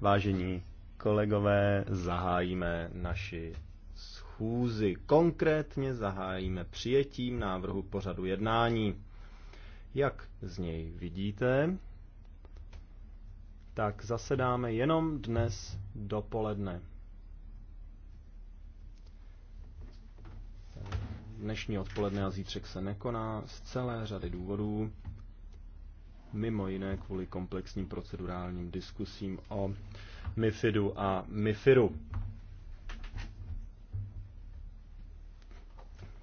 Vážení kolegové, zahájíme naši schůzi. Konkrétně zahájíme přijetím návrhu pořadu jednání. Jak z něj vidíte, tak zasedáme jenom dnes dopoledne. Dnešní odpoledne a zítřek se nekoná z celé řady důvodů mimo jiné kvůli komplexním procedurálním diskusím o MIFIDu a MIFIRu.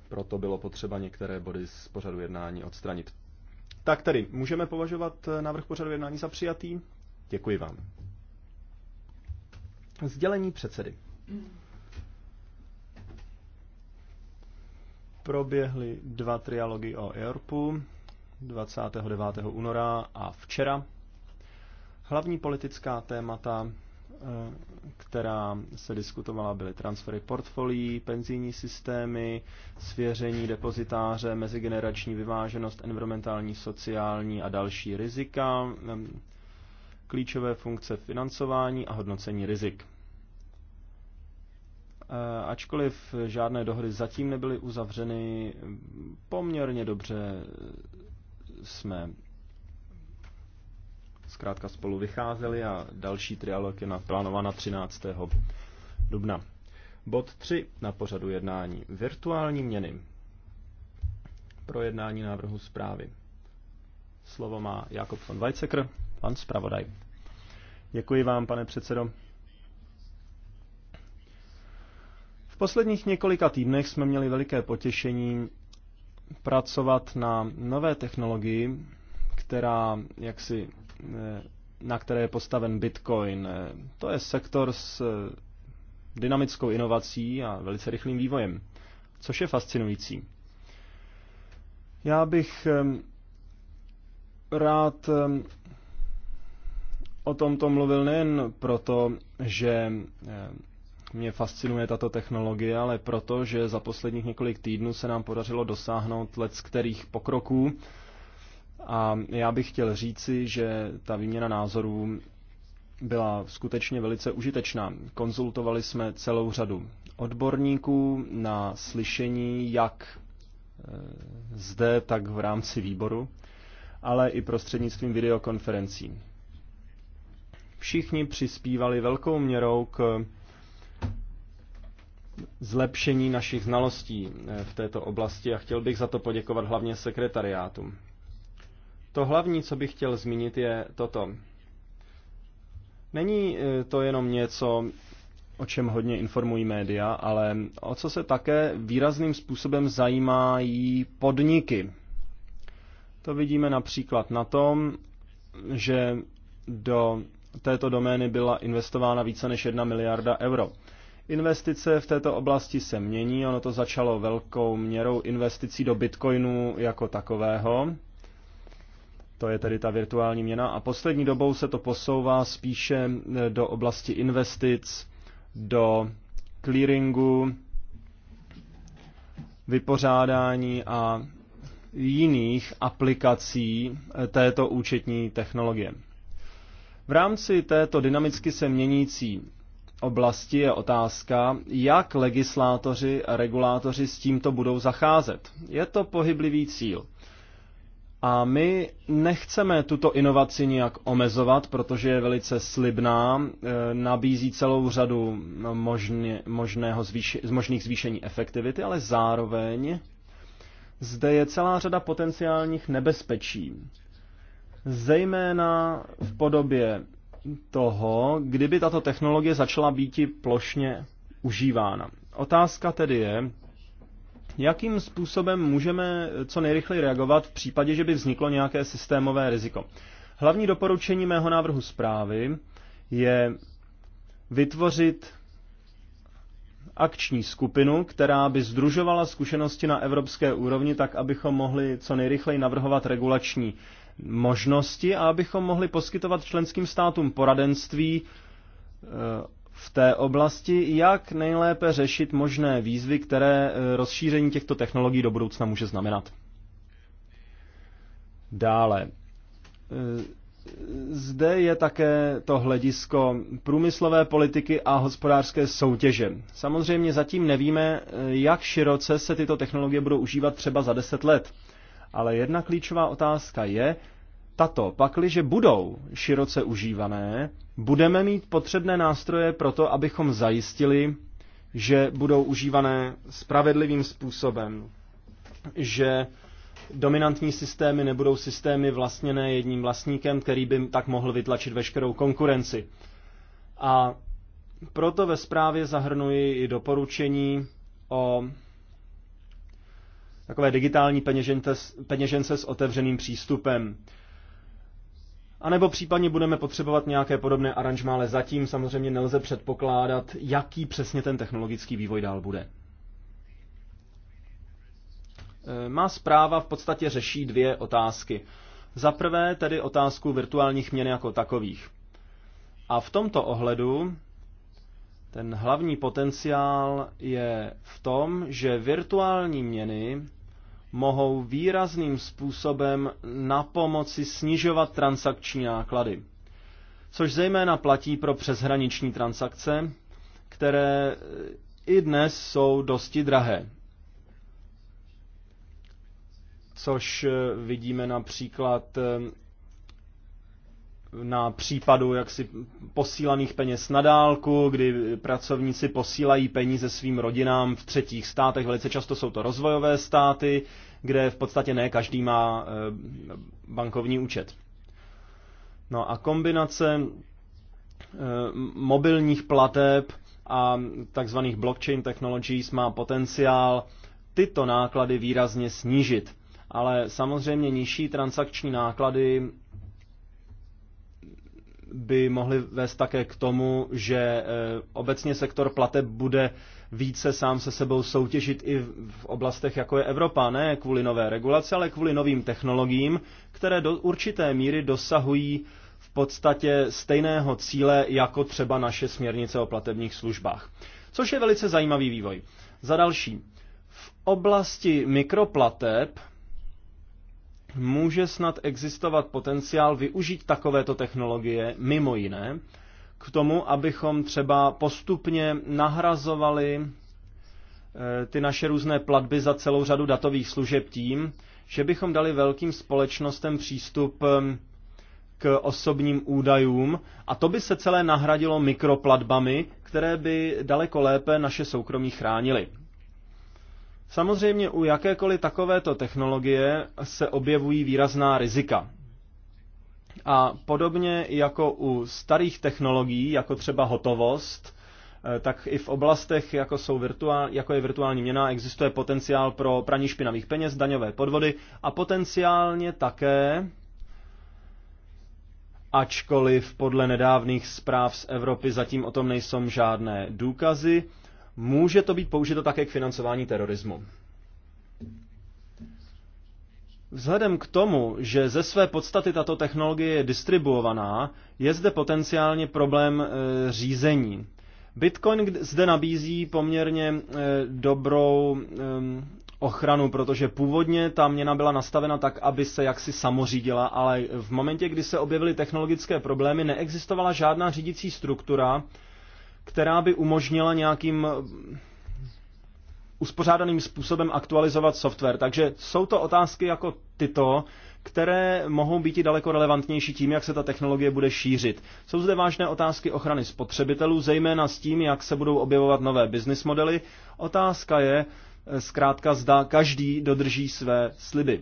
Proto bylo potřeba některé body z pořadu jednání odstranit. Tak tedy, můžeme považovat eh, návrh pořadu jednání za přijatý? Děkuji vám. Sdělení předsedy. Proběhly dva trialogy o ERPu. 29. února a včera. Hlavní politická témata, eh, která se diskutovala, byly transfery portfolií, penzijní systémy, svěření depozitáře, mezigenerační vyváženost, environmentální, sociální a další rizika, ehm, klíčové funkce financování a hodnocení rizik. Eh, ačkoliv žádné dohody zatím nebyly uzavřeny, poměrně dobře jsme zkrátka spolu vycházeli a další trialog je naplánován na 13. dubna. Bod 3 na pořadu jednání. Virtuální měny. Pro jednání návrhu zprávy. Slovo má Jakob von Weizsäcker, pan zpravodaj. Děkuji vám, pane předsedo. V posledních několika týdnech jsme měli veliké potěšení pracovat na nové technologii, která jaksi, eh, na které je postaven Bitcoin. Eh, to je sektor s eh, dynamickou inovací a velice rychlým vývojem, což je fascinující. Já bych rád o tomto mluvil nejen proto, že mě fascinuje tato technologie, ale proto, že za posledních několik týdnů se nám podařilo dosáhnout let z kterých pokroků. A já bych chtěl říci, že ta výměna názorů byla skutečně velice užitečná. Konzultovali jsme celou řadu odborníků na slyšení, jak e, zde, tak v rámci výboru, ale i prostřednictvím videokonferencí. Všichni přispívali velkou měrou k zlepšení našich znalostí eh, v této oblasti a chtěl bych za to poděkovat hlavně sekretariátu. To hlavní, co bych chtěl zmínit, je toto. Není eh, to jenom něco, o čem hodně informují média, ale o co se také výrazným způsobem zajímají podniky. To vidíme například na tom, že do této domény byla investována více než 1 miliarda euro. Investice v této oblasti se mění, ono to začalo velkou měrou investicí do bitcoinu jako takového. To je tedy ta virtuální měna. A poslední dobou se to posouvá spíše e, do oblasti investic, do clearingu, vypořádání a jiných aplikací e, této účetní technologie. V rámci této dynamicky se měnící oblasti je otázka, jak legislátoři a regulátoři s tímto budou zacházet. Je to pohyblivý cíl. A my nechceme tuto inovaci nijak omezovat, protože je velice slibná, eh, nabízí celou řadu možně, možného zvýši, možných zvýšení efektivity, ale zároveň zde je celá řada potenciálních nebezpečí. Zejména v podobě toho, kdyby tato technologie začala být plošně užívána. Otázka tedy je, jakým způsobem můžeme co nejrychleji reagovat v případě, že by vzniklo nějaké systémové riziko. Hlavní doporučení mého návrhu zprávy je vytvořit akční skupinu, která by združovala zkušenosti na evropské úrovni, tak abychom mohli co nejrychleji navrhovat regulační možnosti a abychom mohli poskytovat členským státům poradenství eh, v té oblasti, jak nejlépe řešit možné výzvy, které eh, rozšíření těchto technologií do budoucna může znamenat. Dále. Eh, zde je také to hledisko průmyslové politiky a hospodářské soutěže. Samozřejmě zatím nevíme, jak široce se tyto technologie budou užívat třeba za deset let ale jedna klíčová otázka je, tato, pakliže budou široce užívané, budeme mít potřebné nástroje pro to, abychom zajistili, že budou užívané spravedlivým způsobem, že dominantní systémy nebudou systémy vlastněné jedním vlastníkem, který by tak mohl vytlačit veškerou konkurenci. A proto ve zprávě zahrnuji i doporučení o takové digitální peněžence, peněžence s otevřeným přístupem. A nebo případně budeme potřebovat nějaké podobné aranžma, ale zatím samozřejmě nelze předpokládat, jaký přesně ten technologický vývoj dál bude. E, má zpráva v podstatě řeší dvě otázky. Za prvé tedy otázku virtuálních měn jako takových. A v tomto ohledu ten hlavní potenciál je v tom, že virtuální měny mohou výrazným způsobem na pomoci snižovat transakční náklady. Což zejména platí pro přeshraniční transakce, které eh, i dnes jsou dosti drahé. Což eh, vidíme například eh, na případu jaksi posílaných peněz na dálku, kdy pracovníci posílají peníze svým rodinám v třetích státech. Velice často jsou to rozvojové státy, kde v podstatě ne každý má eh, bankovní účet. No a kombinace eh, mobilních plateb a takzvaných blockchain technologies má potenciál tyto náklady výrazně snížit. Ale samozřejmě nižší transakční náklady by mohly vést také k tomu, že eh, obecně sektor plateb bude více sám se sebou soutěžit i v oblastech, jako je Evropa, ne kvůli nové regulaci, ale kvůli novým technologiím, které do určité míry dosahují v podstatě stejného cíle jako třeba naše směrnice o platebních službách. Což je velice zajímavý vývoj. Za další, v oblasti mikroplateb může snad existovat potenciál využít takovéto technologie, mimo jiné, k tomu, abychom třeba postupně nahrazovali eh, ty naše různé platby za celou řadu datových služeb tím, že bychom dali velkým společnostem přístup eh, k osobním údajům a to by se celé nahradilo mikroplatbami, které by daleko lépe naše soukromí chránily. Samozřejmě u jakékoliv takovéto technologie se objevují výrazná rizika. A podobně jako u starých technologií, jako třeba hotovost, eh, tak i v oblastech, jako, jsou virtuál, jako je virtuální měna, existuje potenciál pro praní špinavých peněz, daňové podvody a potenciálně také, ačkoliv podle nedávných zpráv z Evropy zatím o tom nejsou žádné důkazy, Může to být použito také k financování terorismu. Vzhledem k tomu, že ze své podstaty tato technologie je distribuovaná, je zde potenciálně problém e, řízení. Bitcoin zde nabízí poměrně e, dobrou e, ochranu, protože původně ta měna byla nastavena tak, aby se jaksi samořídila, ale v momentě, kdy se objevily technologické problémy, neexistovala žádná řídící struktura, která by umožnila nějakým eh, uspořádaným způsobem aktualizovat software. Takže jsou to otázky jako tyto, které mohou být i daleko relevantnější tím, jak se ta technologie bude šířit. Jsou zde vážné otázky ochrany spotřebitelů, zejména s tím, jak se budou objevovat nové business modely. Otázka je, eh, zkrátka zda každý dodrží své sliby.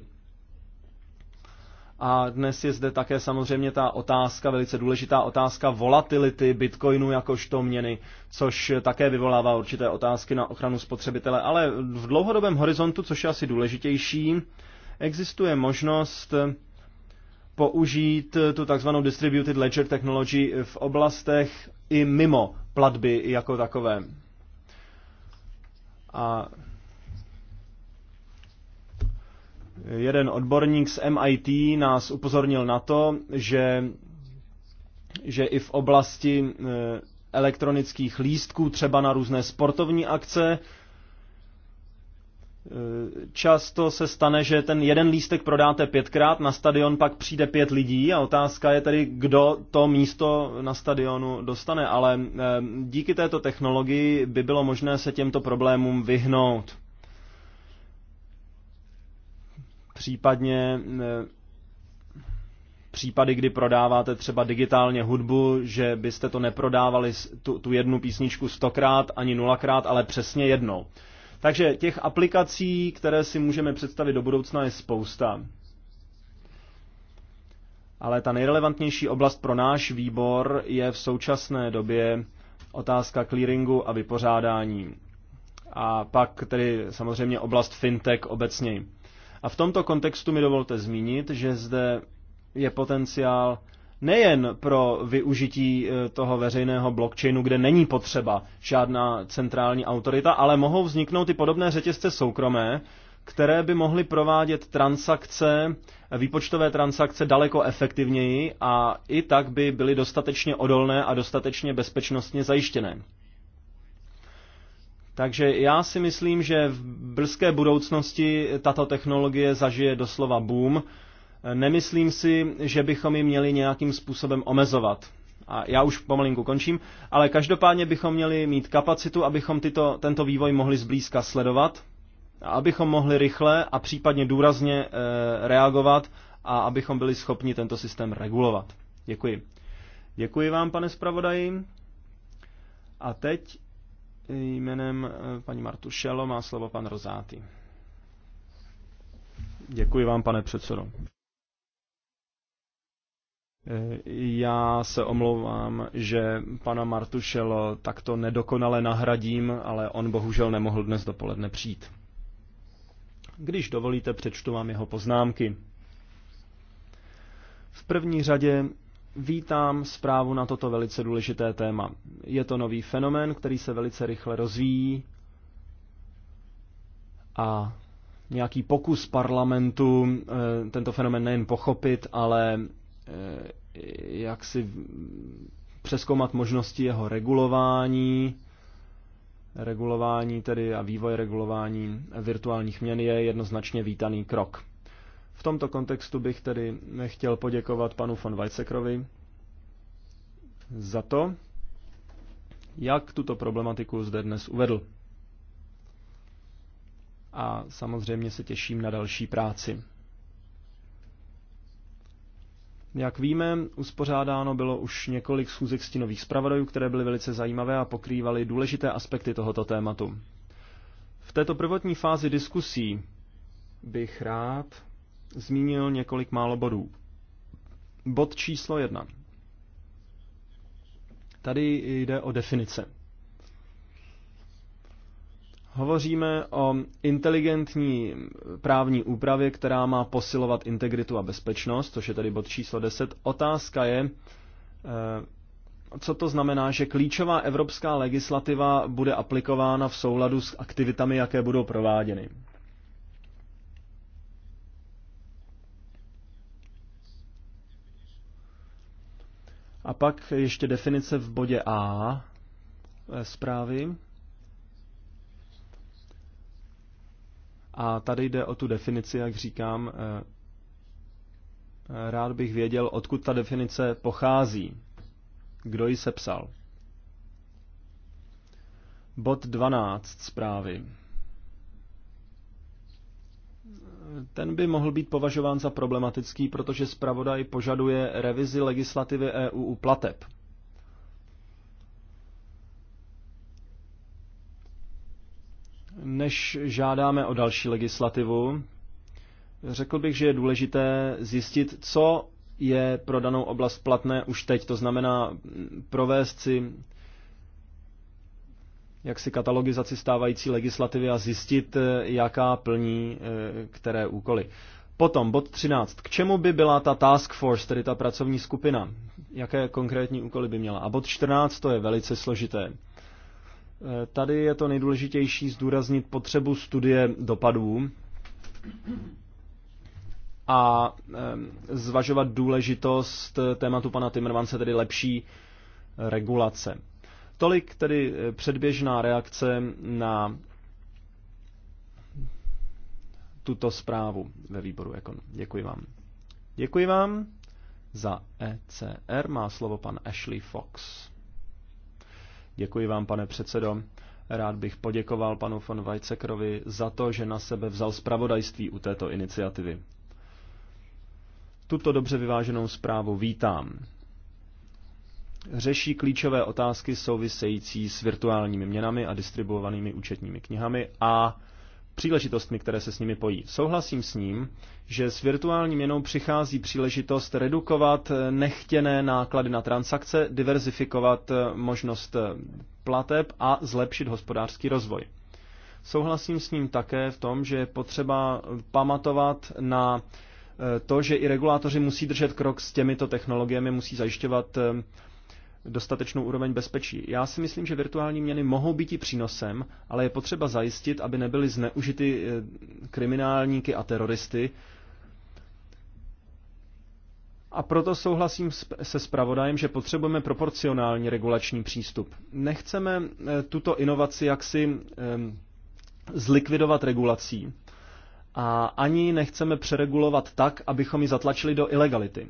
A dnes je zde také samozřejmě ta otázka, velice důležitá otázka volatility bitcoinu jakožto měny, což také vyvolává určité otázky na ochranu spotřebitele. Ale v dlouhodobém horizontu, což je asi důležitější, existuje možnost použít tu takzvanou distributed ledger technology v oblastech i mimo platby jako takové. A jeden odborník z MIT nás upozornil na to, že, že i v oblasti e, elektronických lístků, třeba na různé sportovní akce, e, často se stane, že ten jeden lístek prodáte pětkrát, na stadion pak přijde pět lidí a otázka je tedy, kdo to místo na stadionu dostane, ale e, díky této technologii by bylo možné se těmto problémům vyhnout. Případně e, případy, kdy prodáváte třeba digitálně hudbu, že byste to neprodávali tu, tu jednu písničku stokrát ani nulakrát, ale přesně jednou. Takže těch aplikací, které si můžeme představit do budoucna, je spousta. Ale ta nejrelevantnější oblast pro náš výbor je v současné době otázka clearingu a vypořádání. A pak tedy samozřejmě oblast fintech obecněji. A v tomto kontextu mi dovolte zmínit, že zde je potenciál nejen pro využití eh, toho veřejného blockchainu, kde není potřeba žádná centrální autorita, ale mohou vzniknout i podobné řetězce soukromé, které by mohly provádět transakce, výpočtové transakce daleko efektivněji a i tak by byly dostatečně odolné a dostatečně bezpečnostně zajištěné. Takže já si myslím, že v brzké budoucnosti tato technologie zažije doslova boom. Nemyslím si, že bychom ji měli nějakým způsobem omezovat. A já už pomalinku končím, ale každopádně bychom měli mít kapacitu, abychom tyto, tento vývoj mohli zblízka sledovat, abychom mohli rychle a případně důrazně e, reagovat a abychom byli schopni tento systém regulovat. Děkuji. Děkuji vám, pane zpravodaji. A teď Jménem eh, paní Martušelo má slovo pan Rozáty. Děkuji vám, pane předsedo. Eh, já se omlouvám, že pana Martušelo takto nedokonale nahradím, ale on bohužel nemohl dnes dopoledne přijít. Když dovolíte, přečtu vám jeho poznámky. V první řadě Vítám zprávu na toto velice důležité téma. Je to nový fenomén, který se velice rychle rozvíjí a nějaký pokus parlamentu eh, tento fenomén nejen pochopit, ale eh, jak si přeskoumat možnosti jeho regulování, regulování tedy a vývoj regulování virtuálních měn je jednoznačně vítaný krok. V tomto kontextu bych tedy chtěl poděkovat panu von Weizsäckerovi za to, jak tuto problematiku zde dnes uvedl. A samozřejmě se těším na další práci. Jak víme, uspořádáno bylo už několik schůzek stínových zpravodajů, které byly velice zajímavé a pokrývaly důležité aspekty tohoto tématu. V této prvotní fázi diskusí bych rád zmínil několik málo bodů. Bod číslo jedna. Tady jde o definice. Hovoříme o inteligentní právní úpravě, která má posilovat integritu a bezpečnost, což je tady bod číslo 10. Otázka je, eh, co to znamená, že klíčová evropská legislativa bude aplikována v souladu s aktivitami, jaké budou prováděny. A pak ještě definice v bodě A eh, zprávy. A tady jde o tu definici, jak říkám, eh, eh, rád bych věděl, odkud ta definice pochází, kdo ji sepsal. Bod 12 zprávy. ten by mohl být považován za problematický, protože zpravodaj požaduje revizi legislativy EU u plateb. Než žádáme o další legislativu, řekl bych, že je důležité zjistit, co je pro danou oblast platné už teď. To znamená provést si jaksi katalogizaci stávající legislativy a zjistit, eh, jaká plní eh, které úkoly. Potom bod 13. K čemu by byla ta task force, tedy ta pracovní skupina? Jaké konkrétní úkoly by měla? A bod 14 to je velice složité. Eh, tady je to nejdůležitější zdůraznit potřebu studie dopadů a zvažovat důležitost tématu pana Timmermanse, tedy lepší regulace. Tolik tedy eh, předběžná reakce na tuto zprávu ve výboru Ekon. Děkuji vám. Děkuji vám. Za ECR má slovo pan Ashley Fox. Děkuji vám, pane předsedo. Rád bych poděkoval panu von Weizsäckerovi za to, že na sebe vzal zpravodajství u této iniciativy. Tuto dobře vyváženou zprávu vítám řeší klíčové otázky související s virtuálními měnami a distribuovanými účetními knihami a příležitostmi, které se s nimi pojí. Souhlasím s ním, že s virtuální měnou přichází příležitost redukovat nechtěné náklady na transakce, diverzifikovat možnost plateb a zlepšit hospodářský rozvoj. Souhlasím s ním také v tom, že je potřeba pamatovat na eh, to, že i regulátoři musí držet krok s těmito technologiemi, musí zajišťovat eh, dostatečnou úroveň bezpečí. Já si myslím, že virtuální měny mohou být i přínosem, ale je potřeba zajistit, aby nebyly zneužity eh, kriminálníky a teroristy. A proto souhlasím se spravodajem, že potřebujeme proporcionální regulační přístup. Nechceme eh, tuto inovaci jaksi eh, zlikvidovat regulací a ani nechceme přeregulovat tak, abychom ji zatlačili do ilegality.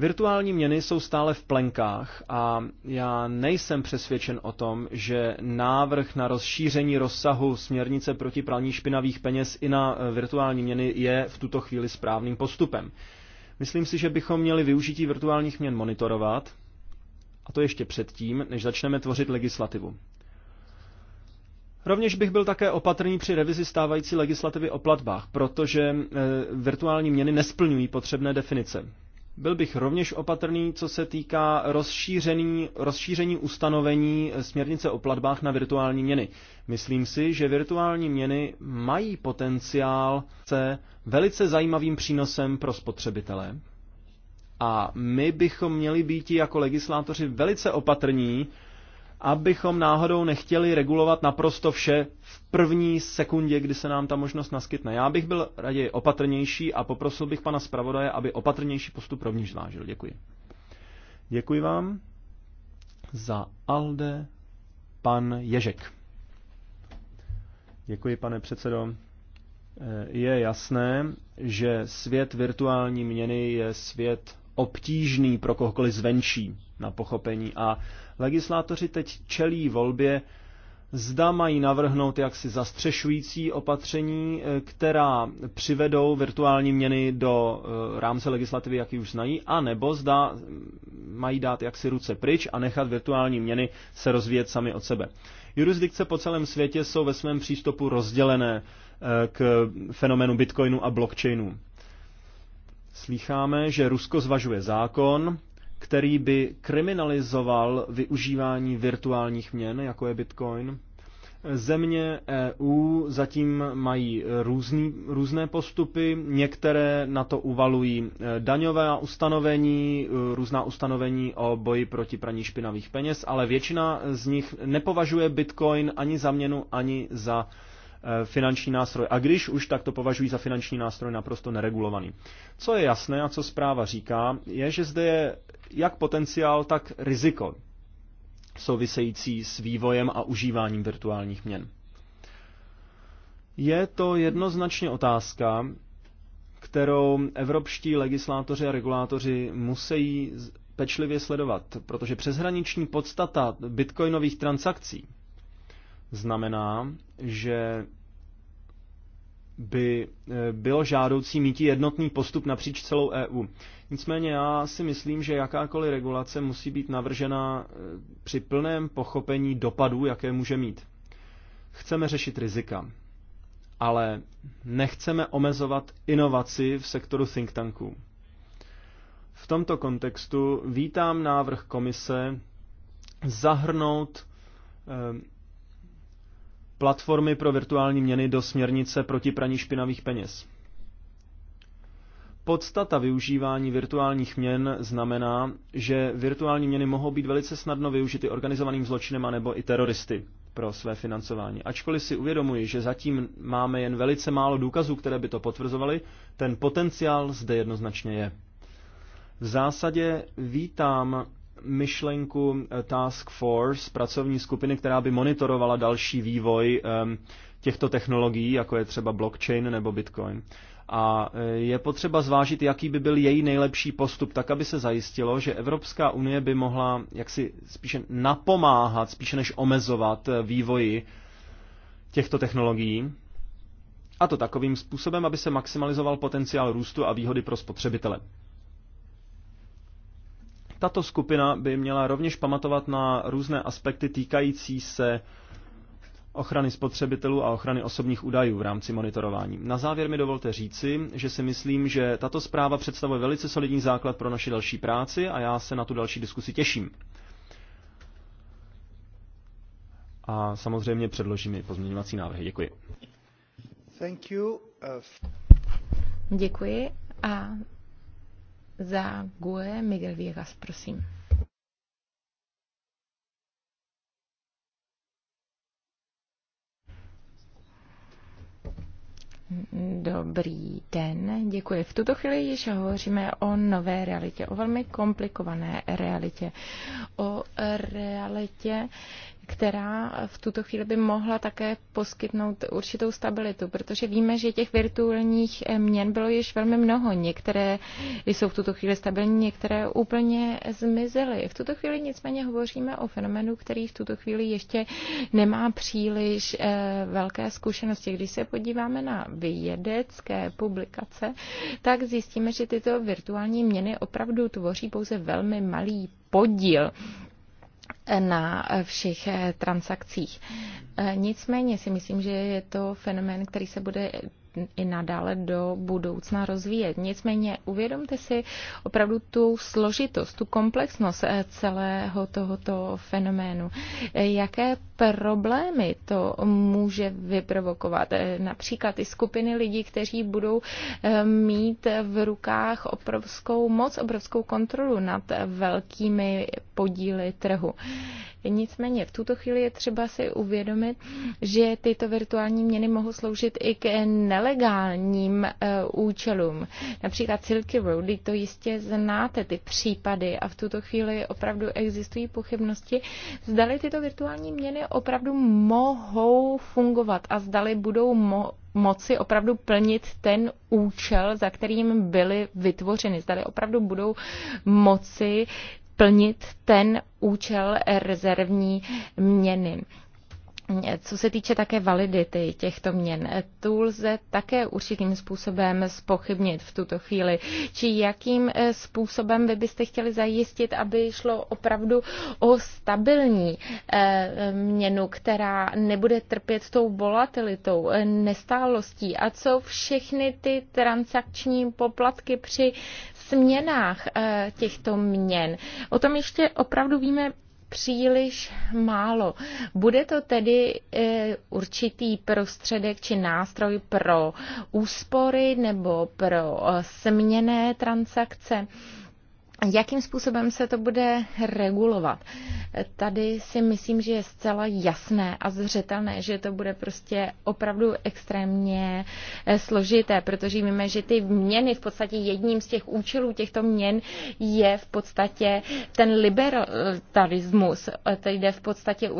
Virtuální měny jsou stále v plenkách a já nejsem přesvědčen o tom, že návrh na rozšíření rozsahu směrnice proti praní špinavých peněz i na eh, virtuální měny je v tuto chvíli správným postupem. Myslím si, že bychom měli využití virtuálních měn monitorovat, a to ještě předtím, než začneme tvořit legislativu. Rovněž bych byl také opatrný při revizi stávající legislativy o platbách, protože eh, virtuální měny nesplňují potřebné definice. Byl bych rovněž opatrný, co se týká rozšíření, rozšíření ustanovení směrnice o platbách na virtuální měny. Myslím si, že virtuální měny mají potenciál se velice zajímavým přínosem pro spotřebitele. A my bychom měli být jako legislátoři velice opatrní, abychom náhodou nechtěli regulovat naprosto vše v první sekundě, kdy se nám ta možnost naskytne. Já bych byl raději opatrnější a poprosil bych pana zpravodaje, aby opatrnější postup rovněž zvážil. Děkuji. Děkuji vám za Alde, pan Ježek. Děkuji, pane předsedo. Eh, je jasné, že svět virtuální měny je svět obtížný pro kohokoliv zvenčí na pochopení a Legislátoři teď čelí volbě, zda mají navrhnout jaksi zastřešující opatření, eh, která přivedou virtuální měny do eh, rámce legislativy, jaký už znají, a nebo zda mm, mají dát jaksi ruce pryč a nechat virtuální měny se rozvíjet sami od sebe. Jurisdikce po celém světě jsou ve svém přístupu rozdělené eh, k fenoménu bitcoinu a blockchainu. Slycháme, že Rusko zvažuje zákon, který by kriminalizoval využívání virtuálních měn, jako je Bitcoin. Země EU zatím mají různý, různé postupy, některé na to uvalují eh, daňové ustanovení, eh, různá ustanovení o boji proti praní špinavých peněz, ale většina z nich nepovažuje Bitcoin ani za měnu, ani za eh, finanční nástroj. A když už, tak to považují za finanční nástroj naprosto neregulovaný. Co je jasné a co zpráva říká, je, že zde je jak potenciál, tak riziko související s vývojem a užíváním virtuálních měn. Je to jednoznačně otázka, kterou evropští legislátoři a regulátoři musí pečlivě sledovat, protože přeshraniční podstata bitcoinových transakcí znamená, že by eh, bylo žádoucí mít jednotný postup napříč celou EU. Nicméně já si myslím, že jakákoliv regulace musí být navržena eh, při plném pochopení dopadů, jaké může mít. Chceme řešit rizika, ale nechceme omezovat inovaci v sektoru think tanků. V tomto kontextu vítám návrh komise zahrnout eh, platformy pro virtuální měny do směrnice proti praní špinavých peněz. Podstata využívání virtuálních měn znamená, že virtuální měny mohou být velice snadno využity organizovaným zločinem nebo i teroristy pro své financování. Ačkoliv si uvědomuji, že zatím máme jen velice málo důkazů, které by to potvrzovaly, ten potenciál zde jednoznačně je. V zásadě vítám myšlenku eh, Task Force, pracovní skupiny, která by monitorovala další vývoj ehm, těchto technologií, jako je třeba blockchain nebo bitcoin. A eh, je potřeba zvážit, jaký by byl její nejlepší postup, tak aby se zajistilo, že Evropská unie by mohla jaksi spíše napomáhat, spíše než omezovat eh, vývoji těchto technologií. A to takovým způsobem, aby se maximalizoval potenciál růstu a výhody pro spotřebitele. Tato skupina by měla rovněž pamatovat na různé aspekty týkající se ochrany spotřebitelů a ochrany osobních údajů v rámci monitorování. Na závěr mi dovolte říci, že si myslím, že tato zpráva představuje velice solidní základ pro naši další práci a já se na tu další diskusi těším. A samozřejmě předložím i pozměňovací návrhy. Děkuji. Thank you. Uh, Děkuji a za GUE Miguel Viegas, prosím. Dobrý den, děkuji. V tuto chvíli již hovoříme o nové realitě, o velmi komplikované realitě, o realitě, která v tuto chvíli by mohla také poskytnout určitou stabilitu, protože víme, že těch virtuálních eh, měn bylo již velmi mnoho. Některé jsou v tuto chvíli stabilní, některé úplně zmizely. V tuto chvíli nicméně hovoříme o fenomenu, který v tuto chvíli ještě nemá příliš eh, velké zkušenosti. Když se podíváme na vědecké publikace, tak zjistíme, že tyto virtuální měny opravdu tvoří pouze velmi malý podíl na všech eh, transakcích. Eh, nicméně si myslím, že je to fenomén, který se bude i nadále do budoucna rozvíjet. Nicméně uvědomte si opravdu tu složitost, tu komplexnost eh, celého tohoto fenoménu. Eh, jaké problémy to může vyprovokovat? Eh, například i skupiny lidí, kteří budou mít v rukách obrovskou moc, obrovskou kontrolu nad velkými podíly trhu. Nicméně v tuto chvíli je třeba si uvědomit, že tyto virtuální měny mohou sloužit i k nelegálním e, účelům. Například Silky Roady, to jistě znáte ty případy a v tuto chvíli opravdu existují pochybnosti, zdali tyto virtuální měny opravdu mohou fungovat a zdali budou mo- moci opravdu plnit ten účel, za kterým byly vytvořeny. Zdali opravdu budou moci plnit ten účel rezervní měny. Co se týče také validity těchto měn, tu lze také určitým způsobem spochybnit v tuto chvíli. Či jakým eh, způsobem vy byste chtěli zajistit, aby šlo opravdu o stabilní eh, měnu, která nebude trpět tou volatilitou, eh, nestálostí a co všechny ty transakční poplatky při směnách eh, těchto měn. O tom ještě opravdu víme příliš málo. Bude to tedy eh, určitý prostředek či nástroj pro úspory nebo pro eh, směné transakce? Jakým způsobem se to bude regulovat? Tady si myslím, že je zcela jasné a zřetelné, že to bude prostě opravdu extrémně eh, složité, protože víme, že ty měny v podstatě jedním z těch účelů těchto měn je v podstatě ten liberalismus. Eh, Tady jde v podstatě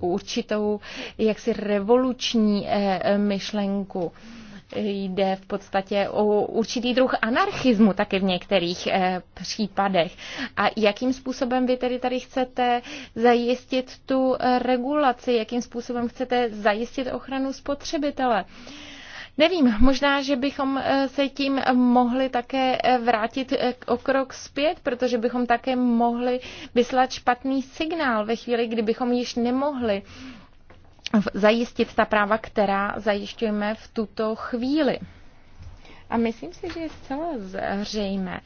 určitou jaksi revoluční eh, myšlenku jde v podstatě o určitý druh anarchismu taky v některých eh, případech. A jakým způsobem vy tedy tady chcete zajistit tu eh, regulaci, jakým způsobem chcete zajistit ochranu spotřebitele? Nevím, možná, že bychom eh, se tím mohli také vrátit o krok zpět, protože bychom také mohli vyslat špatný signál ve chvíli, kdy bychom již nemohli zajistit ta práva, která zajišťujeme v tuto chvíli. A myslím si, že je zcela zřejmé,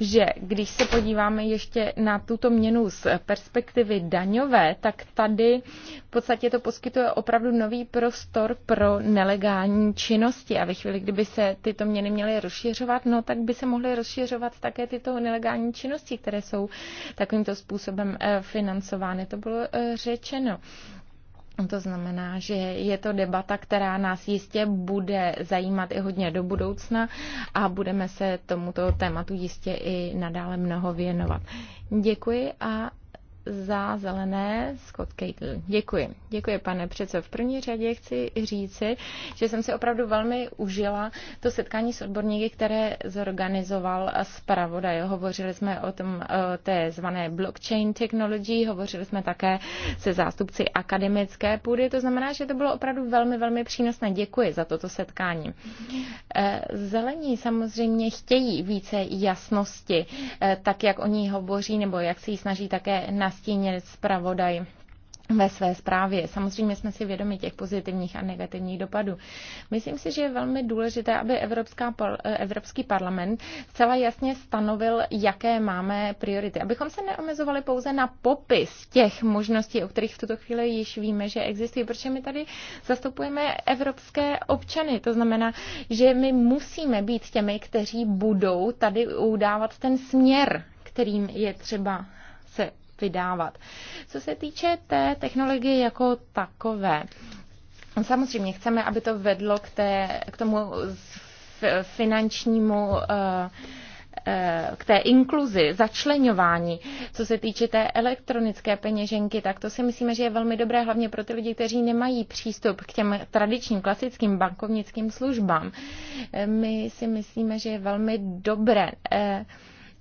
že když se podíváme ještě na tuto měnu z perspektivy daňové, tak tady v podstatě to poskytuje opravdu nový prostor pro nelegální činnosti. A ve chvíli, kdyby se tyto měny měly rozšiřovat, no tak by se mohly rozšiřovat také tyto nelegální činnosti, které jsou takovýmto způsobem eh, financovány. To bylo eh, řečeno. To znamená, že je to debata, která nás jistě bude zajímat i hodně do budoucna a budeme se tomuto tématu jistě i nadále mnoho věnovat. Děkuji a za zelené Scott Cagle. Děkuji. Děkuji, pane předsedo. V první řadě chci říci, že jsem si opravdu velmi užila to setkání s odborníky, které zorganizoval zpravodaj. Hovořili jsme o tom, o té zvané blockchain technology, hovořili jsme také se zástupci akademické půdy. To znamená, že to bylo opravdu velmi, velmi přínosné. Děkuji za toto setkání. Eh, zelení samozřejmě chtějí více jasnosti, eh, tak jak o ní hovoří, nebo jak se ji snaží také nastavit nastínit zpravodaj ve své zprávě. Samozřejmě jsme si vědomi těch pozitivních a negativních dopadů. Myslím si, že je velmi důležité, aby Evropská, Evropský parlament zcela jasně stanovil, jaké máme priority. Abychom se neomezovali pouze na popis těch možností, o kterých v tuto chvíli již víme, že existují, protože my tady zastupujeme evropské občany. To znamená, že my musíme být těmi, kteří budou tady udávat ten směr kterým je třeba vydávat. Co se týče té technologie jako takové, samozřejmě chceme, aby to vedlo k, té, k tomu finančnímu uh, k té inkluzi, začlenování, co se týče té elektronické peněženky, tak to si myslíme, že je velmi dobré hlavně pro ty lidi, kteří nemají přístup k těm tradičním klasickým bankovnickým službám. Eh, my si myslíme, že je velmi dobré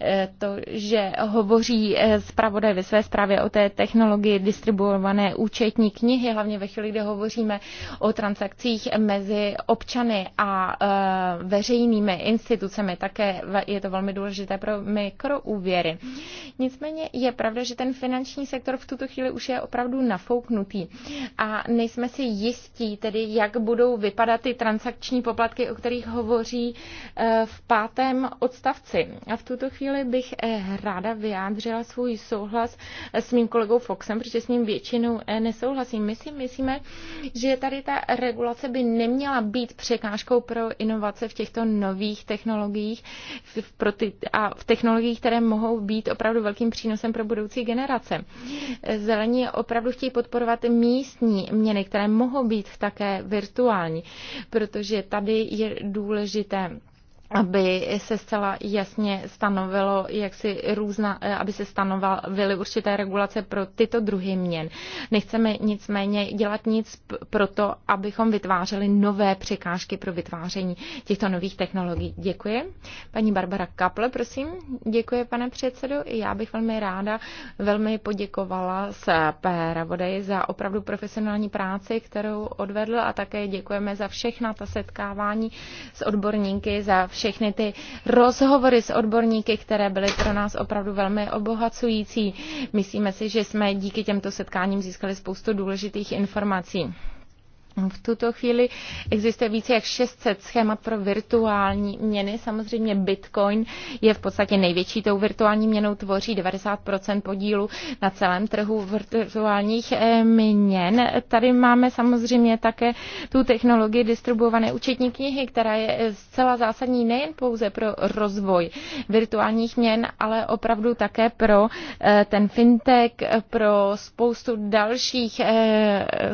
Eh, to, že hovoří eh, zpravodaj ve své zprávě o té technologii distribuované účetní knihy, hlavně ve chvíli, kdy hovoříme o transakcích mezi občany a eh, veřejnými institucemi. Také je to velmi důležité pro mikroúvěry. Nicméně je pravda, že ten finanční sektor v tuto chvíli už je opravdu nafouknutý a nejsme si jistí, tedy jak budou vypadat ty transakční poplatky, o kterých hovoří v pátém odstavci. A v tuto chvíli chvíli bych eh, ráda vyjádřila svůj souhlas s mým kolegou Foxem, protože s ním většinou eh, nesouhlasím. My si myslíme, že tady ta regulace by neměla být překážkou pro inovace v těchto nových technologiích pro ty, a v technologiích, které mohou být opravdu velkým přínosem pro budoucí generace. Zelení opravdu chtějí podporovat místní měny, které mohou být také virtuální, protože tady je důležité aby se zcela jasně stanovilo, jak si různa, eh, aby se stanovaly určité regulace pro tyto druhy měn. Nechceme nicméně dělat nic pro to, abychom vytvářeli nové překážky pro vytváření těchto nových technologií. Děkuji. Paní Barbara Kaple, prosím. Děkuji, pane předsedu. Já bych velmi ráda velmi poděkovala z Pravodaji za opravdu profesionální práci, kterou odvedl a také děkujeme za všechna ta setkávání s odborníky, za vš- všechny ty rozhovory s odborníky, které byly pro nás opravdu velmi obohacující. Myslíme si, že jsme díky těmto setkáním získali spoustu důležitých informací. V tuto chvíli existuje více jak 600 schémat pro virtuální měny. Samozřejmě Bitcoin je v podstatě největší tou virtuální měnou, tvoří 90% podílu na celém trhu virtuálních eh, měn. Tady máme samozřejmě také tu technologii distribuované účetní knihy, která je eh, zcela zásadní nejen pouze pro rozvoj virtuálních měn, ale opravdu také pro eh, ten fintech, pro spoustu dalších,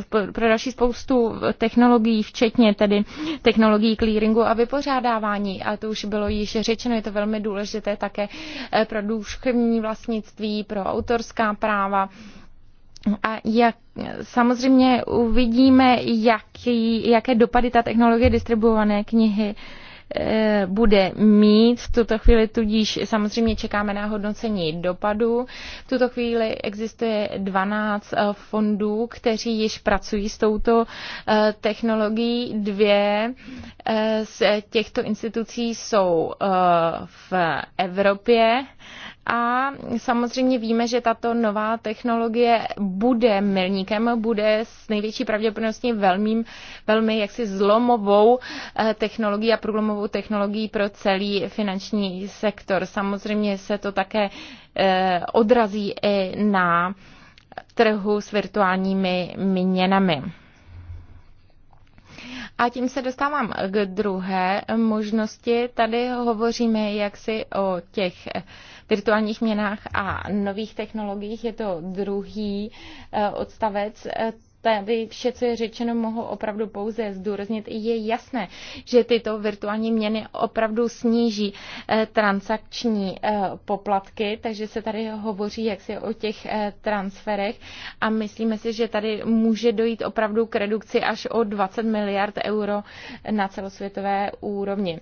pro další spoustu technologií, včetně tedy technologií clearingu a vypořádávání. A to už bylo již řečeno, je to velmi důležité také eh, pro duševní vlastnictví, pro autorská práva. A jak samozřejmě uvidíme, jaký, jaké dopady ta technologie distribuované knihy uh, Eh, bude mít. V tuto chvíli tudíž samozřejmě čekáme na hodnocení dopadu. V tuto chvíli existuje 12 eh, fondů, kteří již pracují s touto eh, technologií. Dvě z těchto institucí jsou v Evropě a samozřejmě víme, že tato nová technologie bude milníkem, bude s největší pravděpodobností velmi, velmi jaksi zlomovou eh, technologií a průlomovou technologií pro celý finanční sektor. Samozřejmě se to také eh, odrazí i na trhu s virtuálními měnami. A tím se dostávám k druhé možnosti. Tady hovoříme jaksi o těch virtuálních měnách a nových technologiích. Je to druhý eh, odstavec eh, tady vše, co je řečeno, mohu opravdu pouze zdůraznit. Je jasné, že tyto virtuální měny opravdu sníží eh, transakční poplatky, takže se tady hovoří jaksi o těch transferech a myslíme si, že tady může dojít opravdu k redukci až o 20 miliard euro na celosvětové úrovni.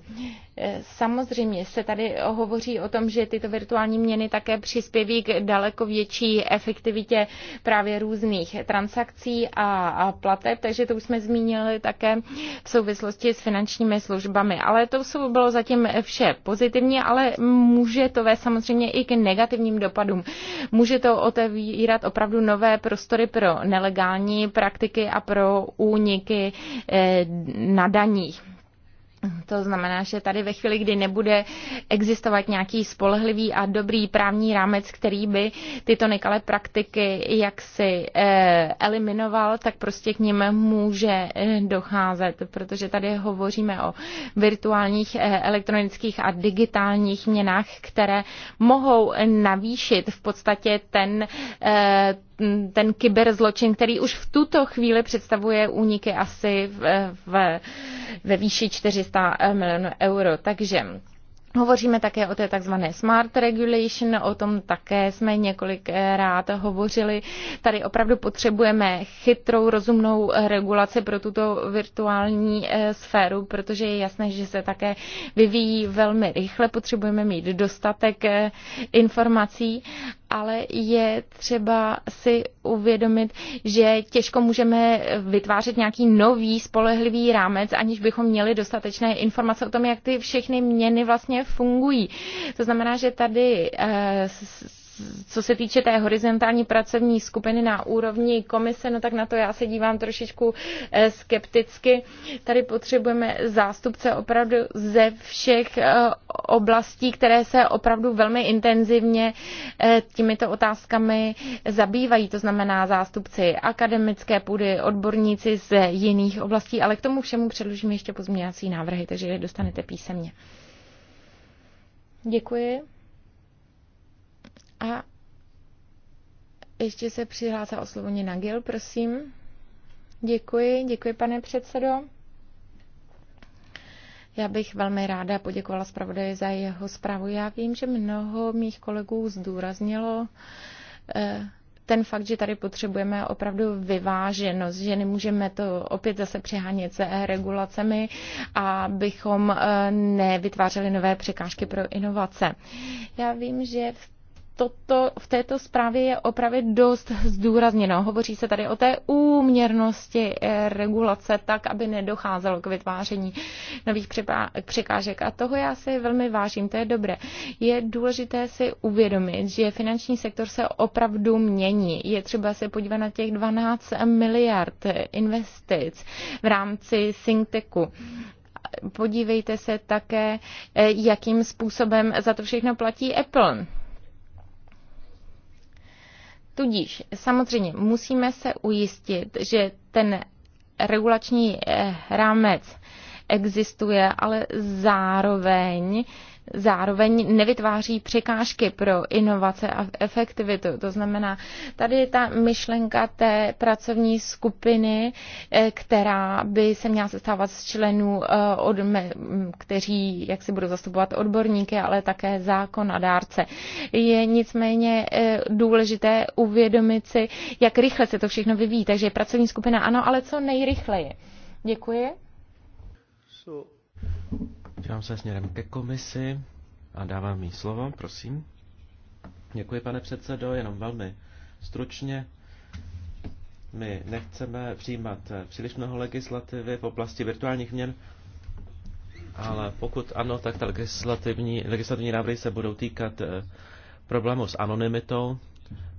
Eh, samozřejmě se tady hovoří o tom, že tyto virtuální měny také přispěví k daleko větší efektivitě právě různých transakcí a, plateb, takže to už jsme zmínili také v souvislosti s finančními službami. Ale to bylo zatím vše pozitivní, ale může to vést samozřejmě i k negativním dopadům. Může to otevírat opravdu nové prostory pro nelegální praktiky a pro úniky eh, na daních. To znamená, že tady ve chvíli, kdy nebude existovat nějaký spolehlivý a dobrý právní rámec, který by tyto nekalé praktiky jaksi eh, eliminoval, tak prostě k ním může eh, docházet, protože tady hovoříme o virtuálních eh, elektronických a digitálních měnách, které mohou navýšit v podstatě ten eh, Mm, ten kyberzločin, který už v tuto chvíli představuje úniky asi ve výši 400 milionů euro. Takže Hovoříme také o té takzvané smart regulation, o tom také jsme několikrát hovořili. Tady opravdu potřebujeme chytrou, rozumnou regulaci pro tuto virtuální eh, sféru, protože je jasné, že se také vyvíjí velmi rychle, potřebujeme mít dostatek eh, informací ale je třeba si uvědomit, že těžko můžeme vytvářet nějaký nový spolehlivý rámec, aniž bychom měli dostatečné informace o tom, jak ty všechny měny vlastně fungují. To znamená, že tady eh, co se týče té horizontální pracovní skupiny na úrovni komise, no tak na to já se dívám trošičku eh, skepticky. Tady potřebujeme zástupce opravdu ze všech eh, oblastí, které se opravdu velmi intenzivně eh, těmito otázkami zabývají. To znamená zástupci akademické půdy, odborníci z jiných oblastí, ale k tomu všemu předložíme ještě pozměňovací návrhy, takže je dostanete písemně. Děkuji. A ještě se přihlásila o slovo Nina Gil, prosím. Děkuji, děkuji pane předsedo. Já bych velmi ráda poděkovala zpravodaji za jeho zprávu. Já vím, že mnoho mých kolegů zdůraznilo eh, ten fakt, že tady potřebujeme opravdu vyváženost, že nemůžeme to opět zase přehánět se regulacemi, abychom eh, nevytvářeli nové překážky pro inovace. Já vím, že v toto, v této zprávě je opravdu dost zdůrazněno. Hovoří se tady o té úměrnosti eh, regulace tak, aby nedocházelo k vytváření nových překážek. A toho já si velmi vážím, to je dobré. Je důležité si uvědomit, že finanční sektor se opravdu mění. Je třeba se podívat na těch 12 miliard investic v rámci Synteku podívejte se také, eh, jakým způsobem za to všechno platí Apple. Tudíž samozřejmě musíme se ujistit, že ten regulační eh, rámec existuje, ale zároveň zároveň nevytváří překážky pro inovace a efektivitu. To znamená, tady je ta myšlenka té pracovní skupiny, eh, která by se měla sestávat z členů, eh, od, kteří jak si budou zastupovat odborníky, ale také dárce. Je nicméně eh, důležité uvědomit si, jak rychle se to všechno vyvíjí. Takže pracovní skupina ano, ale co nejrychleji. Děkuji. So, Dívám se směrem ke komisi a dávám jí slovo, prosím. Děkuji, pane předsedo, jenom velmi stručně. My nechceme přijímat příliš mnoho legislativy v oblasti virtuálních měn, ale pokud ano, tak ta legislativní, legislativní návrhy se budou týkat eh, problému s anonymitou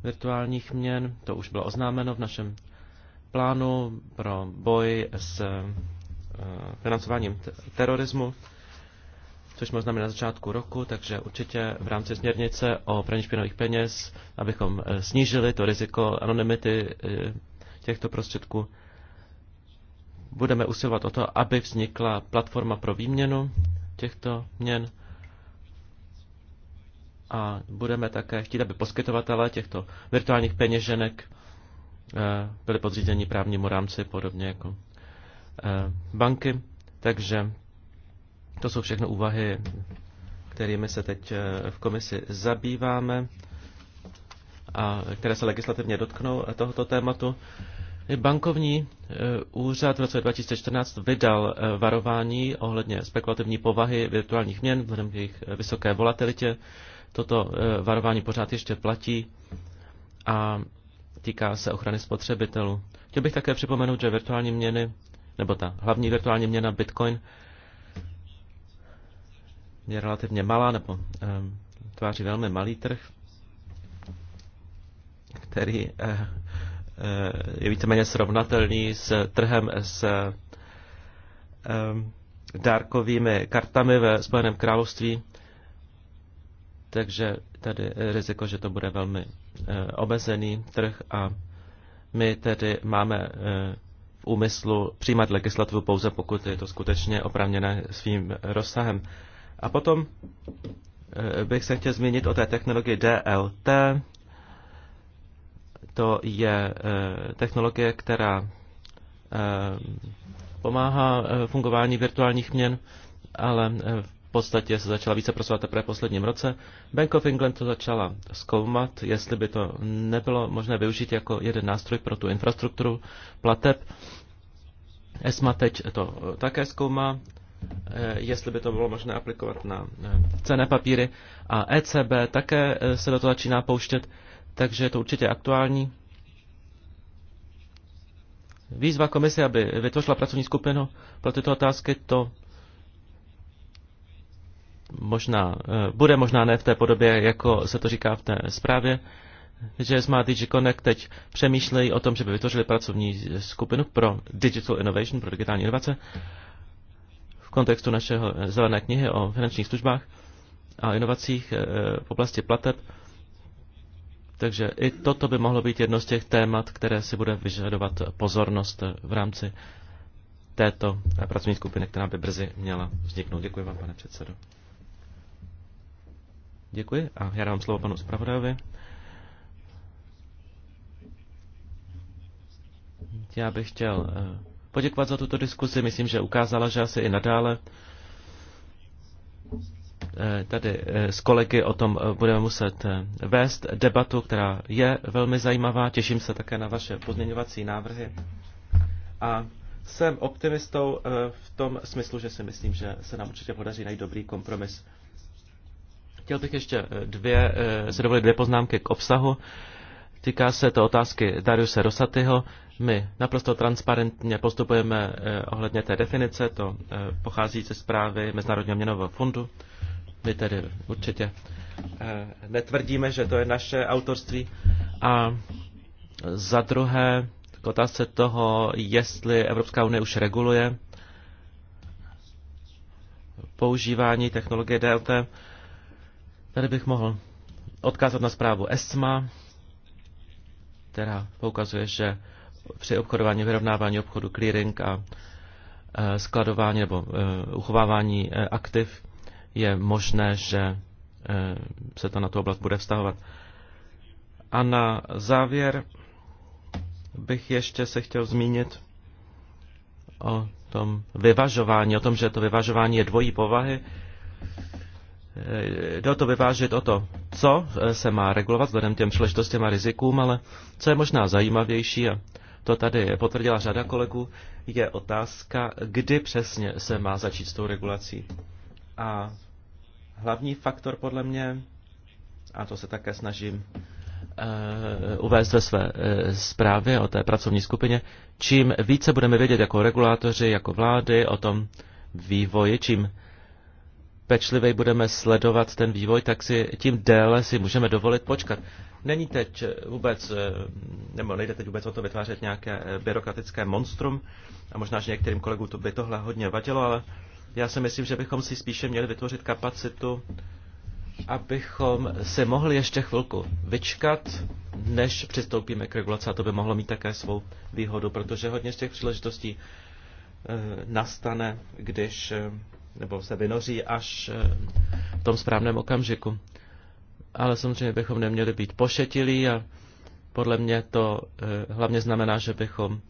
virtuálních měn. To už bylo oznámeno v našem plánu pro boj s eh, financováním terorismu což možná na začátku roku, takže určitě v rámci směrnice o praní špinavých peněz, abychom eh, snížili to riziko anonymity eh, těchto prostředků, budeme usilovat o to, aby vznikla platforma pro výměnu těchto měn a budeme také chtít, aby poskytovatelé těchto virtuálních peněženek eh, byli podřízeni právnímu rámci, podobně jako banky. Takže to jsou všechno úvahy, kterými se teď eh, v komisi zabýváme a které se legislativně dotknou tohoto tématu. Bankovní eh, úřad v roce 2014 vydal eh, varování ohledně spekulativní povahy virtuálních měn vzhledem k jejich vysoké volatilitě. Toto varování pořád ještě platí a týká se ochrany spotřebitelů. Chtěl bych také připomenout, že virtuální měny, nebo ta hlavní virtuální měna Bitcoin, je relativně malá nebo ehm, tváří velmi malý trh, který eh, eh, je víceméně srovnatelný s trhem s ehm, dárkovými kartami ve Spojeném království, takže tady riziko, že to bude velmi eh, obezený trh a my tedy máme v úmyslu přijímat legislativu pouze, pokud je to skutečně opravněné svým rozsahem. A potom eh, bych se chtěl zmínit o té technologii DLT. To je eh, technologie, která eh, pomáhá fungování virtuálních měn, ale v podstatě se začala více prosovat teprve v posledním roce. Bank of England to začala zkoumat, jestli by to nebylo možné využít jako jeden nástroj pro tu infrastrukturu plateb. ESMA teď to také zkoumá Eh, jestli by to bylo možné aplikovat na eh, cené papíry. A ECB také eh, se do toho začíná pouštět, takže je to určitě aktuální. Výzva komise, aby vytvořila pracovní skupinu pro tyto otázky, to možná, bude možná ne v té podobě, jako se to říká v té zprávě, že SMA DG Connect teď přemýšlejí o tom, že by vytvořili pracovní skupinu pro Digital Innovation, pro digitální inovace kontextu našeho eh, zelené knihy o finančních službách a inovacích eh, v oblasti plateb. Takže i toto by mohlo být jedno z těch témat, které si bude vyžadovat pozornost eh, v rámci této pracovní skupiny, která by brzy měla vzniknout. Děkuji vám, pane předsedo. Děkuji a já dám slovo panu zpravodajovi. Já bych chtěl poděkovat za tuto diskusi. Myslím, že ukázala, že asi i nadále eh, tady eh, s kolegy o tom eh, budeme muset vést debatu, která je velmi zajímavá. Těším se také na vaše pozměňovací návrhy. A jsem optimistou v tom smyslu, že si myslím, že se nám určitě podaří najít dobrý kompromis. Chtěl bych ještě dvě, se dovolit dvě poznámky k obsahu. Týká se to otázky Dariuse Rosatyho. My naprosto transparentně postupujeme eh, ohledně té definice, to eh, pochází ze zprávy Mezinárodního měnového fondu. My tedy určitě eh, netvrdíme, že to je naše autorství. A za druhé, k otázce toho, jestli Evropská unie už reguluje používání technologie DLT, tady bych mohl odkázat na zprávu ESMA, která poukazuje, že při obchodování, vyrovnávání obchodu, clearing a e, skladování nebo e, uchovávání e, aktiv je možné, že se to na tu oblast bude vztahovat. A na závěr bych ještě se chtěl zmínit o tom vyvažování, o tom, že to vyvažování je dvojí povahy jde o to vyvážit o to, co se má regulovat vzhledem těm příležitostem a rizikům, ale co je možná zajímavější, a to tady potvrdila řada kolegů, je otázka, kdy přesně se má začít s tou regulací. A hlavní faktor podle mě, a to se také snažím uh, uvést ve své uh, zprávě o té pracovní skupině, čím více budeme vědět jako regulátoři, jako vlády o tom vývoji, čím pečlivě budeme sledovat ten vývoj, tak si tím déle si můžeme dovolit počkat. Není teď eh, vůbec, eh, nebo nejde teď vůbec o to vytvářet nějaké eh, byrokratické monstrum a možná, že některým kolegům to by tohle hodně vadilo, ale já si myslím, že bychom si spíše měli vytvořit kapacitu, abychom si mohli ještě chvilku vyčkat, než přistoupíme k regulaci. A to by mohlo mít také svou výhodu, protože hodně z těch příležitostí nastane, když nebo se vynoří až eh, v tom správném okamžiku. Ale samozřejmě bychom neměli být pošetilí a podle mě to eh, hlavně znamená, že bychom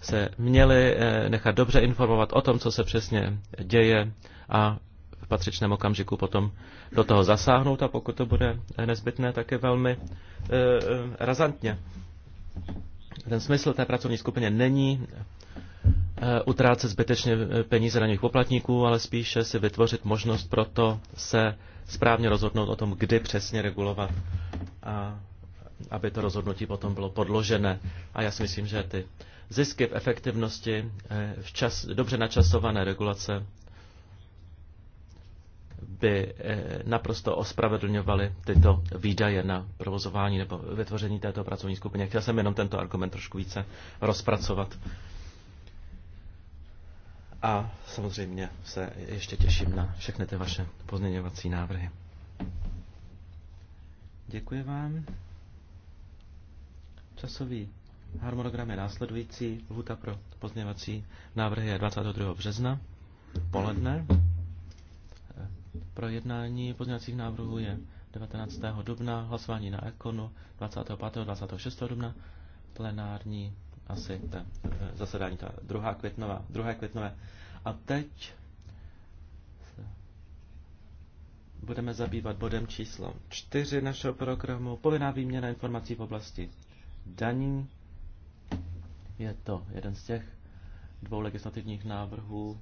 se měli eh, nechat dobře informovat o tom, co se přesně děje a v patřičném okamžiku potom do toho zasáhnout a pokud to bude nezbytné, tak je velmi razantně. Ten smysl té pracovní skupině není Eh, utrácet zbytečně eh, peníze daných poplatníků, ale spíše si vytvořit možnost pro to se správně rozhodnout o tom, kdy přesně regulovat, a aby to rozhodnutí potom bylo podložené. A já si myslím, že ty zisky v efektivnosti, eh, čas, dobře načasované regulace by naprosto ospravedlňovaly tyto výdaje na provozování nebo vytvoření této pracovní skupiny. Chtěl jsem jenom tento argument trošku více rozpracovat. A samozřejmě se ještě těším na všechny ty vaše pozměňovací návrhy. Děkuji vám. Časový harmonogram je následující. Lhuta pro pozměňovací návrhy je 22. března poledne. Pro jednání pozměňovacích návrhů je 19. dubna, hlasování na ekonu 25. 26. dubna, plenární asi ta eh, zasedání, ta druhá květnová, druhé květnové. A teď budeme zabývat bodem číslo čtyři našeho programu, povinná výměna informací v oblasti daní. Je to jeden z těch dvou legislativních návrhů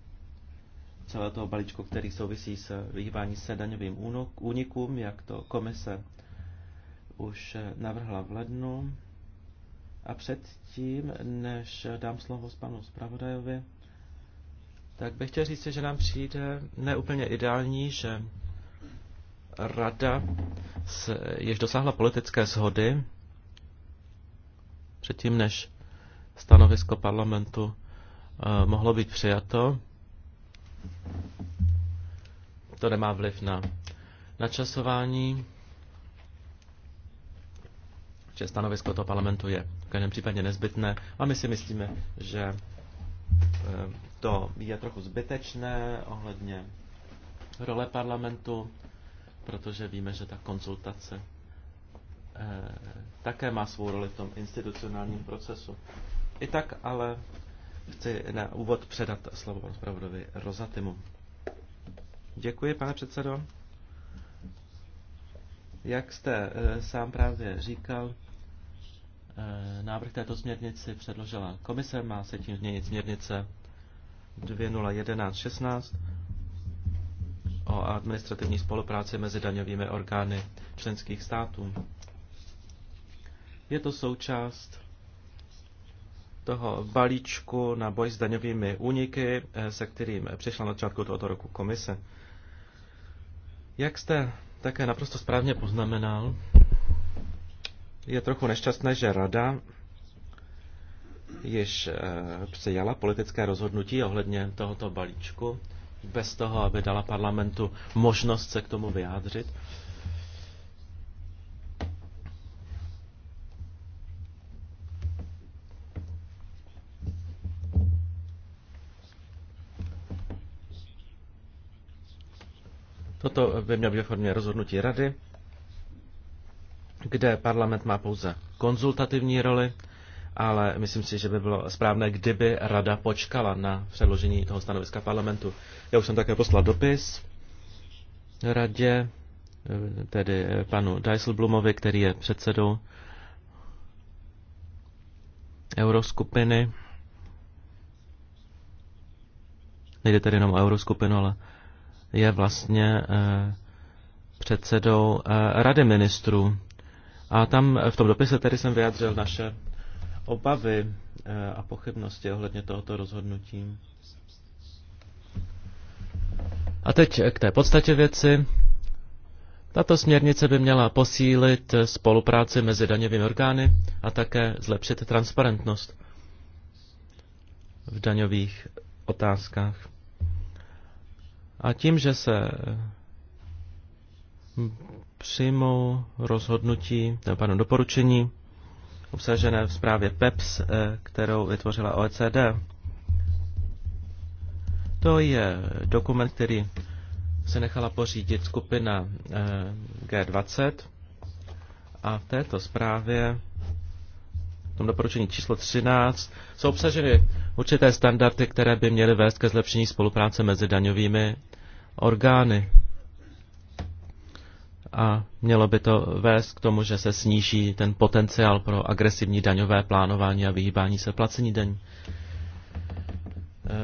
celého toho balíčku, který souvisí s vyhýbání se daňovým únikům, jak to komise už eh, navrhla v lednu. A předtím, než dám slovo s panu zpravodajovi, tak bych chtěl říct, že nám přijde neúplně ideální, že rada, jež dosáhla politické shody, předtím, než stanovisko parlamentu eh, mohlo být přijato, to nemá vliv na načasování, že stanovisko toho parlamentu je každém případě nezbytné a my si myslíme, že eh, to je trochu zbytečné ohledně role parlamentu, protože víme, že ta konzultace eh, také má svou roli v tom institucionálním procesu. I tak ale chci na úvod předat slovo panu zpravodovi Rozatimu. Děkuji, pane předsedo. Jak jste eh, sám právě říkal, Eh, návrh této směrnici předložila komise, má se tím změnit směrnice 2011-16 o administrativní spolupráci mezi daňovými orgány členských států. Je to součást toho balíčku na boj s daňovými úniky, eh, se kterým přišla na začátku tohoto roku komise. Jak jste také naprosto správně poznamenal, je trochu nešťastné, že Rada již eh, přijala politické rozhodnutí ohledně tohoto balíčku, bez toho, aby dala parlamentu možnost se k tomu vyjádřit. Toto by mělo být v formě rozhodnutí rady kde parlament má pouze konzultativní roli, ale myslím si, že by bylo správné, kdyby rada počkala na předložení toho stanoviska parlamentu. Já už jsem také poslal dopis radě, tedy panu Dijsselblumovi, který je předsedou euroskupiny. Nejde tedy jenom o euroskupinu, ale je vlastně eh, předsedou eh, Rady ministrů a tam v tom dopise tedy jsem vyjádřil naše obavy eh, a pochybnosti ohledně tohoto rozhodnutí. A teď k té podstatě věci. Tato směrnice by měla posílit spolupráci mezi daňovými orgány a také zlepšit transparentnost v daňových otázkách. A tím, že se přijmou rozhodnutí, no, pardon, doporučení obsažené v zprávě PEPS, eh, kterou vytvořila OECD. To je dokument, který se nechala pořídit skupina eh, G20 a v této zprávě v tom doporučení číslo 13 jsou obsaženy určité standardy, které by měly vést ke zlepšení spolupráce mezi daňovými orgány a mělo by to vést k tomu, že se sníží ten potenciál pro agresivní daňové plánování a vyhýbání se placení daň eh,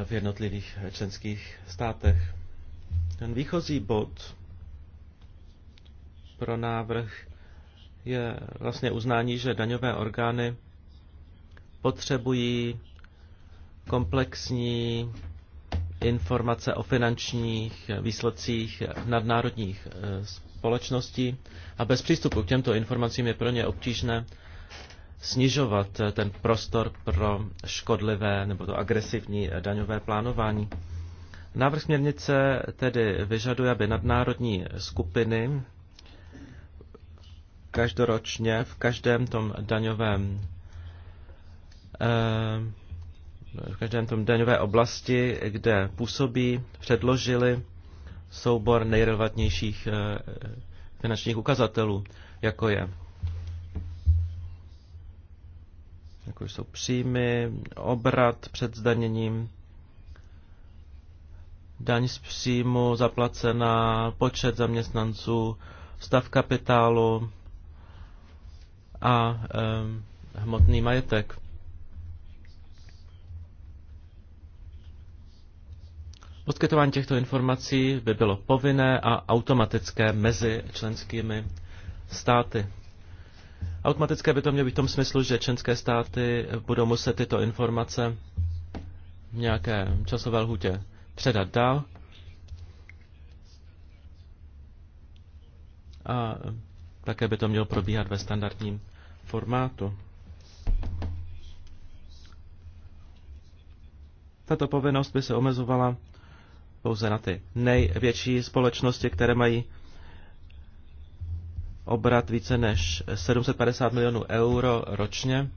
v jednotlivých členských státech. Ten výchozí bod pro návrh je vlastně uznání, že daňové orgány potřebují komplexní informace o finančních výsledcích nadnárodních eh, společnosti a bez přístupu k těmto informacím je pro ně obtížné snižovat eh, ten prostor pro škodlivé nebo to agresivní eh, daňové plánování. Návrh směrnice tedy vyžaduje, aby nadnárodní skupiny každoročně v každém tom daňovém eh, v každém tom daňové oblasti, kde působí, předložili soubor nejrelevantnějších eh, finančních ukazatelů, jako je jako jsou příjmy, obrat před zdaněním, daň z příjmu zaplacená, počet zaměstnanců, stav kapitálu a e, hmotný majetek. Poskytování těchto informací by bylo povinné a automatické mezi členskými státy. Automatické by to mělo být v tom smyslu, že členské státy budou muset tyto informace v nějaké časové lhutě předat dál. A také by to mělo probíhat ve standardním formátu. Tato povinnost by se omezovala pouze na ty největší společnosti, které mají obrat více než 750 milionů euro ročně,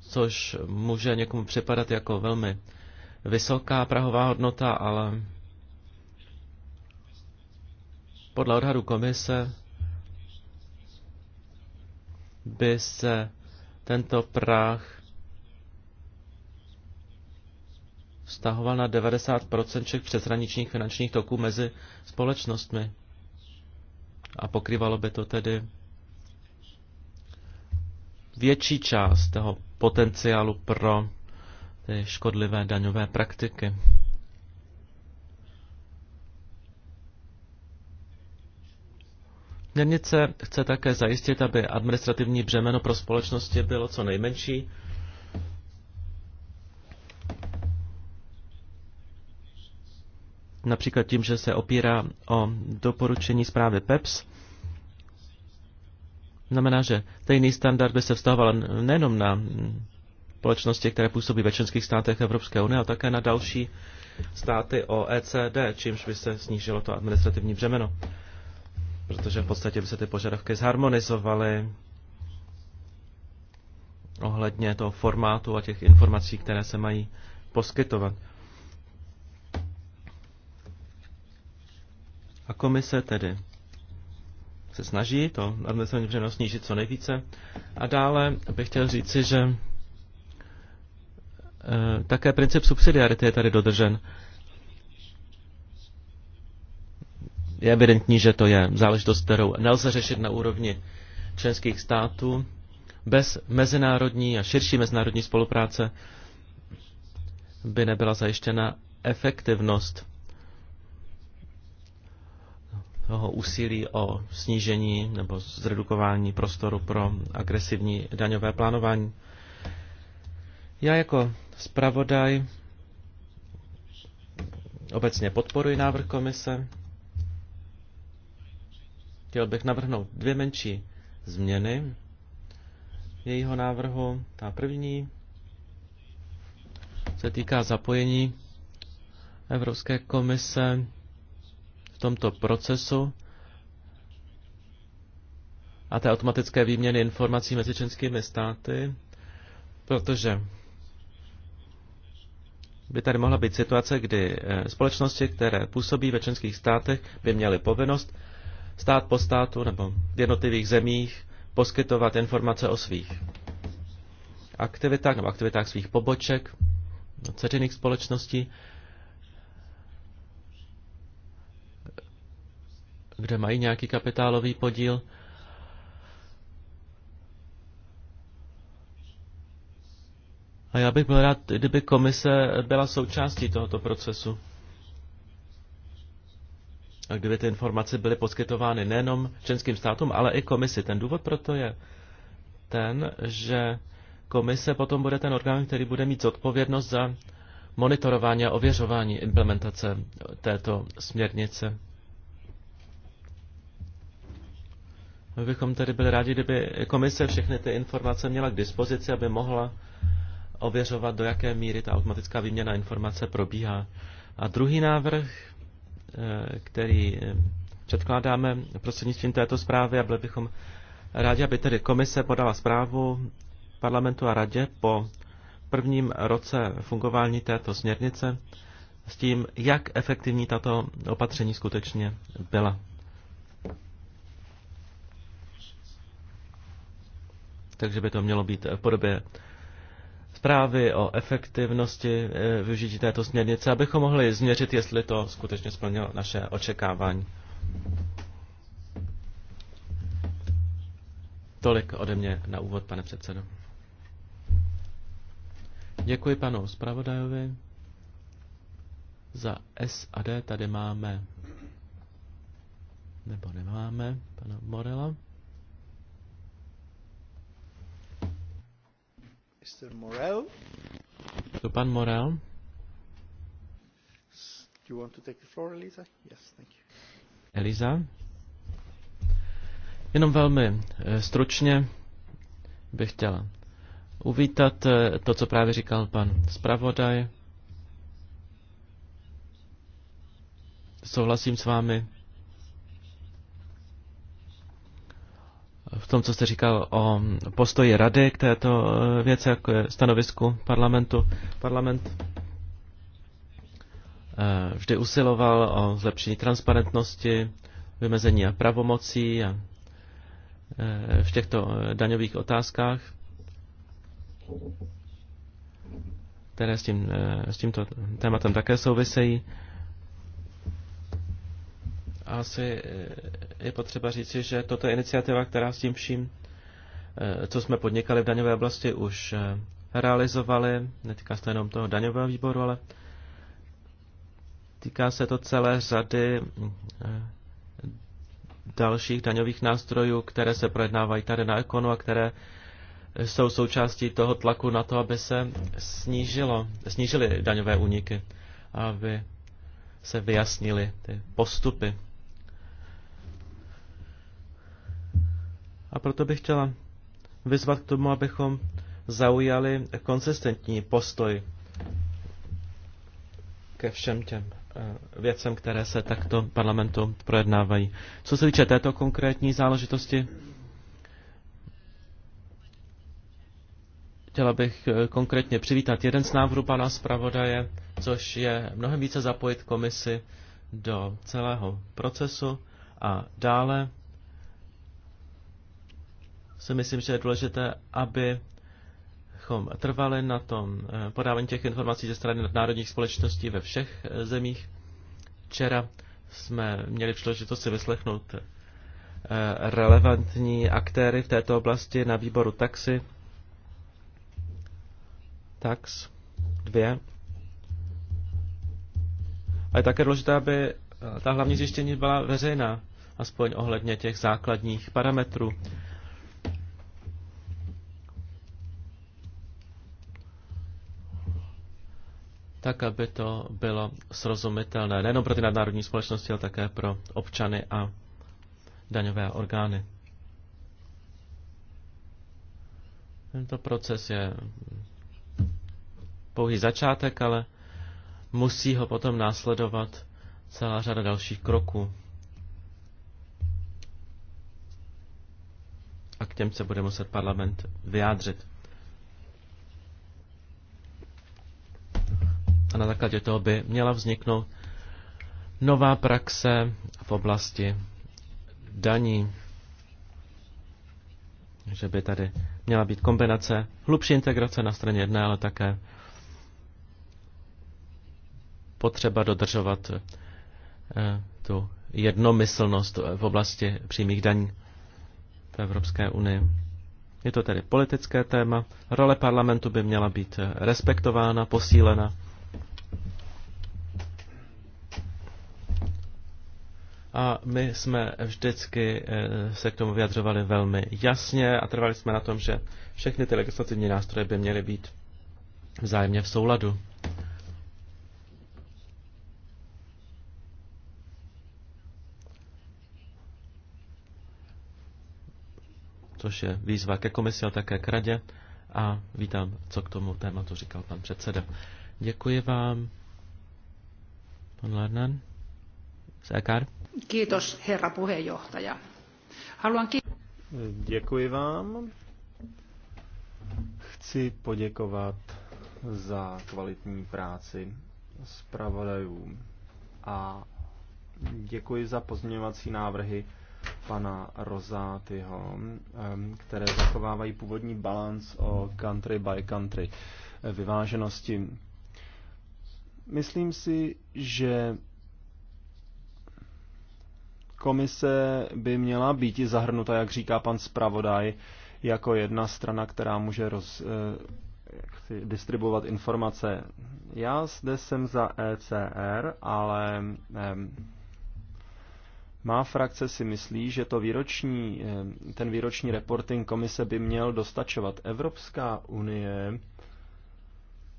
což může někomu připadat jako velmi vysoká prahová hodnota, ale podle odhadu komise by se tento prach vztahoval na 90% všech přeshraničních finančních toků mezi společnostmi. A pokrývalo by to tedy větší část toho potenciálu pro ty škodlivé daňové praktiky. Směrnice chce také zajistit, aby administrativní břemeno pro společnosti bylo co nejmenší, například tím, že se opírá o doporučení zprávy PEPS. Znamená, že stejný standard by se vztahoval nejenom na společnosti, které působí ve členských státech Evropské unie, ale také na další státy OECD, čímž by se snížilo to administrativní břemeno. Protože v podstatě by se ty požadavky zharmonizovaly ohledně toho formátu a těch informací, které se mají poskytovat. A komise tedy se snaží to administrativní břemeno snížit co nejvíce. A dále bych chtěl říci, že eh, také princip subsidiarity je tady dodržen. Je evidentní, že to je záležitost, kterou nelze řešit na úrovni členských států bez mezinárodní a širší mezinárodní spolupráce by nebyla zajištěna efektivnost toho úsilí o snížení nebo zredukování prostoru pro agresivní daňové plánování. Já jako zpravodaj obecně podporuji návrh komise. Chtěl bych navrhnout dvě menší změny jejího návrhu. Ta první se týká zapojení Evropské komise v tomto procesu a té automatické výměny informací mezi členskými státy, protože by tady mohla být situace, kdy eh, společnosti, které působí ve členských státech, by měly povinnost stát po státu nebo v jednotlivých zemích poskytovat informace o svých aktivitách nebo aktivitách svých poboček, dceřiných společností kde mají nějaký kapitálový podíl. A já bych byl rád, kdyby komise byla součástí tohoto procesu. A kdyby ty informace byly poskytovány nejenom členským státům, ale i komisi. Ten důvod proto je ten, že komise potom bude ten orgán, který bude mít zodpovědnost za monitorování a ověřování implementace této směrnice. My bychom tedy byli rádi, kdyby komise všechny ty informace měla k dispozici, aby mohla ověřovat, do jaké míry ta automatická výměna informace probíhá. A druhý návrh, eh, který eh, předkládáme prostřednictvím této zprávy, a byli bychom rádi, aby tedy komise podala zprávu parlamentu a radě po prvním roce fungování této směrnice s tím, jak efektivní tato opatření skutečně byla. takže by to mělo být v podobě zprávy o efektivnosti eh, využití této směrnice, abychom mohli změřit, jestli to skutečně splnilo naše očekávání. Tolik ode mě na úvod, pane předsedo. Děkuji panu zpravodajovi. Za S a D tady máme, nebo nemáme, pana Morela. Mr. Morel. To pan Morel. Do you want to take the floor, Eliza? Yes, thank you. Eliza? Jenom velmi eh, stručně bych chtěla uvítat eh, to, co právě říkal pan zpravodaj. Souhlasím s vámi v tom, co jste říkal o postoji rady k této eh, věci, jako je stanovisku parlamentu. Parlament eh, vždy usiloval o zlepšení transparentnosti, vymezení a pravomocí a eh, v těchto daňových otázkách, které s, tím, s tímto tématem také souvisejí. Asi je potřeba říci, že toto je iniciativa, která s tím vším, eh, co jsme podnikali v daňové oblasti, už eh, realizovali. Netýká se jenom toho daňového výboru, ale týká se to celé řady eh, dalších daňových nástrojů, které se projednávají tady na ekonu a které jsou součástí toho tlaku na to, aby se snížilo, snížily daňové úniky, aby se vyjasnily ty postupy. A proto bych chtěla vyzvat k tomu, abychom zaujali konsistentní postoj ke všem těm eh, věcem, které se takto parlamentu projednávají. Co se týče této konkrétní záležitosti, chtěla bych eh, konkrétně přivítat jeden z návrhů pana zpravodaje, což je mnohem více zapojit komisi do celého procesu a dále si myslím, že je důležité, aby trvali na tom eh, podávání těch informací ze strany národních společností ve všech eh, zemích. Včera jsme měli příležitost si vyslechnout eh, relevantní aktéry v této oblasti na výboru taxi. Tax 2. A je také důležité, aby ta hlavní zjištění byla veřejná, aspoň ohledně těch základních parametrů. tak aby to bylo srozumitelné nejen pro ty nadnárodní společnosti, ale také pro občany a daňové orgány. Tento proces je pouhý začátek, ale musí ho potom následovat celá řada dalších kroků. A k těm se bude muset parlament vyjádřit. a na základě toho by měla vzniknout nová praxe v oblasti daní, že by tady měla být kombinace hlubší integrace na straně jedné, ale také potřeba dodržovat eh, tu jednomyslnost v oblasti přímých daní v Evropské unii. Je to tedy politické téma. Role parlamentu by měla být eh, respektována, posílena A my jsme vždycky eh, se k tomu vyjadřovali velmi jasně a trvali jsme na tom, že všechny ty legislativní nástroje by měly být vzájemně v souladu. což je výzva ke komisi a také k radě. A vítám, co k tomu tématu říkal pan předseda. Děkuji vám, pan Lernan. Děkuji vám. Chci poděkovat za kvalitní práci zpravodajům a děkuji za pozměňovací návrhy pana Rozátyho, které zachovávají původní balans o country by country eh, vyváženosti. Myslím si, že Komise by měla být zahrnuta, jak říká pan zpravodaj, jako jedna strana, která může roz, eh, jak si, distribuovat informace. Já zde jsem za ECR, ale eh, má frakce si myslí, že to výroční, ten výroční reporting komise by měl dostačovat. Evropská unie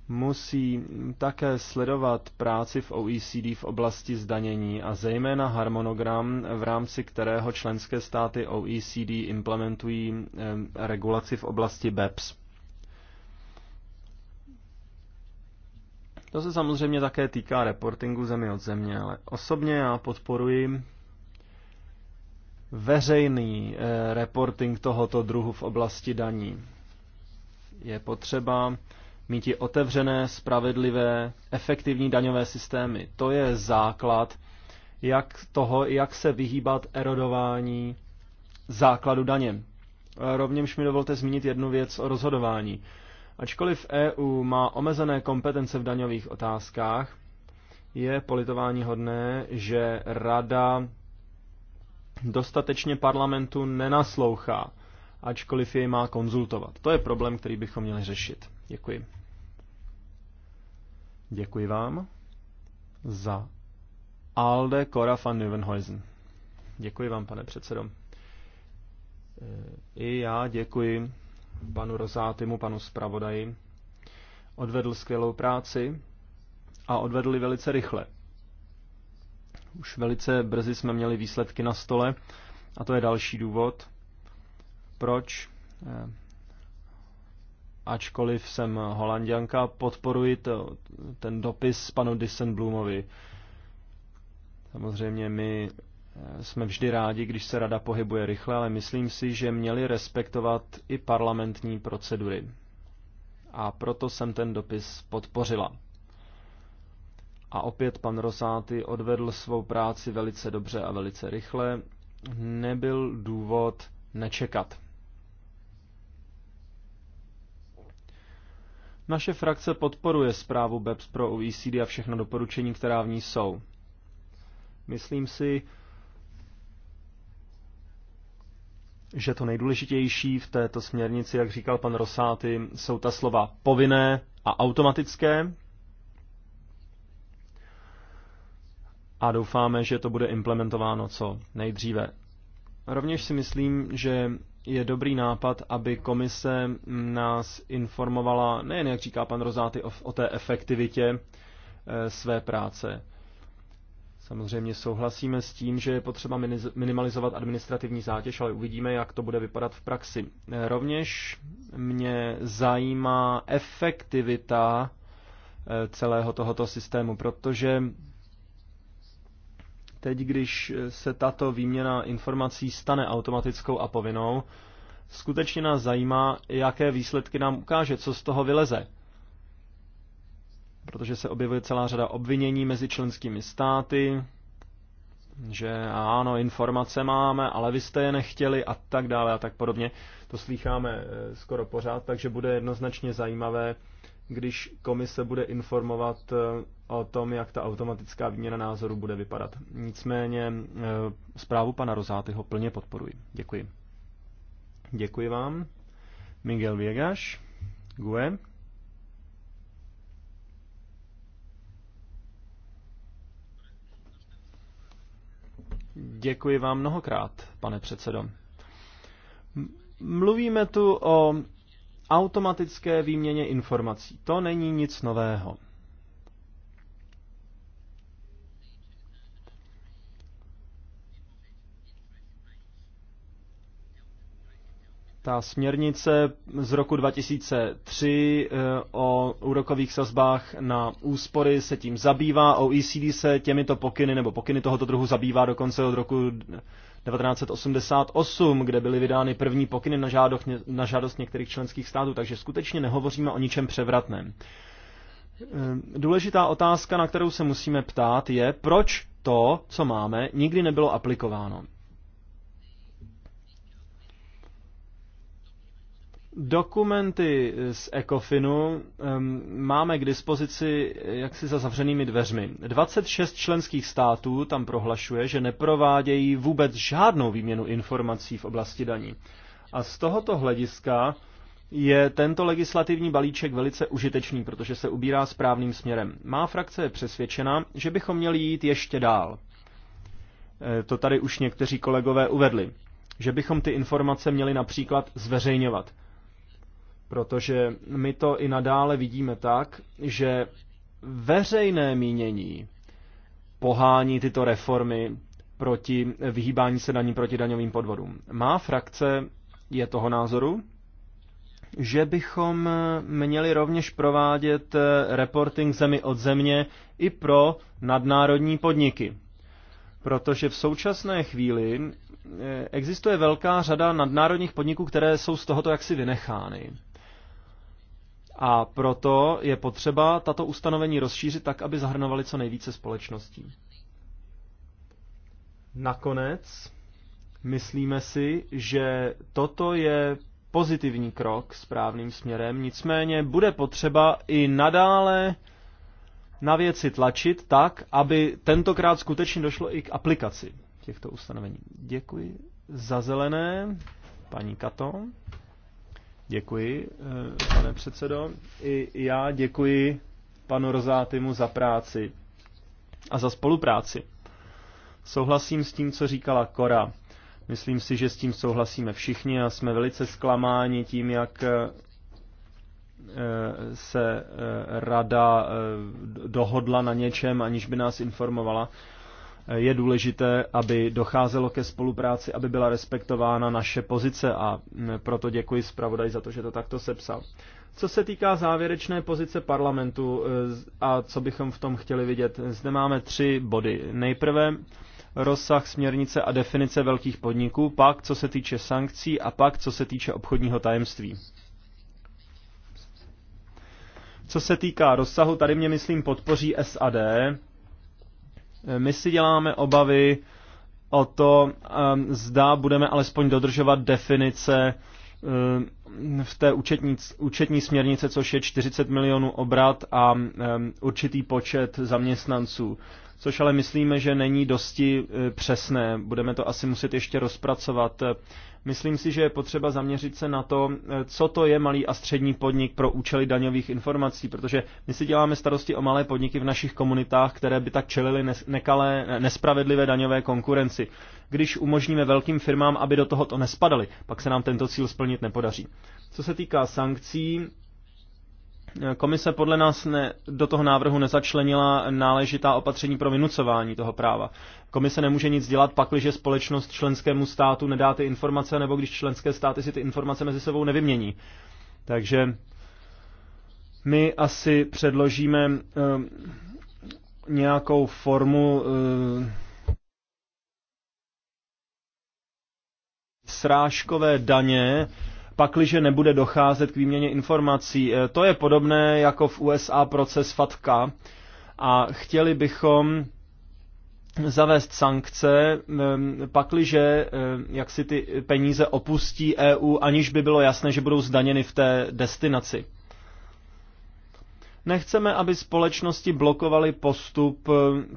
musí také sledovat práci v OECD v oblasti zdanění a zejména harmonogram, v rámci kterého členské státy OECD implementují eh, regulaci v oblasti BEPS. To se samozřejmě také týká reportingu zemi od země, ale osobně já podporuji veřejný eh, reporting tohoto druhu v oblasti daní. Je potřeba mít i otevřené, spravedlivé, efektivní daňové systémy. To je základ jak toho, jak se vyhýbat erodování základu daně. Rovněž mi dovolte zmínit jednu věc o rozhodování. Ačkoliv EU má omezené kompetence v daňových otázkách, je politování hodné, že Rada dostatečně parlamentu nenaslouchá, ačkoliv jej má konzultovat. To je problém, který bychom měli řešit. Děkuji. Děkuji vám za Alde Cora van Nieuwenhuizen. Děkuji vám, pane předsedo. Eh, I já děkuji panu Rozátymu, panu zpravodaji. Odvedl skvělou práci a odvedli velice rychle. Už velice brzy jsme měli výsledky na stole a to je další důvod, proč eh, ačkoliv jsem holanděnka, podporuji to, ten dopis panu Dissenblumovi. Samozřejmě my eh, jsme vždy rádi, když se rada pohybuje rychle, ale myslím si, že měli respektovat i parlamentní procedury. A proto jsem ten dopis podpořila. A opět pan Rosáty odvedl svou práci velice dobře a velice rychle. Nebyl důvod nečekat. Naše frakce podporuje zprávu BEPS pro OECD a všechno doporučení, která v ní jsou. Myslím si, že to nejdůležitější v této směrnici, jak říkal pan Rosáty, jsou ta slova povinné a automatické. A doufáme, že to bude implementováno co nejdříve. Rovněž si myslím, že je dobrý nápad, aby komise nás informovala nejen, jak říká pan Rozáty, o, o té efektivitě e, své práce. Samozřejmě souhlasíme s tím, že je potřeba minimalizovat administrativní zátěž, ale uvidíme, jak to bude vypadat v praxi. E, rovněž mě zajímá efektivita e, celého tohoto systému, protože Teď, když se tato výměna informací stane automatickou a povinnou, skutečně nás zajímá, jaké výsledky nám ukáže, co z toho vyleze. Protože se objevuje celá řada obvinění mezi členskými státy, že ano, informace máme, ale vy jste je nechtěli a tak dále a tak podobně. To slycháme eh, skoro pořád, takže bude jednoznačně zajímavé když komise bude informovat eh, o tom, jak ta automatická výměna názoru bude vypadat. Nicméně eh, zprávu pana Rozátyho plně podporuji. Děkuji. Děkuji vám. Miguel Viegas, GUE. Děkuji vám mnohokrát, pane předsedo. Mluvíme tu o automatické výměně informací. To není nic nového. Ta směrnice z roku 2003 eh, o úrokových sazbách na úspory se tím zabývá, OECD se těmito pokyny nebo pokyny tohoto druhu zabývá dokonce od roku 1988, kde byly vydány první pokyny na žádost, na žádost některých členských států, takže skutečně nehovoříme o ničem převratném. Eh, důležitá otázka, na kterou se musíme ptát, je, proč to, co máme, nikdy nebylo aplikováno. Dokumenty z Ecofinu um, máme k dispozici jaksi za zavřenými dveřmi. 26 členských států tam prohlašuje, že neprovádějí vůbec žádnou výměnu informací v oblasti daní. A z tohoto hlediska je tento legislativní balíček velice užitečný, protože se ubírá správným směrem. Má frakce je přesvědčena, že bychom měli jít ještě dál. E, to tady už někteří kolegové uvedli. Že bychom ty informace měli například zveřejňovat protože my to i nadále vidíme tak, že veřejné mínění pohání tyto reformy proti vyhýbání se daní proti daňovým podvodům. Má frakce je toho názoru, že bychom měli rovněž provádět reporting zemi od země i pro nadnárodní podniky. Protože v současné chvíli eh, existuje velká řada nadnárodních podniků, které jsou z tohoto jaksi vynechány. A proto je potřeba tato ustanovení rozšířit tak, aby zahrnovaly co nejvíce společností. Nakonec myslíme si, že toto je pozitivní krok správným směrem, nicméně bude potřeba i nadále na věci tlačit tak, aby tentokrát skutečně došlo i k aplikaci těchto ustanovení. Děkuji za zelené, paní Kato. Děkuji, eh, pane předsedo. I já děkuji panu Rozátymu za práci a za spolupráci. Souhlasím s tím, co říkala Kora. Myslím si, že s tím souhlasíme všichni a jsme velice zklamáni tím, jak eh, eh, se rada dohodla na něčem, aniž by nás informovala je důležité, aby docházelo ke spolupráci, aby byla respektována naše pozice a mm, proto děkuji zpravodaj za to, že to takto sepsal. Co se týká závěrečné pozice parlamentu e, a co bychom v tom chtěli vidět, zde máme tři body. Nejprve rozsah směrnice a definice velkých podniků, pak co se týče sankcí a pak co se týče obchodního tajemství. Co se týká rozsahu, tady mě myslím podpoří SAD, Eh, my si děláme obavy o to, ehm, zda budeme alespoň dodržovat definice ehm, v té účetní, účetní směrnice, což je 40 milionů obrat a ehm, určitý počet zaměstnanců, což ale myslíme, že není dosti eh, přesné. Budeme to asi muset ještě rozpracovat. Myslím si, že je potřeba zaměřit se na to, eh, co to je malý a střední podnik pro účely daňových informací, protože my si děláme starosti o malé podniky v našich komunitách, které by tak čelily nekalé, nespravedlivé daňové konkurenci. Když umožníme velkým firmám, aby do tohoto nespadaly, pak se nám tento cíl splnit nepodaří. Co se týká sankcí, Komise podle nás ne, do toho návrhu nezačlenila náležitá opatření pro vynucování toho práva. Komise nemůže nic dělat, pakliže společnost členskému státu nedá ty informace, nebo když členské státy si ty informace mezi sebou nevymění. Takže my asi předložíme um, nějakou formu Um, srážkové daně pakliže nebude docházet k výměně informací. Eh, to je podobné jako v USA proces Fatka a chtěli bychom zavést sankce, eh, pakliže eh, jak si ty peníze opustí EU, aniž by bylo jasné, že budou zdaněny v té destinaci. Nechceme, aby společnosti blokovaly postup,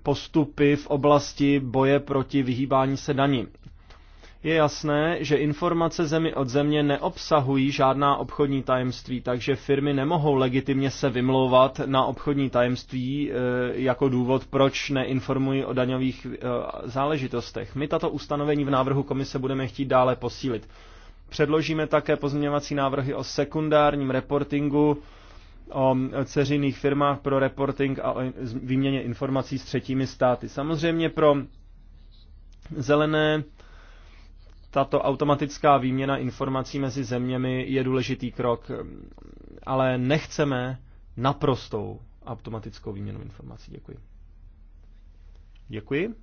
postupy v oblasti boje proti vyhýbání se daní je jasné, že informace zemi od země neobsahují žádná obchodní tajemství, takže firmy nemohou legitimně se vymlouvat na obchodní tajemství eh, jako důvod, proč neinformují o daňových eh, záležitostech. My tato ustanovení v návrhu komise budeme chtít dále posílit. Předložíme také pozměňovací návrhy o sekundárním reportingu, o ceřinných firmách pro reporting a o výměně informací s třetími státy. Samozřejmě pro zelené tato automatická výměna informací mezi zeměmi je důležitý krok, ale nechceme naprostou automatickou výměnu informací. Děkuji. Děkuji.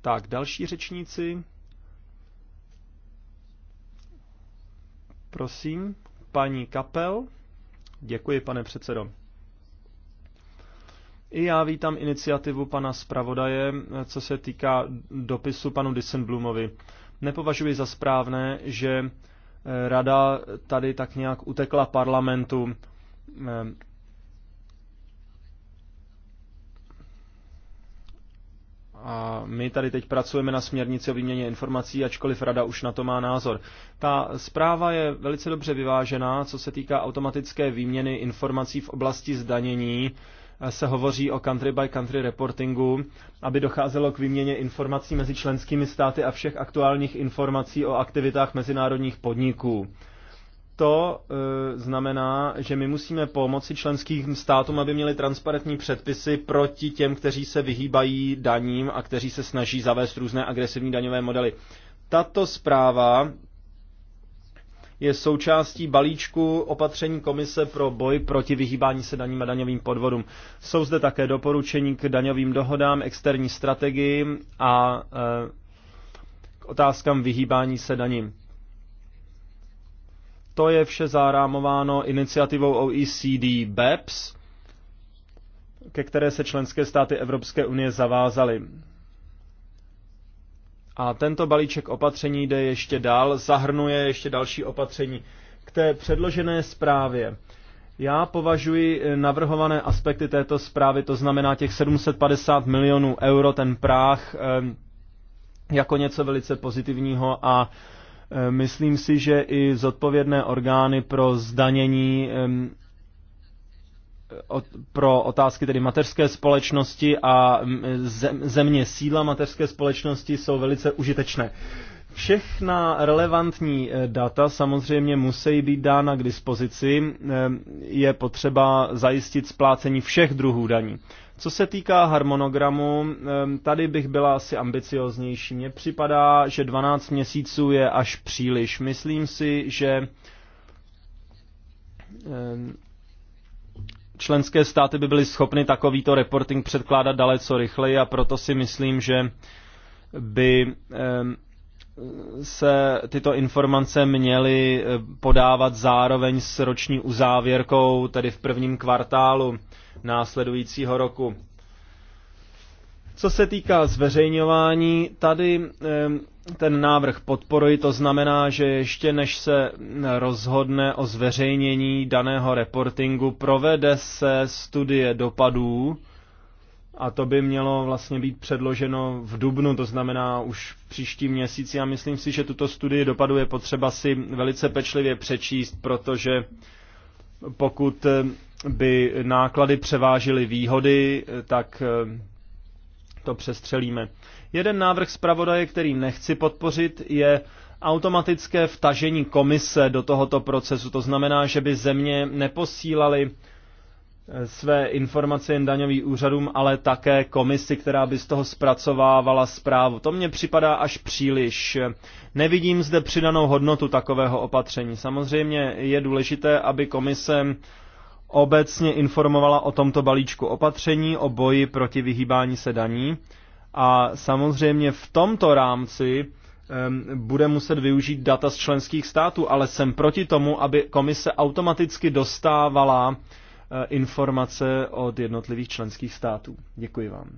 Tak, další řečníci. Prosím, paní Kapel. Děkuji, pane předsedo. I já vítám iniciativu pana zpravodaje, co se týká dopisu panu Dissenblumovi. Nepovažuji za správné, že eh, rada tady tak nějak utekla parlamentu. Eh, a my tady teď pracujeme na směrnici o výměně informací, ačkoliv rada už na to má názor. Ta zpráva je velice dobře vyvážená, co se týká automatické výměny informací v oblasti zdanění se hovoří o country by country reportingu, aby docházelo k výměně informací mezi členskými státy a všech aktuálních informací o aktivitách mezinárodních podniků. To e, znamená, že my musíme pomoci členským státům, aby měli transparentní předpisy proti těm, kteří se vyhýbají daním a kteří se snaží zavést různé agresivní daňové modely. Tato zpráva je součástí balíčku opatření Komise pro boj proti vyhýbání se daním a daňovým podvodům. Jsou zde také doporučení k daňovým dohodám, externí strategii a e, k otázkám vyhýbání se daním. To je vše zarámováno iniciativou OECD BEPS, ke které se členské státy Evropské unie zavázaly. A tento balíček opatření jde ještě dál, zahrnuje ještě další opatření. K té předložené zprávě. Já považuji eh, navrhované aspekty této zprávy, to znamená těch 750 milionů euro, ten práh, eh, jako něco velice pozitivního a eh, myslím si, že i zodpovědné orgány pro zdanění pro otázky tedy mateřské společnosti a země síla mateřské společnosti jsou velice užitečné. Všechna relevantní eh, data samozřejmě musí být dána k dispozici. Eh, je potřeba zajistit splácení všech druhů daní. Co se týká harmonogramu, eh, tady bych byla asi ambicioznější. Mně připadá, že 12 měsíců je až příliš. Myslím si, že členské státy by byly schopny takovýto reporting předkládat daleco rychleji a proto si myslím, že by se tyto informace měly eh, podávat zároveň s roční uzávěrkou, tedy v prvním kvartálu následujícího roku. Co se týká zveřejňování, tady ten návrh podporuji, to znamená, že ještě než se rozhodne o zveřejnění daného reportingu, provede se studie dopadů a to by mělo vlastně být předloženo v dubnu, to znamená už v příštím měsíci Já myslím si, že tuto studii dopadů je potřeba si velice pečlivě přečíst, protože pokud by náklady převážily výhody, tak to přestřelíme. Jeden návrh zpravodaje, který nechci podpořit, je automatické vtažení komise do tohoto procesu. To znamená, že by země neposílaly eh, své informace jen daňovým úřadům, ale také komisi, která by z toho zpracovávala zprávu. To mně připadá až příliš. Nevidím zde přidanou hodnotu takového opatření. Samozřejmě je důležité, aby komise obecně informovala o tomto balíčku opatření, o boji proti vyhýbání se daní, a samozřejmě v tomto rámci bude muset využít data z členských států, ale jsem proti tomu, aby komise automaticky dostávala eh, informace od jednotlivých členských států. Děkuji vám.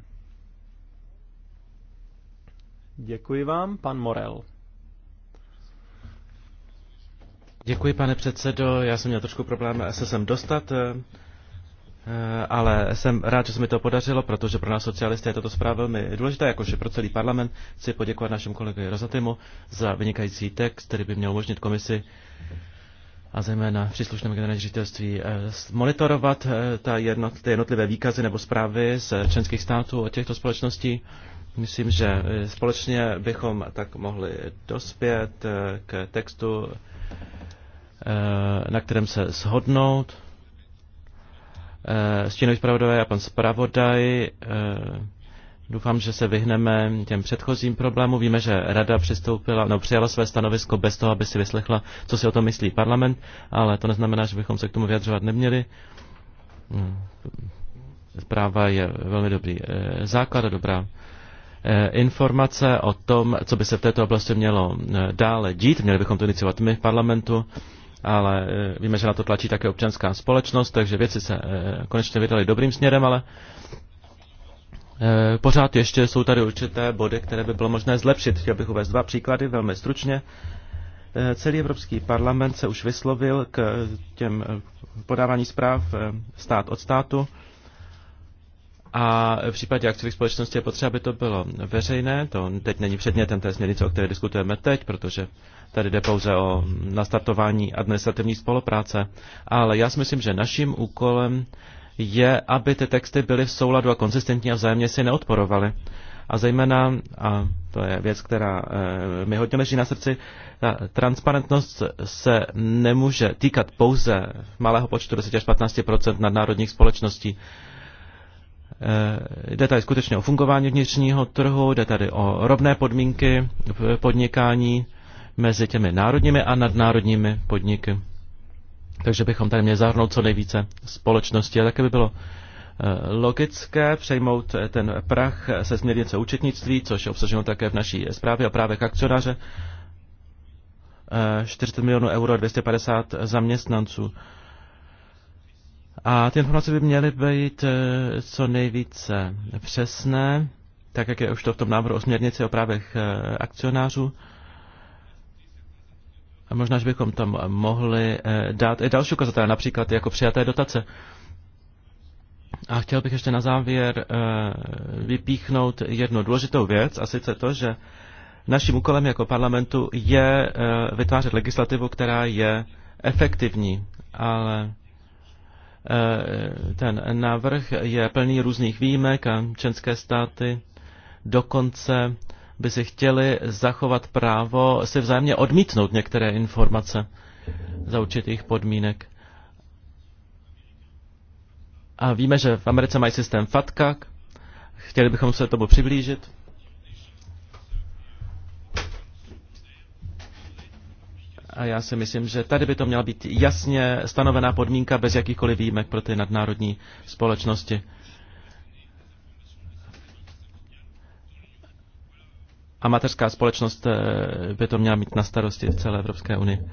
Děkuji vám, pan Morel. Děkuji, pane předsedo. Já jsem měl trošku problém se sem dostat. Eh, ale jsem rád, že se mi to podařilo, protože pro nás socialisty je tato zpráva velmi důležitá, jakože pro celý parlament. Chci poděkovat našemu kolegovi Rozatimu za vynikající text, který by měl umožnit komisi a zejména příslušnému generální ředitelství eh, monitorovat eh, ta jednot, ty jednotlivé výkazy nebo zprávy z členských států o těchto společností. Myslím, že společně bychom tak mohli dospět k textu, na kterém se shodnout. Eh, stínový zpravodaj a pan zpravodaj. Eh, doufám, že se vyhneme těm předchozím problémům. Víme, že rada přistoupila, no, přijala své stanovisko bez toho, aby si vyslechla, co si o tom myslí parlament, ale to neznamená, že bychom se k tomu vyjadřovat neměli. Eh, zpráva je velmi dobrý základ a dobrá informace o tom, co by se v této oblasti mělo dále dít. Měli bychom to iniciovat my v parlamentu ale e, víme, že na to tlačí také občanská společnost, takže věci se e, konečně vydaly dobrým směrem, ale e, pořád ještě jsou tady určité body, které by bylo možné zlepšit. Chtěl bych uvést dva příklady velmi stručně. Celý Evropský parlament se už vyslovil k těm podávání zpráv stát od státu. A v případě akciových společností je potřeba, aby to bylo veřejné. To teď není předmětem té směrnice, o které diskutujeme teď, protože Tady jde pouze o nastartování administrativní spolupráce. Ale já si myslím, že naším úkolem je, aby ty texty byly v souladu a konzistentní a vzájemně si neodporovaly. A zejména, a to je věc, která e, mi hodně leží na srdci, ta transparentnost se nemůže týkat pouze malého počtu 10 až 15 nadnárodních společností. E, jde tady skutečně o fungování vnitřního trhu, jde tady o rovné podmínky podnikání, mezi těmi národními a nadnárodními podniky. Takže bychom tady měli zahrnout co nejvíce společnosti a také by bylo eh, logické přejmout eh, ten prach se směrnice účetnictví, což je obsaženo také v naší zprávě o právech akcionáře. 40 eh, milionů euro, 250 zaměstnanců. A ty informace by měly být co nejvíce přesné, tak jak je už to v tom návrhu o směrnici o právech akcionářů. A možná, že bychom tam mohli eh, dát i další ukazatele, například jako přijaté dotace. A chtěl bych ještě na závěr eh, vypíchnout jednu důležitou věc, a sice to, že naším úkolem jako parlamentu je eh, vytvářet legislativu, která je efektivní, ale ten návrh je plný různých výjimek a členské státy dokonce by si chtěli zachovat právo si vzájemně odmítnout některé informace za určitých podmínek. A víme, že v Americe mají systém FATCA, chtěli bychom se tomu přiblížit. A já si myslím, že tady by to měla být jasně stanovená podmínka bez jakýchkoliv výjimek pro ty nadnárodní společnosti. amatérská společnost eh, by to měla mít na starosti v celé Evropské unii.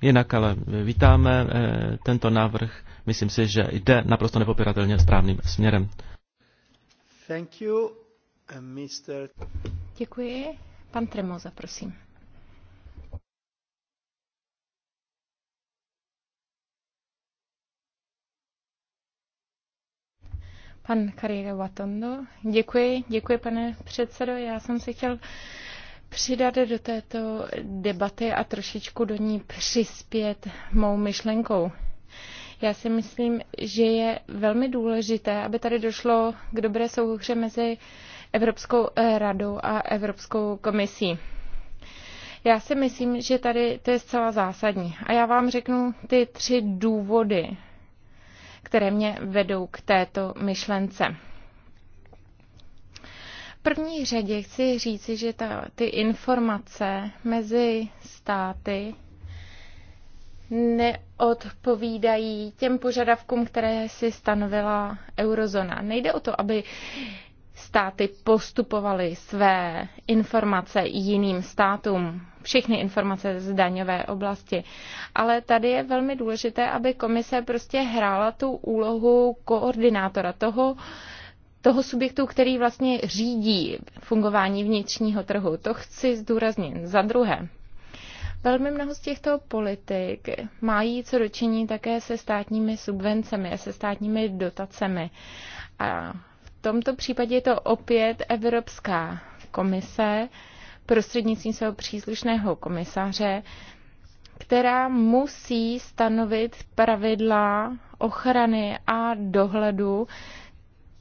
Jinak ale vítáme eh, tento návrh. Myslím si, že jde naprosto nepopiratelně správným směrem. Thank you, eh, Mr. Děkuji. Pan Tremoza, prosím. Pan Karire Watondo. Děkuji, děkuji pane předsedo. Já jsem se chtěl přidat do této debaty a trošičku do ní přispět mou myšlenkou. Já si myslím, že je velmi důležité, aby tady došlo k dobré souhře mezi Evropskou radou a Evropskou komisí. Já si myslím, že tady to je zcela zásadní. A já vám řeknu ty tři důvody, které mě vedou k této myšlence první řadě chci říci, že ta, ty informace mezi státy neodpovídají těm požadavkům, které si stanovila eurozona. Nejde o to, aby státy postupovaly své informace jiným státům všechny informace z daňové oblasti. Ale tady je velmi důležité, aby komise prostě hrála tu úlohu koordinátora toho, toho subjektu, který vlastně řídí fungování vnitřního trhu. To chci zdůraznit. Za druhé, Velmi mnoho z těchto politik mají co dočení také se státními subvencemi, se státními dotacemi. A v tomto případě je to opět Evropská komise, prostřednictvím svého příslušného komisaře, která musí stanovit pravidla ochrany a dohledu,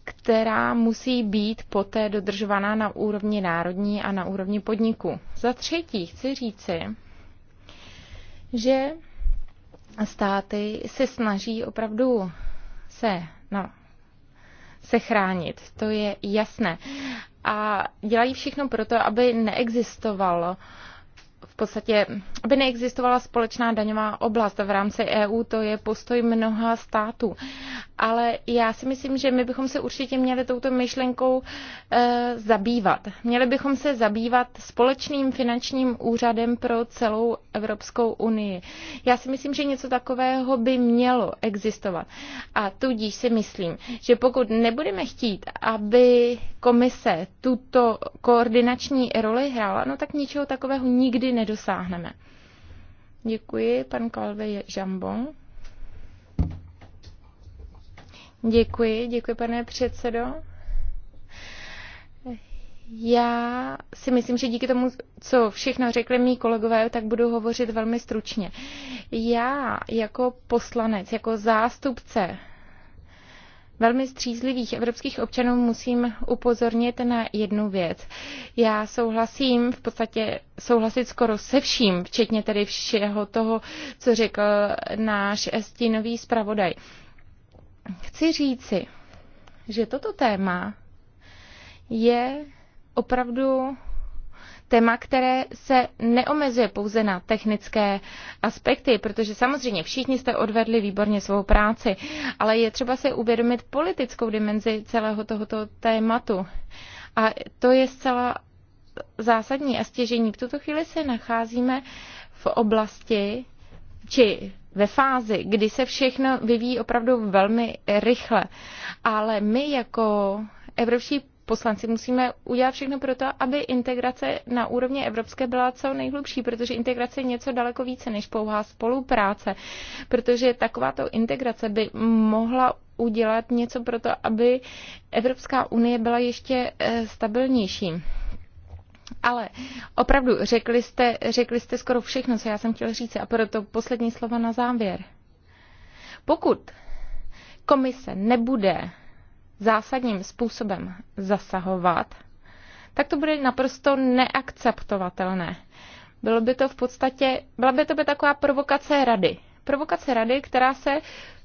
která musí být poté dodržována na úrovni národní a na úrovni podniku. Za třetí chci říci, že státy se snaží opravdu se, no, se chránit. To je jasné a dělají všechno to, aby neexistovalo v podstatě, aby neexistovala společná daňová oblast v rámci EU, to je postoj mnoha států. Ale já si myslím, že my bychom se určitě měli touto myšlenkou e, zabývat. Měli bychom se zabývat společným finančním úřadem pro celou Evropskou unii. Já si myslím, že něco takového by mělo existovat. A tudíž si myslím, že pokud nebudeme chtít, aby komise tuto koordinační roli hrála, no tak ničeho takového nikdy ne nedosáhneme. Děkuji, pan Kalve je Jambon. Děkuji, děkuji, pane předsedo. Já si myslím, že díky tomu, co všechno řekli mý kolegové, tak budu hovořit velmi stručně. Já jako poslanec, jako zástupce velmi střízlivých evropských občanů musím upozornit na jednu věc. Já souhlasím v podstatě souhlasit skoro se vším, včetně tedy všeho toho, co řekl náš stínový zpravodaj. Chci říci, že toto téma je opravdu téma, které se neomezuje pouze na technické aspekty, protože samozřejmě všichni jste odvedli výborně svou práci, ale je třeba se uvědomit politickou dimenzi celého tohoto tématu. A to je zcela zásadní a stěžení. V tuto chvíli se nacházíme v oblasti či ve fázi, kdy se všechno vyvíjí opravdu velmi rychle. Ale my jako evropští poslanci musíme udělat všechno pro to, aby integrace na úrovni evropské byla co nejhlubší, protože integrace je něco daleko více než pouhá spolupráce, protože takováto integrace by mohla udělat něco pro to, aby Evropská unie byla ještě eh, stabilnější. Ale opravdu řekli jste, řekli jste skoro všechno, co já jsem chtěla říct a proto poslední slova na závěr. Pokud komise nebude zásadním způsobem zasahovat, tak to bude naprosto neakceptovatelné. Bylo by to v podstatě, byla by to by taková provokace rady. Provokace rady, která se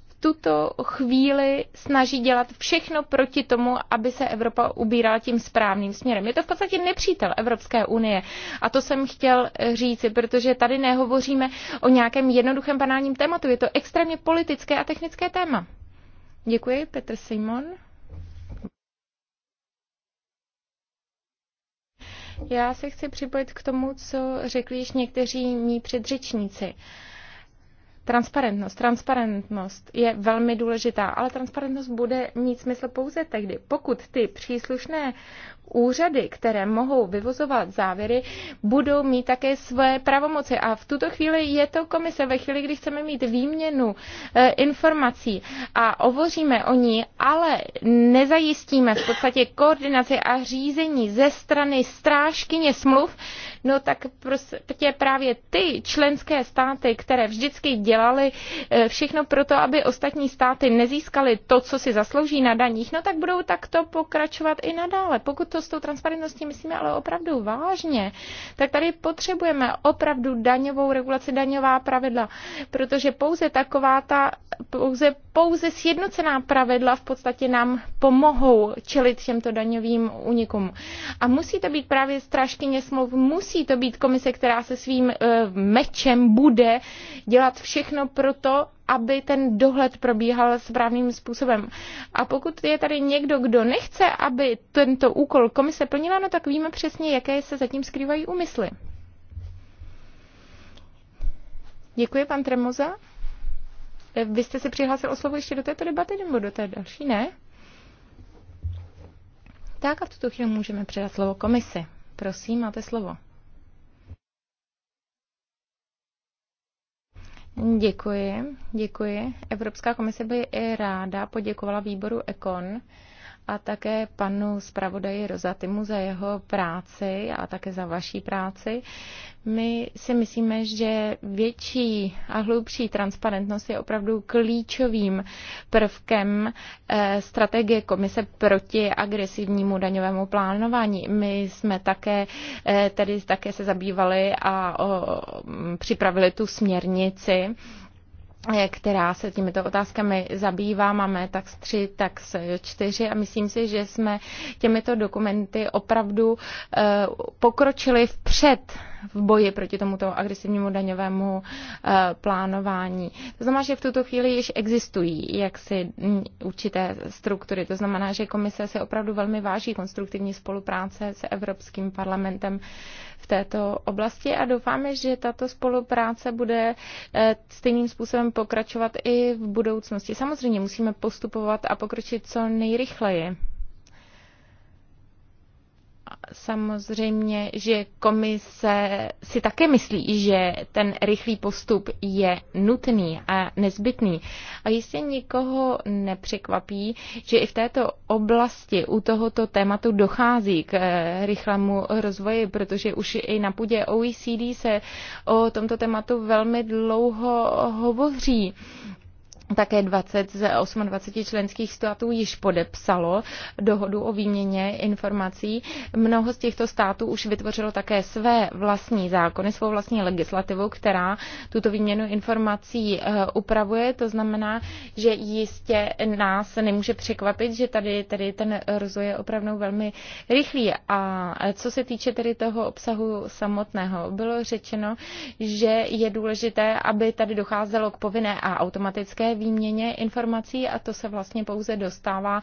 v tuto chvíli snaží dělat všechno proti tomu, aby se Evropa ubírala tím správným směrem. Je to v podstatě nepřítel Evropské unie. A to jsem chtěl říci, protože tady nehovoříme o nějakém jednoduchém banálním tématu. Je to extrémně politické a technické téma. Děkuji, Petr Simon. Já se chci připojit k tomu, co řekli již někteří mý předřečníci. Transparentnost. Transparentnost je velmi důležitá, ale transparentnost bude mít smysl pouze tehdy, pokud ty příslušné úřady, které mohou vyvozovat závěry, budou mít také své pravomoci. A v tuto chvíli je to komise, ve chvíli, kdy chceme mít výměnu eh, informací a ovoříme o ní, ale nezajistíme v podstatě koordinaci a řízení ze strany strážkyně smluv, no tak prostě právě ty členské státy, které vždycky dělali eh, všechno pro to, aby ostatní státy nezískaly to, co si zaslouží na daních, no tak budou takto pokračovat i nadále. Pokud to s tou transparentností myslíme ale opravdu vážně, tak tady potřebujeme opravdu daňovou regulaci, daňová pravidla, protože pouze taková ta, pouze, pouze sjednocená pravidla v podstatě nám pomohou čelit těmto daňovým únikům. A musí to být právě strážkyně smluv, musí to být komise, která se svým eh, mečem bude dělat všechno pro to, aby ten dohled probíhal správným způsobem. A pokud je tady někdo, kdo nechce, aby tento úkol komise plnila, no tak víme přesně, jaké se zatím skrývají úmysly. Děkuji, pan Tremoza. Eh, vy jste se přihlásil o slovo ještě do této debaty nebo do té další, ne? Tak a v tuto chvíli můžeme předat slovo komisi. Prosím, máte slovo. Děkuji, děkuji. Evropská komise by i ráda poděkovala výboru ECON a také panu zpravodaji Rozatimu za jeho práci a také za vaší práci. My si myslíme, že větší a hlubší transparentnost je opravdu klíčovým prvkem eh, strategie Komise proti agresivnímu daňovému plánování. My jsme také, eh, tedy také se zabývali a připravili tu směrnici Eh, která se těmito otázkami zabývá. Máme tak 3, tak 4 a myslím si, že jsme těmito dokumenty opravdu eh, pokročili vpřed v boji proti tomuto agresivnímu daňovému eh, plánování. To znamená, že v tuto chvíli již existují jaksi mm, určité struktury. To znamená, že komise se opravdu velmi váží konstruktivní spolupráce s Evropským parlamentem v této oblasti a doufáme, že tato spolupráce bude eh, stejným způsobem pokračovat i v budoucnosti. Samozřejmě musíme postupovat a pokročit co nejrychleji samozřejmě, že komise si také myslí, že ten rychlý postup je nutný a nezbytný. A jistě nikoho nepřekvapí, že i v této oblasti u tohoto tématu dochází k eh, rychlému rozvoji, protože už i na půdě OECD se o tomto tématu velmi dlouho hovoří také 20 z 28 členských států již podepsalo dohodu o výměně informací. Mnoho z těchto států už vytvořilo také své vlastní zákony, svou vlastní legislativu, která tuto výměnu informací eh, upravuje. To znamená, že jistě nás nemůže překvapit, že tady, tady ten rozvoj je opravdu velmi rychlý. A eh, co se týče tedy toho obsahu samotného, bylo řečeno, že je důležité, aby tady docházelo k povinné a automatické výměně informací a to se vlastně pouze dostává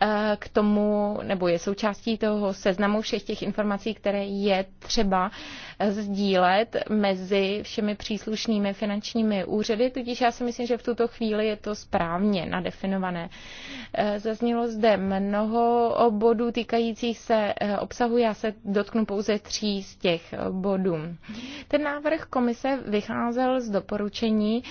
eh, k tomu, nebo je součástí toho seznamu všech těch informací, které je třeba eh, sdílet mezi všemi příslušnými finančními úřady, tudíž já si myslím, že v tuto chvíli je to správně nadefinované. Eh, zaznělo zde mnoho bodů týkajících se obsahu, já se dotknu pouze tří z těch bodů. Ten návrh komise vycházel z doporučení,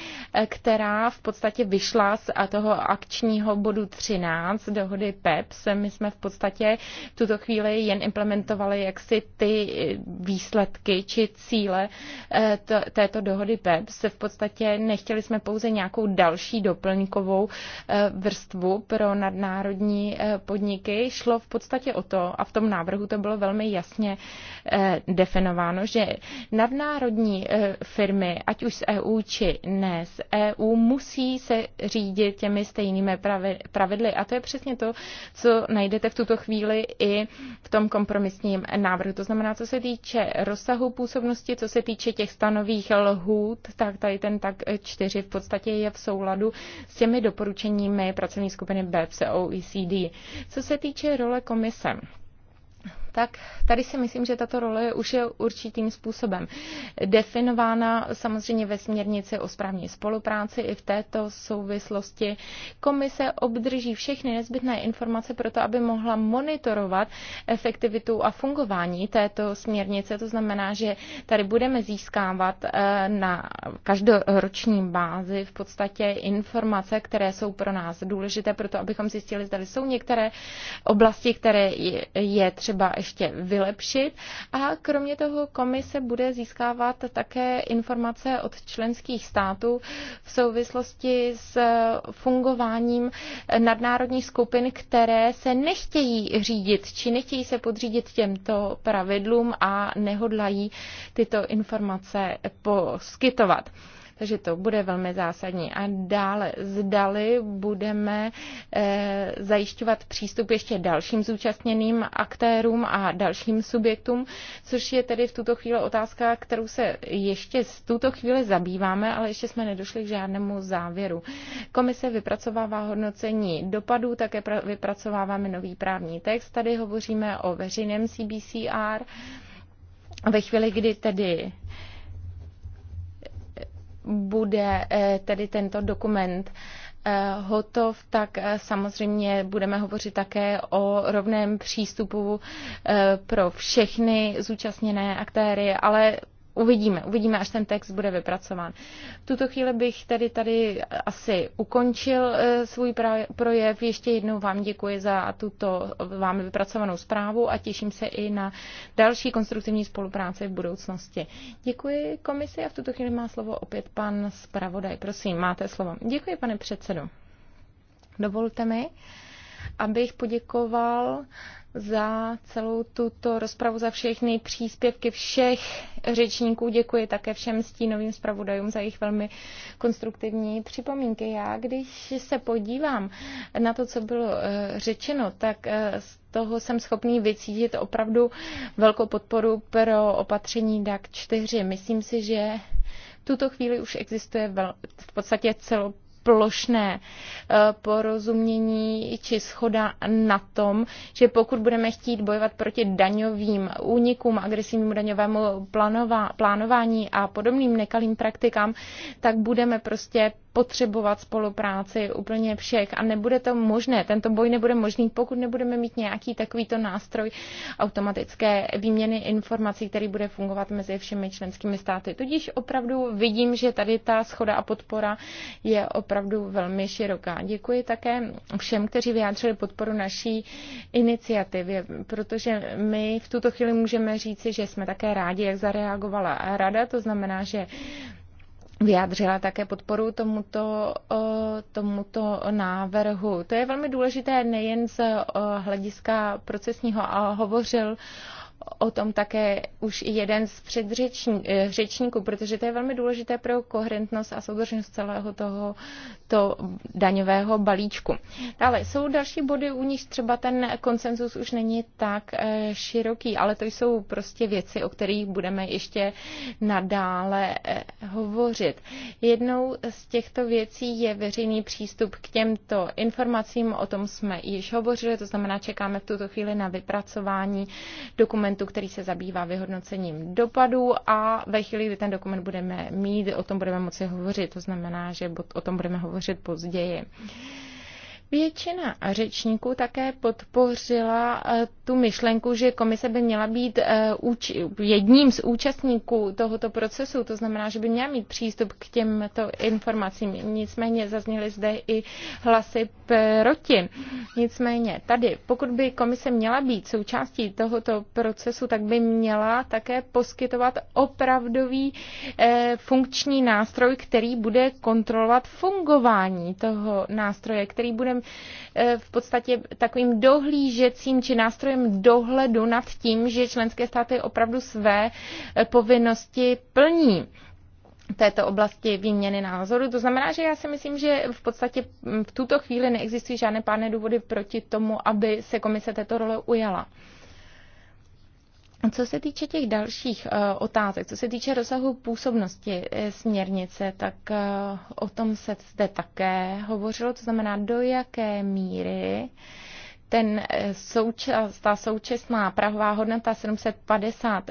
která v podstatě vyšla z toho akčního bodu 13 dohody PEPS. My jsme v podstatě v tuto chvíli jen implementovali jaksi ty eh, výsledky či cíle eh, této dohody PEPS. V podstatě nechtěli jsme pouze nějakou další doplňkovou eh, vrstvu pro nadnárodní podniky. Šlo v podstatě o to, a v tom návrhu to bylo velmi jasně definováno, že nadnárodní firmy, ať už z EU či ne z EU, musí se řídit těmi stejnými pravidly. A to je přesně to, co najdete v tuto chvíli i v tom kompromisním návrhu. To znamená, co se týče rozsahu působnosti, co se týče těch stanových lhůt, tak tady ten tak čtyři v podstatě je v souladu s těmi doporučeními pracovní skupiny BEPS OECD. Co se týče role komise, tak tady si myslím, že tato role už je určitým způsobem definována samozřejmě ve směrnici o správní spolupráci. I v této souvislosti komise obdrží všechny nezbytné informace pro to, aby mohla monitorovat efektivitu a fungování této směrnice. To znamená, že tady budeme získávat eh, na každoroční bázi v podstatě informace, které jsou pro nás důležité, proto abychom zjistili, zda jsou některé oblasti, které je třeba ještě ještě vylepšit. A kromě toho komise bude získávat také informace od členských států v souvislosti s fungováním nadnárodních skupin, které se nechtějí řídit či nechtějí se podřídit těmto pravidlům a nehodlají tyto informace poskytovat. Takže to bude velmi zásadní. A dále, zdali budeme eh, zajišťovat přístup ještě dalším zúčastněným aktérům a dalším subjektům, což je tedy v tuto chvíli otázka, kterou se ještě z tuto chvíli zabýváme, ale ještě jsme nedošli k žádnému závěru. Komise vypracovává hodnocení dopadů, také vypracováváme nový právní text. Tady hovoříme o veřejném CBCR. Ve chvíli, kdy tedy bude eh, tedy tento dokument eh, hotov, tak eh, samozřejmě budeme hovořit také o rovném přístupu pro všechny zúčastněné aktéry, ale uvidíme, uvidíme, až ten text bude vypracován. V tuto chvíli bych tady, tady asi ukončil eh, svůj projev. Ještě jednou vám děkuji za tuto vám vypracovanou zprávu a těším se i na další konstruktivní spolupráci v budoucnosti. Děkuji komisi a v tuto chvíli má slovo opět pan zpravodaj. Prosím, máte slovo. Děkuji, pane předsedo. Dovolte mi, abych poděkoval za celou tuto rozpravu, za všechny příspěvky všech řečníků. Děkuji také všem stínovým zpravodajům za jejich velmi konstruktivní připomínky. Já, když se podívám na to, co bylo eh, řečeno, tak eh, z toho jsem schopný vycítit opravdu velkou podporu pro opatření DAC 4. Myslím si, že tuto chvíli už existuje v podstatě celo plošné eh, porozumění či schoda na tom, že pokud budeme chtít bojovat proti daňovým únikům, agresivnímu daňovému plánová, plánování a podobným nekalým praktikám, tak budeme prostě potřebovat spolupráci úplně všech a nebude to možné, tento boj nebude možný, pokud nebudeme mít nějaký takovýto nástroj automatické výměny informací, který bude fungovat mezi všemi členskými státy. Tudíž opravdu vidím, že tady ta schoda a podpora je opravdu opravdu velmi široká. Děkuji také všem, kteří vyjádřili podporu naší iniciativě, protože my v tuto chvíli můžeme říci, že jsme také rádi, jak zareagovala rada, to znamená, že vyjádřila také podporu tomuto, tomuto návrhu. To je velmi důležité nejen z hlediska procesního a hovořil o tom také už i jeden z předřečníků, eh, protože to je velmi důležité pro koherentnost a soudržnost celého toho to daňového balíčku. Dále jsou další body, u nich třeba ten konsenzus už není tak eh, široký, ale to jsou prostě věci, o kterých budeme ještě nadále eh, hovořit. Jednou z těchto věcí je veřejný přístup k těmto informacím, o tom jsme již hovořili, to znamená, čekáme v tuto chvíli na vypracování dokumentů dokumentu, který se zabývá vyhodnocením dopadů a ve chvíli, kdy ten dokument budeme mít, o tom budeme moci hovořit. To znamená, že o tom budeme hovořit později. Většina řečníků také podpořila eh, tu myšlenku, že komise by měla být eh, jedním z účastníků tohoto procesu, to znamená, že by měla mít přístup k těmto informacím. Nicméně zazněly zde i hlasy proti. Nicméně tady, pokud by komise měla být součástí tohoto procesu, tak by měla také poskytovat opravdový eh, funkční nástroj, který bude kontrolovat fungování toho nástroje, který bude takovým eh, v podstatě takovým dohlížecím či nástrojem dohledu nad tím, že členské státy opravdu své eh, povinnosti plní této oblasti výměny názoru. To znamená, že já si myslím, že v podstatě mm, v tuto chvíli neexistují žádné pádné důvody proti tomu, aby se komise této role ujala. Co se týče těch dalších eh, otázek, co se týče rozsahu působnosti eh, směrnice, tak eh, o tom se zde také hovořilo, to znamená, do jaké míry ten součas, ta současná prahová hodnota 750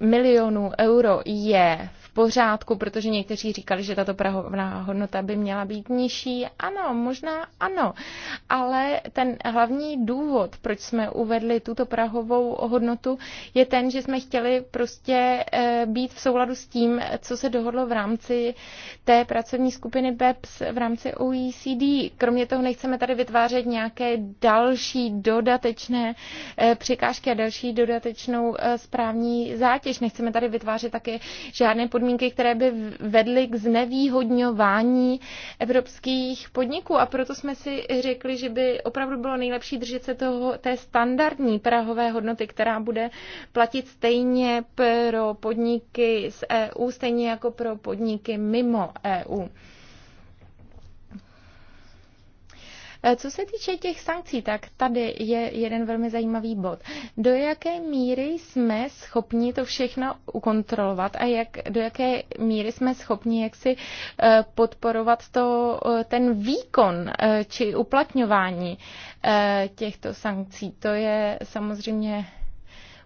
milionů euro je pořádku, protože někteří říkali, že tato prahovná hodnota by měla být nižší. Ano, možná ano, ale ten hlavní důvod, proč jsme uvedli tuto prahovou hodnotu, je ten, že jsme chtěli prostě eh, být v souladu s tím, co se dohodlo v rámci té pracovní skupiny BEPS v rámci OECD. Kromě toho nechceme tady vytvářet nějaké další dodatečné eh, překážky a další dodatečnou eh, správní zátěž. Nechceme tady vytvářet také žádné podmínky podmínky, které by vedly k znevýhodňování evropských podniků. A proto jsme si řekli, že by opravdu bylo nejlepší držet se toho, té standardní prahové hodnoty, která bude platit stejně pro podniky z EU, stejně jako pro podniky mimo EU. Eh, co se týče těch sankcí, tak tady je jeden velmi zajímavý bod. Do jaké míry jsme schopni to všechno ukontrolovat a jak, do jaké míry jsme schopni jaksi eh, podporovat to, eh, ten výkon či uplatňování těchto sankcí. To je samozřejmě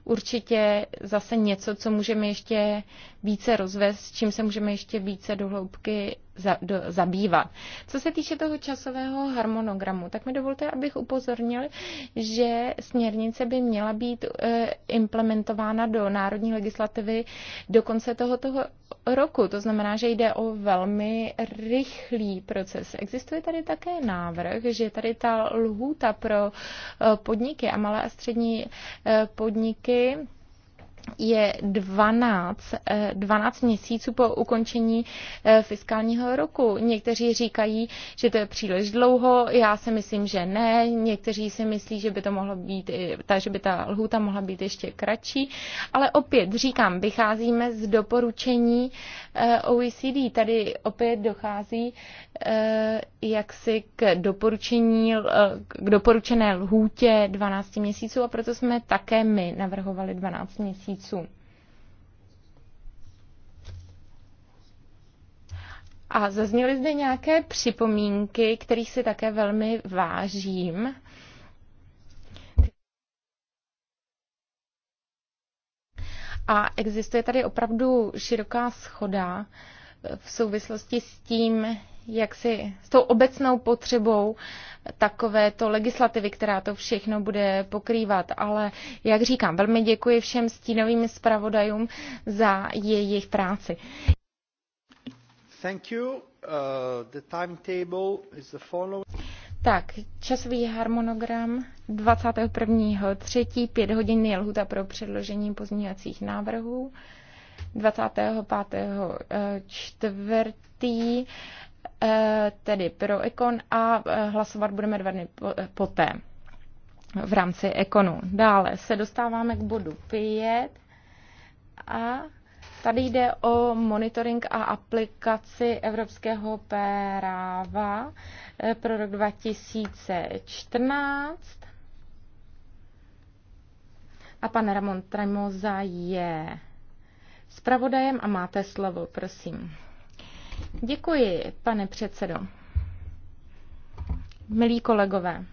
určitě zase něco, co můžeme ještě více rozvést, s čím se můžeme ještě více dohloubky za, do, zabývat. Co se týče toho časového harmonogramu, tak mi dovolte, abych upozornil, že směrnice by měla být e, implementována do národní legislativy do konce tohoto roku. To znamená, že jde o velmi rychlý proces. Existuje tady také návrh, že tady ta lhůta pro e, podniky a malé a střední e, podniky je 12, 12 eh, měsíců po ukončení eh, fiskálního roku. Někteří říkají, že to je příliš dlouho, já si myslím, že ne, někteří si myslí, že by to mohlo být, eh, ta, že by ta lhůta mohla být ještě kratší, ale opět říkám, vycházíme z doporučení Eh, OECD. Tady opět dochází eh, jaksi k, doporučení, eh, k doporučené lhůtě 12 měsíců a proto jsme také my navrhovali 12 měsíců. A zazněly zde nějaké připomínky, kterých si také velmi vážím. A existuje tady opravdu široká schoda eh, v souvislosti s tím, jak si s tou obecnou potřebou takovéto legislativy, která to všechno bude pokrývat. Ale jak říkám, velmi děkuji všem stínovým zpravodajům za jejich práci. Thank you. Uh, the timetable is the following. Tak, časový harmonogram 21.3. 5 hodin je lhuta pro předložení pozměňovacích návrhů. 25.4. Eh, eh, tedy pro Ekon a eh, hlasovat budeme dva dny poté v rámci Ekonu. Dále se dostáváme k bodu 5 a Tady jde o monitoring a aplikaci evropského práva eh, pro rok 2014. A pan Ramon Tremoza je zpravodajem a máte slovo, prosím. Děkuji, pane předsedo. Milí kolegové,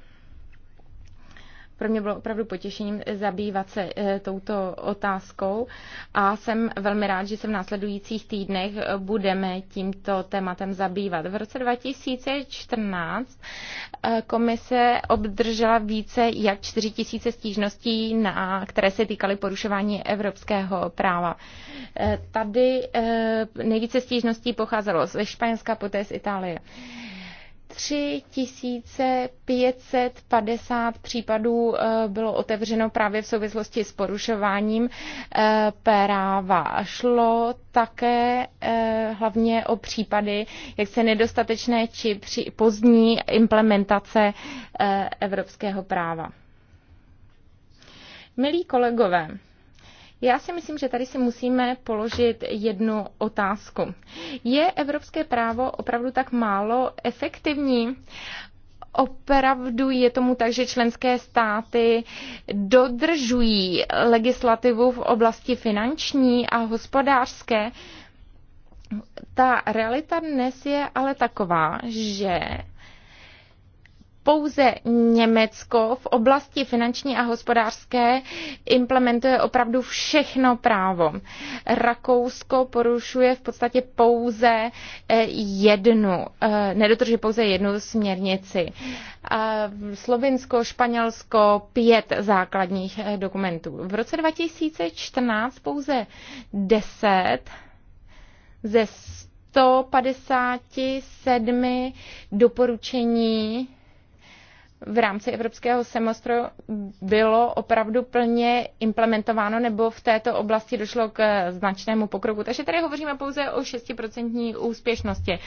pro mě bylo opravdu potěšením zabývat se eh, touto otázkou a jsem velmi rád, že se v následujících týdnech eh, budeme tímto tématem zabývat. V roce 2014 eh, komise obdržela více jak 4 tisíce stížností, na, které se týkaly porušování evropského práva. Tady nejvíce stížností pocházelo ze Španělska, poté z Itálie. 3550 případů eh, bylo otevřeno právě v souvislosti s porušováním eh, práva. Šlo také eh, hlavně o případy, jak se nedostatečné či pozdní implementace evropského práva. Milí kolegové, já si myslím, že tady si musíme položit jednu otázku. Je evropské právo opravdu tak málo efektivní? opravdu je tomu tak, že členské státy dodržují legislativu v oblasti finanční a hospodářské. Ta realita dnes je ale taková, že pouze Německo v oblasti finanční a hospodářské implementuje opravdu všechno právo. Rakousko porušuje v podstatě pouze eh, jednu, eh, nedotrží pouze jednu směrnici. Slovinsko, Španělsko pět základních eh, dokumentů. V roce 2014 pouze deset ze 157 doporučení v rámci evropského semestru bylo opravdu plně implementováno nebo v této oblasti došlo k značnému pokroku. Takže tady hovoříme pouze o 6% úspěšnosti.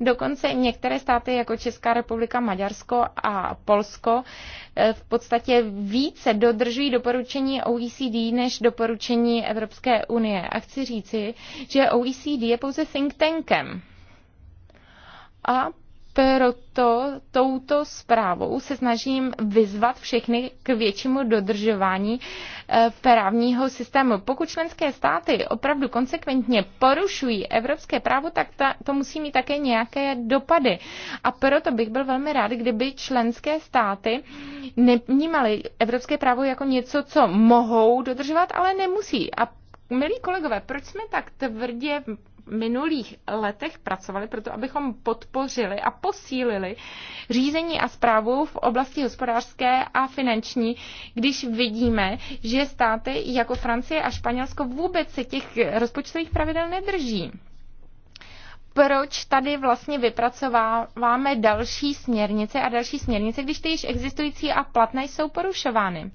Dokonce některé státy jako Česká republika, Maďarsko a Polsko eh, v podstatě více dodržují doporučení OECD než doporučení Evropské unie. A chci říci, že OECD je pouze think tankem. A proto touto zprávou se snažím vyzvat všechny k většímu dodržování eh, právního systému. Pokud členské státy opravdu konsekventně porušují evropské právo, tak ta, to musí mít také nějaké dopady. A proto bych byl velmi rád, kdyby členské státy nevnímaly evropské právo jako něco, co mohou dodržovat, ale nemusí. A milí kolegové, proč jsme tak tvrdě minulých letech pracovali proto, abychom podpořili a posílili řízení a zprávu v oblasti hospodářské a finanční, když vidíme, že státy jako Francie a Španělsko vůbec se těch rozpočtových pravidel nedrží proč tady vlastně vypracováváme další směrnice a další směrnice, když ty již existující a platné jsou porušovány.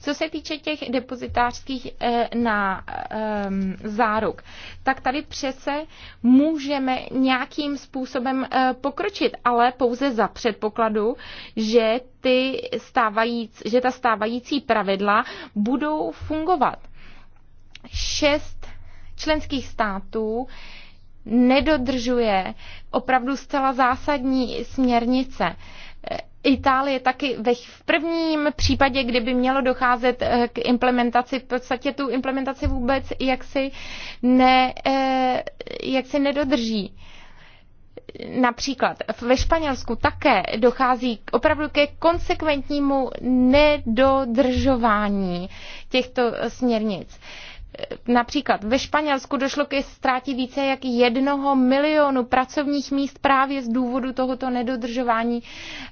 Co se týče těch depozitářských eh, na ehm, záruk, tak tady přece můžeme nějakým způsobem eh, pokročit, ale pouze za předpokladu, že, ty stávajíc, že ta stávající pravidla budou fungovat. Šest členských států nedodržuje opravdu zcela zásadní směrnice. Itálie taky ve, v prvním případě, kdyby mělo docházet eh, k implementaci, v podstatě tu implementaci vůbec jaksi, ne, eh, jaksi nedodrží. Například ve Španělsku také dochází opravdu ke konsekventnímu nedodržování těchto směrnic. Například ve Španělsku došlo ke ztrátě více jak jednoho milionu pracovních míst právě z důvodu tohoto nedodržování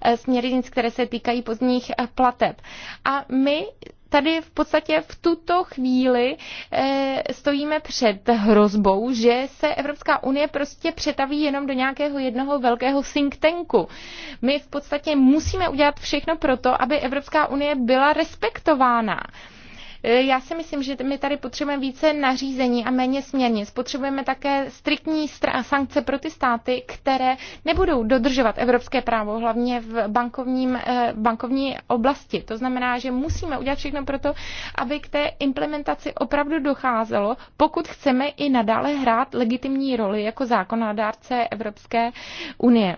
eh, směrnic, které se týkají pozdních eh, plateb. A my tady v podstatě v tuto chvíli e, stojíme před hrozbou, že se Evropská unie prostě přetaví jenom do nějakého jednoho velkého think tanku. My v podstatě musíme udělat všechno pro to, aby Evropská unie byla respektována. Eh, já si myslím, že my tady potřebujeme více nařízení a méně směrnic. Potřebujeme také striktní sankce pro ty státy, které nebudou dodržovat evropské právo, hlavně v bankovním, eh, bankovní oblasti. To znamená, že musíme udělat všechno pro to, aby k té implementaci opravdu docházelo, pokud chceme i nadále hrát legitimní roli jako zákonodárce Evropské unie.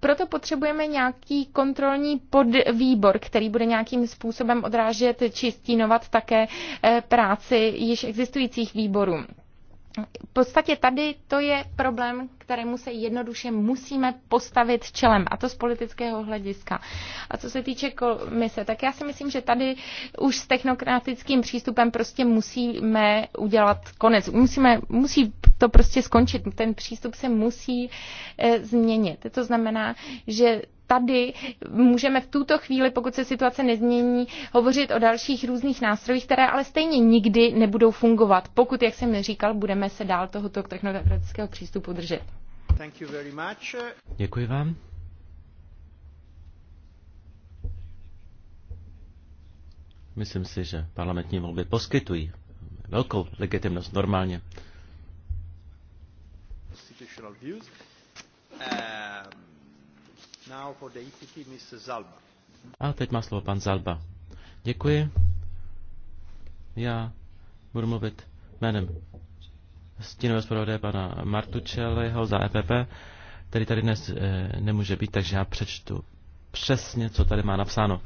Proto potřebujeme nějaký kontrolní podvýbor, který bude nějakým způsobem odrážet či stínovat také Eh, práci již existujících výborů. V podstatě tady to je problém, kterému se jednoduše musíme postavit čelem, a to z politického hlediska. A co se týče komise, tak já si myslím, že tady už s technokratickým přístupem prostě musíme udělat konec. Musíme, musí to prostě skončit. Ten přístup se musí e, změnit. To znamená, že tady můžeme v tuto chvíli, pokud se situace nezmění, hovořit o dalších různých nástrojích, které ale stejně nikdy nebudou fungovat, pokud, jak jsem říkal, budeme se dál tohoto technokratického přístupu držet. Thank you very much. Děkuji vám. Myslím si, že parlamentní volby poskytují velkou legitimnost normálně. Um, E A teď má slovo pan Zalba. Děkuji. Já budu mluvit jménem stínové zpravodaje pana Martučeliho za EPP, který tady dnes e, nemůže být, takže já přečtu přesně, co tady má napsáno.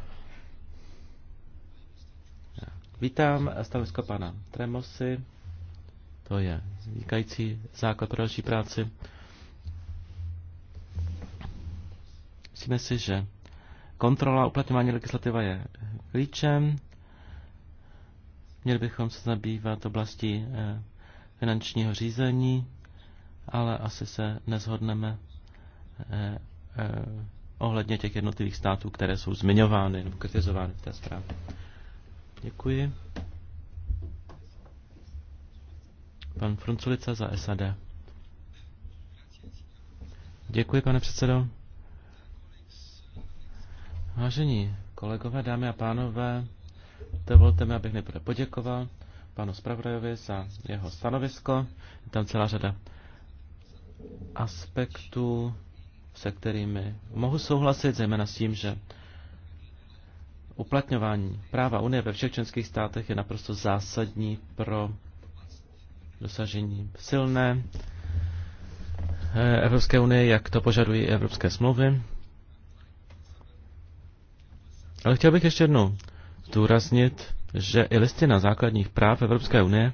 Vítám stanovisko pana Tremosy, to je vznikající základ pro další práci. Myslíme si, že kontrola uplatňování legislativa je klíčem. Měli bychom se zabývat oblastí eh, finančního řízení, ale asi se nezhodneme eh, eh, ohledně těch jednotlivých států, které jsou zmiňovány nebo kritizovány v té zprávě. Děkuji. Pan Frunculica za SAD. Děkuji, pane předsedo. Vážení kolegové, dámy a pánové, dovolte mi, abych nejprve poděkoval panu Spravodajovi za jeho stanovisko. Je tam celá řada aspektů, se kterými mohu souhlasit, zejména s tím, že uplatňování práva Unie ve všech členských státech je naprosto zásadní pro dosažení silné Evropské unie, jak to požadují evropské smlouvy. Ale chtěl bych ještě jednou zdůraznit, že i listina základních práv Evropské unie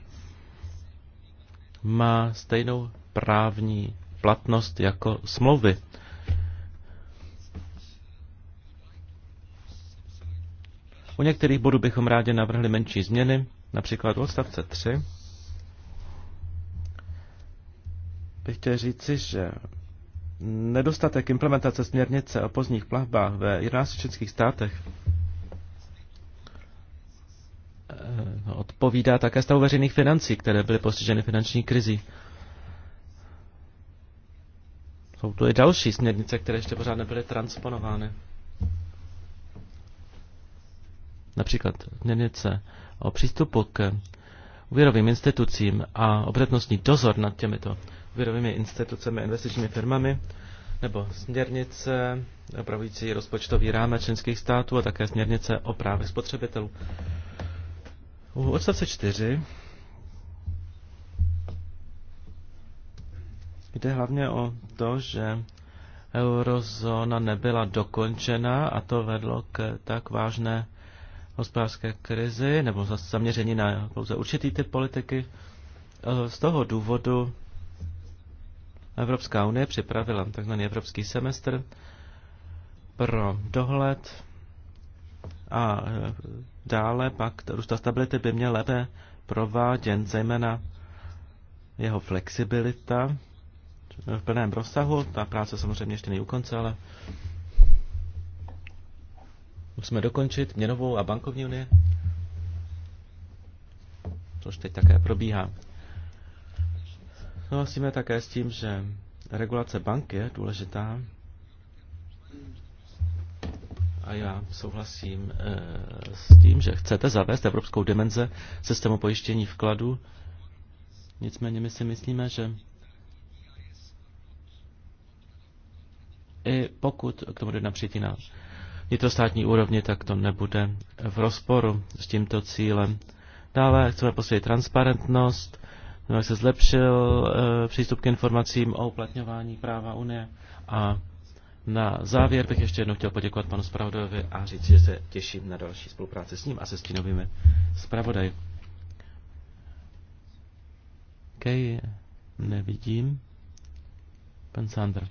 má stejnou právní platnost jako smlouvy. U některých bodů bychom rádi navrhli menší změny, například v odstavce 3. Bych chtěl říci, že nedostatek implementace směrnice o pozdních plavbách ve 11 českých státech eh, no, odpovídá také stavu veřejných financí, které byly postiženy finanční krizi. Jsou tu i další směrnice, které ještě pořád nebyly transponovány. Například směrnice o přístupu k úvěrovým institucím a obratnostní dozor nad těmito úvěrovými institucemi investičními firmami, nebo směrnice opravující rozpočtový rámec členských států a také směrnice o právech spotřebitelů. U odstavce 4 jde hlavně o to, že eurozóna nebyla dokončena a to vedlo k tak vážné hospodářské krizi nebo zaměření na pouze určitý typ politiky. Z toho důvodu Evropská unie připravila tzv. evropský semestr pro dohled a e, dále pak růsta stability by měl lépe prováděn, zejména jeho flexibilita v plném rozsahu. Ta práce samozřejmě ještě není u konce, ale musíme dokončit měnovou a bankovní unii, což teď také probíhá. Souhlasíme také s tím, že regulace bank je důležitá. A já souhlasím eh, s tím, že chcete zavést evropskou dimenze systému pojištění vkladu. Nicméně my si myslíme, že i pokud k tomu jde například na vnitrostátní úrovni, tak to nebude v rozporu s tímto cílem. Dále chceme posílit transparentnost, no, se zlepšil uh, přístup k informacím o uplatňování práva Unie. A na závěr bych ještě jednou chtěl poděkovat panu Spravodajovi a říct, že se těším na další spolupráci s ním a se stínovými zpravodaj. Kej nevidím. Pan Sandr.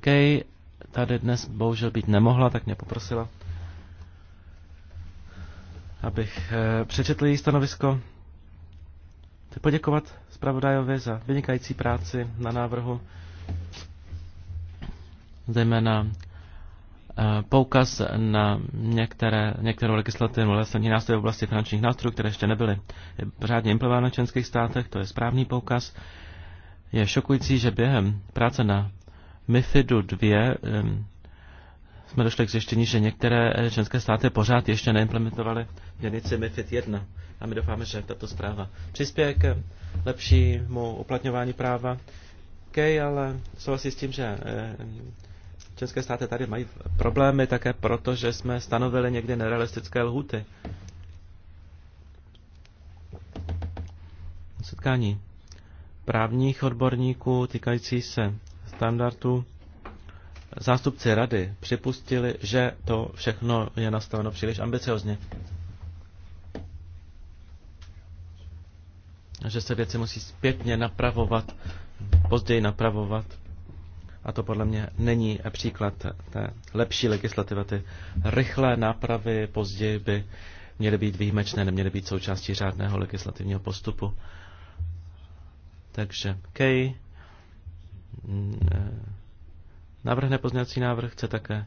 Kej tady dnes bohužel být nemohla, tak mě poprosila abych eh, přečetl její stanovisko. Chci poděkovat zpravodajovi za vynikající práci na návrhu, zejména eh, poukaz na některé, některou legislativu legislativní nástroje v oblasti finančních nástrojů, které ještě nebyly řádně implementovány v členských státech, to je správný poukaz. Je šokující, že během práce na MIFIDu 2 jsme došli k zjištění, že některé eh, členské státy pořád ještě neimplementovaly měnici MIFID 1. A my doufáme, že tato zpráva přispěje k lepšímu uplatňování práva. OK, ale souhlasí s tím, že eh, české státy tady mají problémy také proto, že jsme stanovili někdy nerealistické lhuty. Setkání právních odborníků týkající se standardů zástupci rady připustili, že to všechno je nastaveno příliš ambiciozně. Že se věci musí zpětně napravovat, později napravovat. A to podle mě není příklad té lepší legislativy. Ty rychlé nápravy později by měly být výjimečné, neměly být součástí řádného legislativního postupu. Takže Kej, okay mm, eh, navrhne pozměňovací návrh, chce také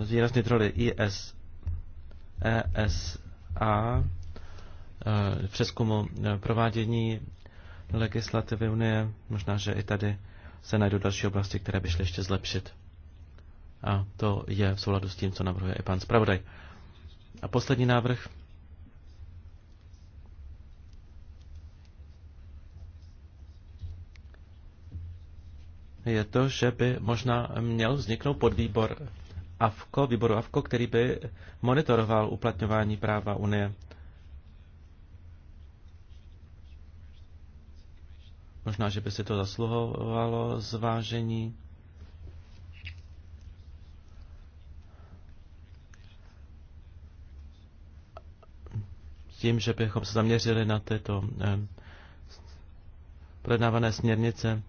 eh, zvýraznit roli IS, ESA e, eh, přeskumu eh, provádění legislativy Unie. Možná, že i tady se najdou další oblasti, které by šly ještě zlepšit. A to je v souladu s tím, co navrhuje i pan zpravodaj. A poslední návrh je to, že by možná měl vzniknout podvýbor AFKO, výboru AFKO, který by monitoroval uplatňování práva Unie. Možná, že by si to zasluhovalo zvážení. Tím, že bychom se zaměřili na tyto eh, projednávané směrnice,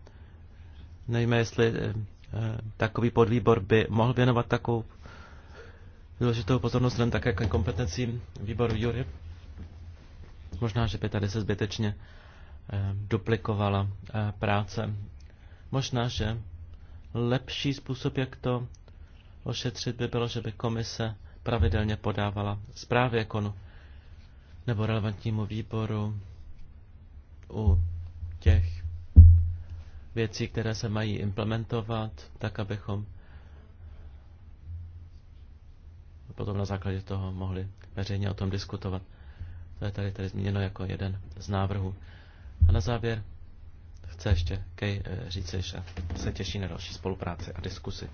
Nevíme, jestli eh, eh, takový podvýbor by mohl věnovat takovou důležitou pozornost jen také k kompetencím výboru Jury. Možná, že by tady se zbytečně eh, duplikovala práce. Možná, že lepší způsob, jak to ošetřit, by bylo, že by komise pravidelně podávala zprávy konu nebo relevantnímu výboru u těch Věci, které se mají implementovat, tak abychom potom na základě toho mohli veřejně o tom diskutovat. To je tady, tady zmíněno jako jeden z návrhů. A na závěr chce ještě Kej eh, říct, že se těší na další spolupráci a diskusy.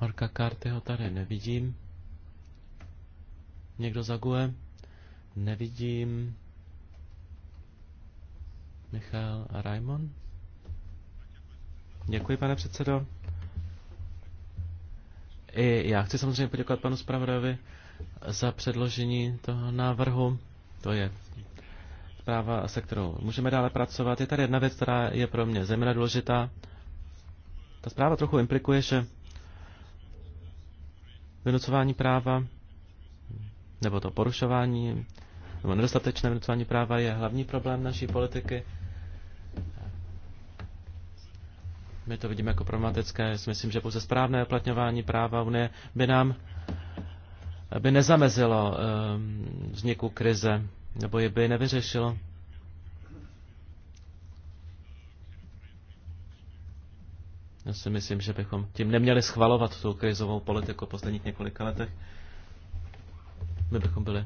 Marka Kartyho tady nevidím. Někdo za Nevidím. Michal a Raimon? Děkuji, pane předsedo. I já chci samozřejmě poděkovat panu zpravodajovi za předložení toho návrhu. To je zpráva, se kterou můžeme dále pracovat. Je tady jedna věc, která je pro mě zejména důležitá. Ta zpráva trochu implikuje, že vynucování práva nebo to porušování, nebo nedostatečné vnucování práva je hlavní problém naší politiky. My to vidíme jako problematické. Myslím, že pouze správné uplatňování práva Unie by nám by nezamezilo ehm, vzniku krize, nebo je by nevyřešilo. Já si myslím, že bychom tím neměli schvalovat tu krizovou politiku v posledních několika letech. My bychom byli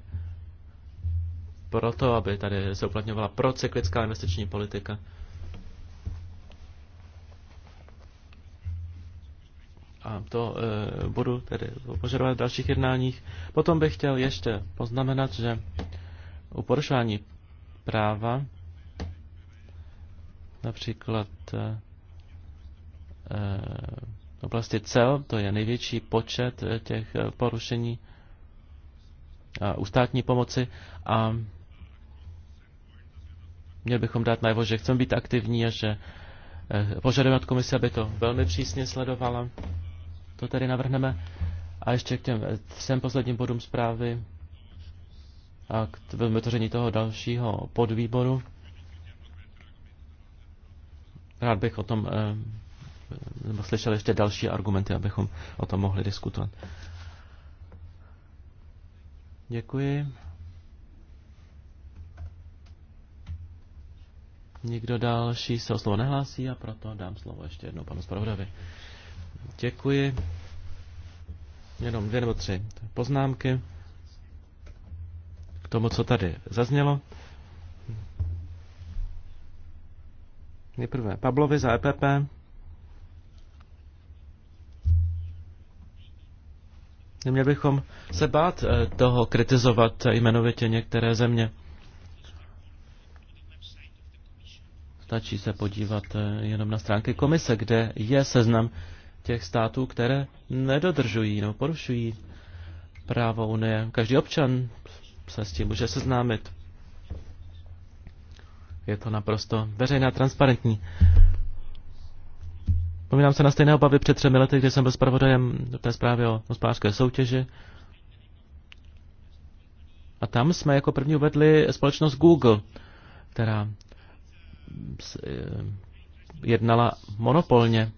proto, aby tady se uplatňovala procyklická investiční politika. A to e, budu tedy požadovat v dalších jednáních. Potom bych chtěl ještě poznamenat, že u porušování práva například e, e v oblasti cel, to je největší počet e, těch e, porušení u státní pomoci a měli bychom dát najevo, že chceme být aktivní a že eh, požadujeme od komise, aby to velmi přísně sledovala. To tedy navrhneme. A ještě k těm eh, třem posledním bodům zprávy a k vytvoření toho dalšího podvýboru. Rád bych o tom eh, nebo slyšel ještě další argumenty, abychom o tom mohli diskutovat. Děkuji. Nikdo další se o slovo nehlásí a proto dám slovo ještě jednou panu zpravodavi. Děkuji. Jenom dvě nebo tři poznámky k tomu, co tady zaznělo. Nejprve Pablovi za EPP. Neměli bychom se bát eh, toho kritizovat eh, jmenovitě některé země. Stačí se podívat eh, jenom na stránky komise, kde je seznam těch států, které nedodržují nebo porušují právo Unie. Každý občan se s tím může seznámit. Je to naprosto veřejné a transparentní. Vzpomínám se na stejné obavy před třemi lety, kdy jsem byl zpravodajem té zprávy o hospodářské soutěži. A tam jsme jako první uvedli společnost Google, která eh, jednala monopolně.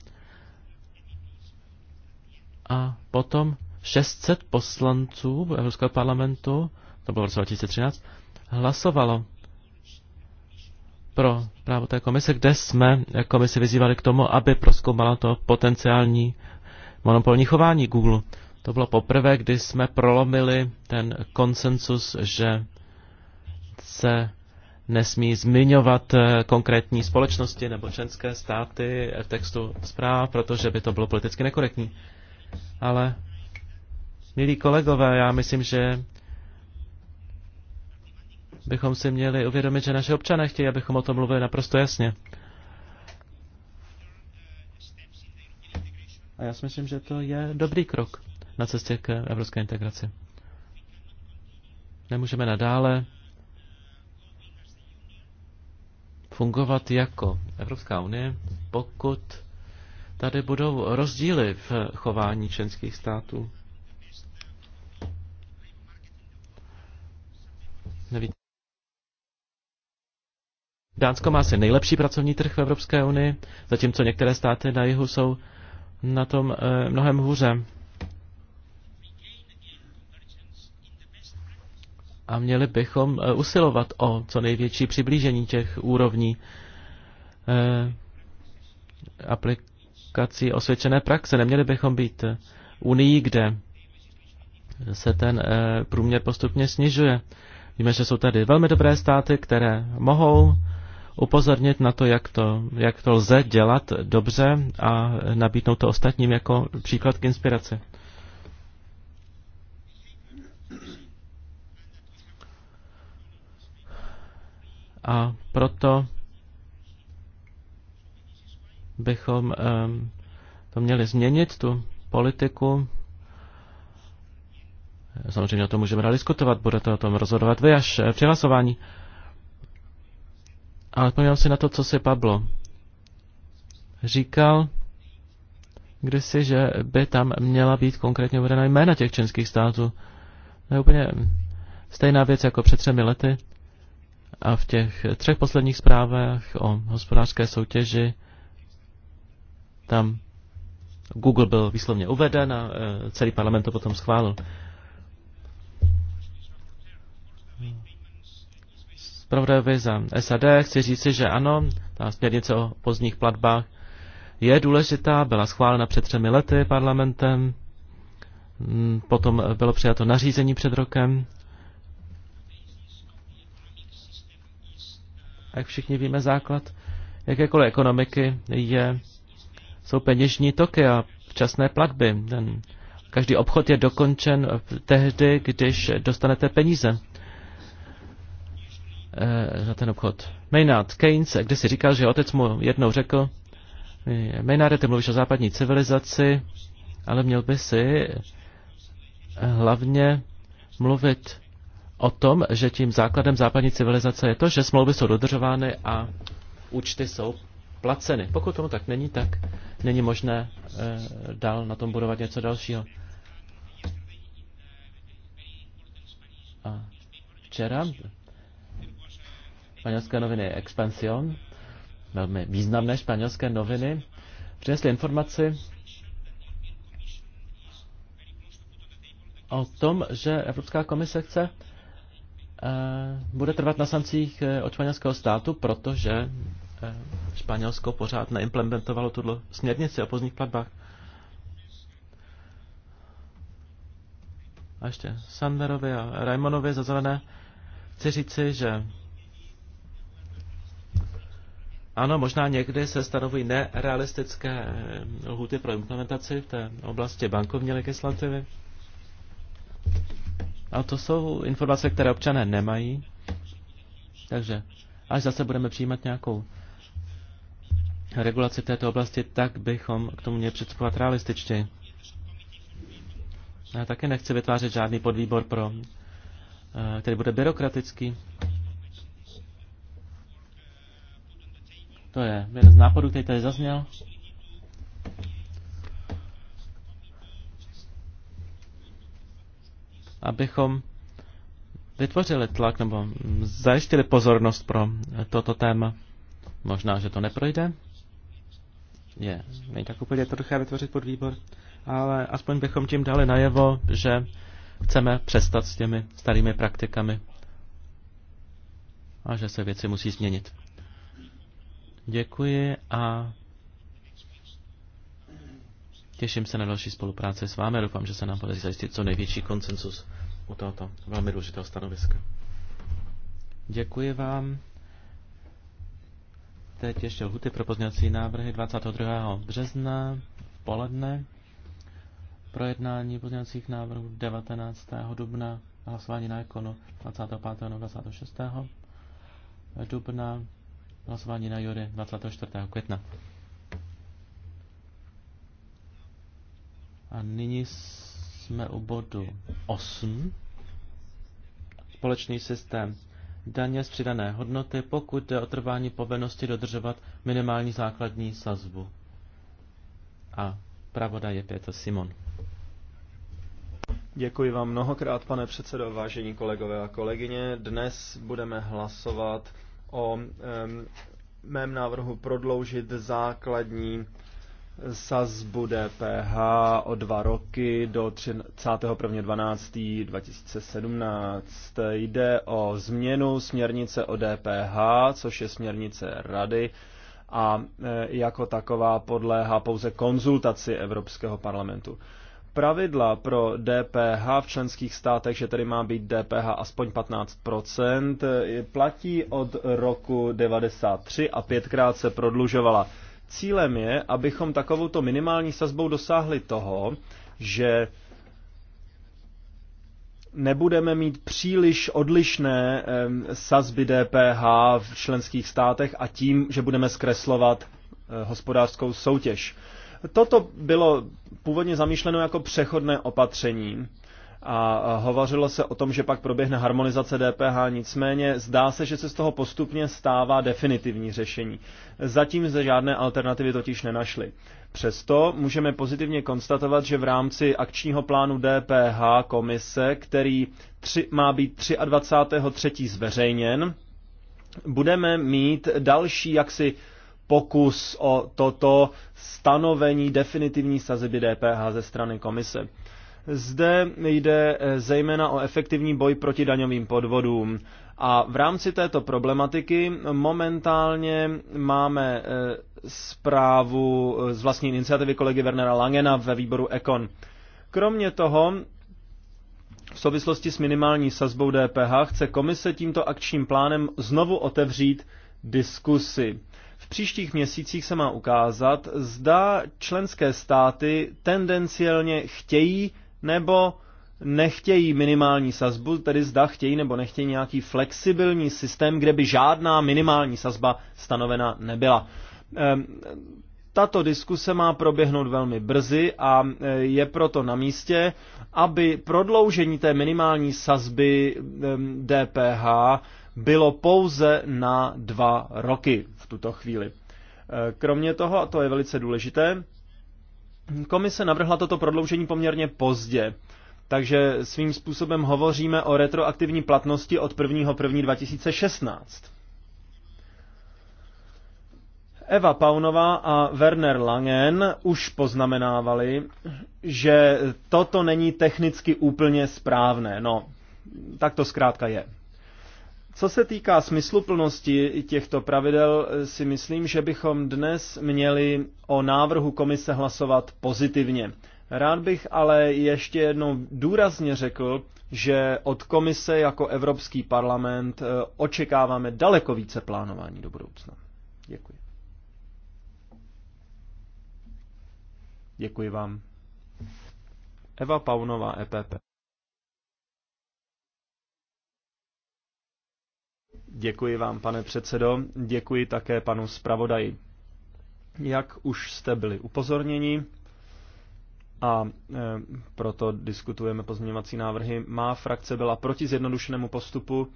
A potom 600 poslanců Evropského parlamentu, to bylo v roce 2013, hlasovalo pro právo té komise, kde jsme komisi vyzývali k tomu, aby proskoumala to potenciální monopolní chování Google. To bylo poprvé, kdy jsme prolomili ten konsensus, že se nesmí zmiňovat eh, konkrétní společnosti nebo členské státy v textu zpráv, protože by to bylo politicky nekorektní. Ale, milí kolegové, já myslím, že bychom si měli uvědomit, že naše občané chtějí, abychom o tom mluvili naprosto jasně. A já si myslím, že to je dobrý krok na cestě k evropské integraci. Nemůžeme nadále fungovat jako Evropská unie, pokud tady budou rozdíly v chování členských států. Nevíte. Dánsko má asi nejlepší pracovní trh v Evropské unii, zatímco některé státy na jihu jsou na tom e, mnohem hůře. A měli bychom eh, usilovat o co největší přiblížení těch úrovní e, aplikací osvědčené praxe. Neměli bychom být unii, kde se ten e, průměr postupně snižuje. Víme, že jsou tady velmi dobré státy, které mohou upozornit na to, jak to, jak to lze dělat dobře a nabídnout to ostatním jako příklad k inspiraci. A proto bychom to měli změnit, tu politiku. Samozřejmě o tom můžeme diskutovat, budete o tom rozhodovat vy až při hlasování ale vzpomínám si na to, co se Pablo říkal kdysi, že by tam měla být konkrétně uvedena jména těch členských států. To je úplně stejná věc jako před třemi lety. A v těch třech posledních zprávách o hospodářské soutěži tam Google byl výslovně uveden a e, celý parlament to potom schválil. zpravodajovi za SAD chci říci, že ano, ta směrnice o pozdních platbách je důležitá, byla schválena před třemi lety parlamentem, mm, potom bylo přijato nařízení před rokem. A jak všichni víme, základ jakékoliv ekonomiky je, jsou peněžní toky a včasné platby. Ten, každý obchod je dokončen tehdy, když dostanete peníze za eh, ten obchod. Maynard Keynes kde si říkal, že otec mu jednou řekl, Maynard, ty mluvíš o západní civilizaci, ale měl by si eh, hlavně mluvit o tom, že tím základem západní civilizace je to, že smlouvy jsou dodržovány a účty jsou placeny. Pokud tomu tak není, tak není možné e, dál na tom budovat něco dalšího. A včera španělské noviny Expansion, velmi významné španělské noviny, přinesly informaci o tom, že Evropská komise chce eh, bude trvat na sankcích eh, od španělského státu, protože eh, Španělsko pořád neimplementovalo tuto směrnici o pozdních platbách. A ještě Sanderovi a Raimonovi za zelené chci říci, že ano, možná někdy se stanovují nerealistické eh, lhuty pro implementaci v té oblasti bankovní legislativy. A to jsou informace, které občané nemají. Takže až zase budeme přijímat nějakou regulaci v této oblasti, tak bychom k tomu měli přistupovat realističtěji. Já také nechci vytvářet žádný podvýbor pro, eh, který bude byrokratický. To je jeden z nápadů, který tady zazněl. Abychom vytvořili tlak nebo zajistili pozornost pro toto téma. Možná, že to neprojde. Je, není tak úplně jednoduché vytvořit podvýbor, ale aspoň bychom tím dali najevo, že chceme přestat s těmi starými praktikami a že se věci musí změnit. Děkuji a těším se na další spolupráci s vámi. Doufám, že se nám podaří zajistit co největší koncensus u tohoto velmi důležitého stanoviska. Děkuji vám. Teď ještě lhuty pro pozměňovací návrhy 22. března v poledne. Projednání pozměňovacích návrhů 19. dubna. Hlasování na ekonu 25. a 26. dubna hlasování na Jury 24. května. A nyní jsme u bodu 8. Společný systém daně z přidané hodnoty, pokud jde o trvání povinnosti dodržovat minimální základní sazbu. A pravoda je Pěta Simon. Děkuji vám mnohokrát, pane předsedo, vážení kolegové a kolegyně. Dnes budeme hlasovat o mém návrhu prodloužit základní sazbu DPH o dva roky do 31.12.2017. Jde o změnu směrnice o DPH, což je směrnice Rady a e, jako taková podléhá pouze konzultaci Evropského parlamentu pravidla pro DPH v členských státech, že tedy má být DPH aspoň 15%, platí od roku 93 a pětkrát se prodlužovala. Cílem je, abychom takovouto minimální sazbou dosáhli toho, že nebudeme mít příliš odlišné sazby DPH v členských státech a tím, že budeme zkreslovat eh, hospodářskou soutěž. Toto bylo původně zamýšleno jako přechodné opatření a hovořilo se o tom, že pak proběhne harmonizace DPH, nicméně zdá se, že se z toho postupně stává definitivní řešení. Zatím se žádné alternativy totiž nenašly. Přesto můžeme pozitivně konstatovat, že v rámci akčního plánu DPH komise, který tři, má být 23. zveřejněn, budeme mít další jaksi pokus o toto stanovení definitivní sazby DPH ze strany komise. Zde jde eh, zejména o efektivní boj proti daňovým podvodům. A v rámci této problematiky momentálně máme eh, zprávu eh, z vlastní iniciativy kolegy Wernera Langena ve výboru Econ. Kromě toho, v souvislosti s minimální sazbou DPH chce komise tímto akčním plánem znovu otevřít diskusy v příštích měsících se má ukázat, zda členské státy tendenciálně chtějí nebo nechtějí minimální sazbu, tedy zda chtějí nebo nechtějí nějaký flexibilní systém, kde by žádná minimální sazba stanovena nebyla. Ehm, tato diskuse má proběhnout velmi brzy a eh, je proto na místě, aby prodloužení té minimální sazby ehm, DPH bylo pouze na dva roky v tuto chvíli. E, kromě toho, a to je velice důležité, komise navrhla toto prodloužení poměrně pozdě. Takže svým způsobem hovoříme o retroaktivní platnosti od 1.1.2016. Eva Paunová a Werner Langen už poznamenávali, že toto není technicky úplně správné. No, tak to zkrátka je. Co se týká smysluplnosti těchto pravidel, eh, si myslím, že bychom dnes měli o návrhu komise hlasovat pozitivně. Rád bych ale ještě jednou důrazně řekl, že od komise jako Evropský parlament eh, očekáváme daleko více plánování do budoucna. Děkuji. Děkuji vám. Eva Paunová, EPP. Děkuji vám, pane předsedo. Děkuji také panu zpravodaji. Jak už jste byli upozorněni, a e, proto diskutujeme pozměňovací návrhy. Má frakce byla proti zjednodušenému postupu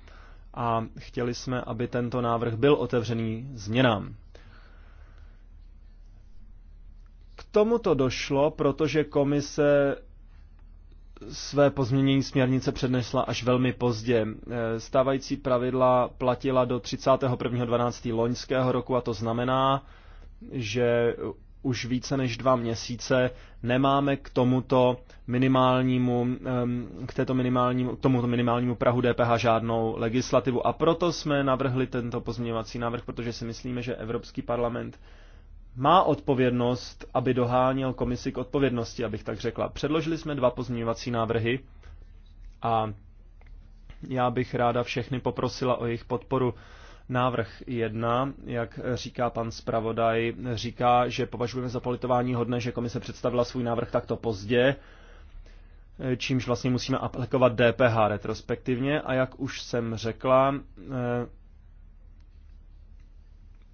a chtěli jsme, aby tento návrh byl otevřený změnám. K tomuto došlo, protože komise své pozměnění směrnice přednesla až velmi pozdě. E, stávající pravidla platila do 31.12. loňského roku a to znamená, že už více než dva měsíce nemáme k tomuto minimálnímu, k, této minimálnímu, k tomuto minimálnímu prahu DPH žádnou legislativu. A proto jsme navrhli tento pozměňovací návrh, protože si myslíme, že Evropský parlament má odpovědnost, aby doháněl komisi k odpovědnosti, abych tak řekla. Předložili jsme dva pozměňovací návrhy a já bych ráda všechny poprosila o jejich podporu. Návrh 1, jak říká pan zpravodaj, říká, že považujeme za politování hodné, že komise představila svůj návrh takto pozdě, čímž vlastně musíme aplikovat DPH retrospektivně. A jak už jsem řekla,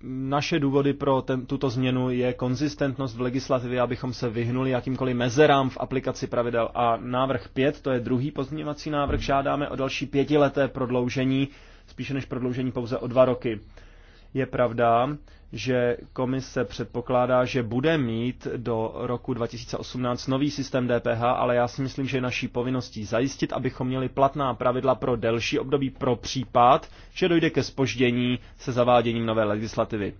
naše důvody pro ten, tuto změnu je konzistentnost v legislativě, abychom se vyhnuli jakýmkoliv mezerám v aplikaci pravidel. A návrh 5, to je druhý pozměňovací návrh, žádáme o další pětileté prodloužení, spíše než prodloužení pouze o dva roky. Je pravda, že komise předpokládá, že bude mít do roku 2018 nový systém DPH, ale já si myslím, že je naší povinností zajistit, abychom měli platná pravidla pro delší období pro případ, že dojde ke spoždění se zaváděním nové legislativy.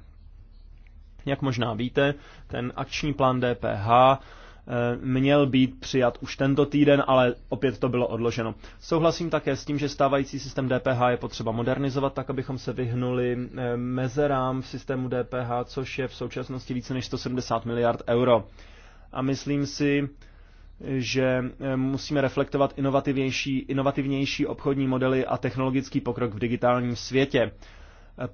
Jak možná víte, ten akční plán DPH Eh, měl být přijat už tento týden, ale opět to bylo odloženo. Souhlasím také s tím, že stávající systém DPH je potřeba modernizovat tak, abychom se vyhnuli eh, mezerám v systému DPH, což je v současnosti více než 170 miliard euro. A myslím si, že eh, musíme reflektovat inovativnější, inovativnější obchodní modely a technologický pokrok v digitálním světě.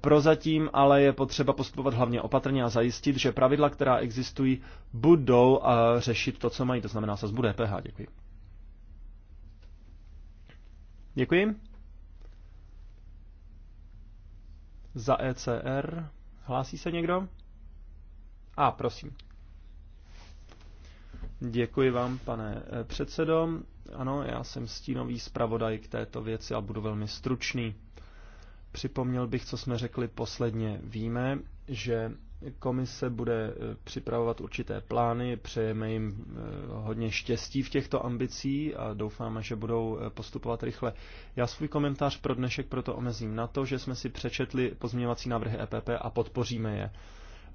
Prozatím ale je potřeba postupovat hlavně opatrně a zajistit, že pravidla, která existují, budou eh, řešit to, co mají, to znamená sazbu DPH. Děkuji. Děkuji. Za ECR. Hlásí se někdo? A, prosím. Děkuji vám, pane eh, předsedo. Ano, já jsem stínový zpravodaj k této věci a budu velmi stručný. Připomněl bych, co jsme řekli posledně. Víme, že komise bude eh, připravovat určité plány, přejeme jim eh, hodně štěstí v těchto ambicích a doufáme, že budou eh, postupovat rychle. Já svůj komentář pro dnešek proto omezím na to, že jsme si přečetli pozměňovací návrhy EPP a podpoříme je.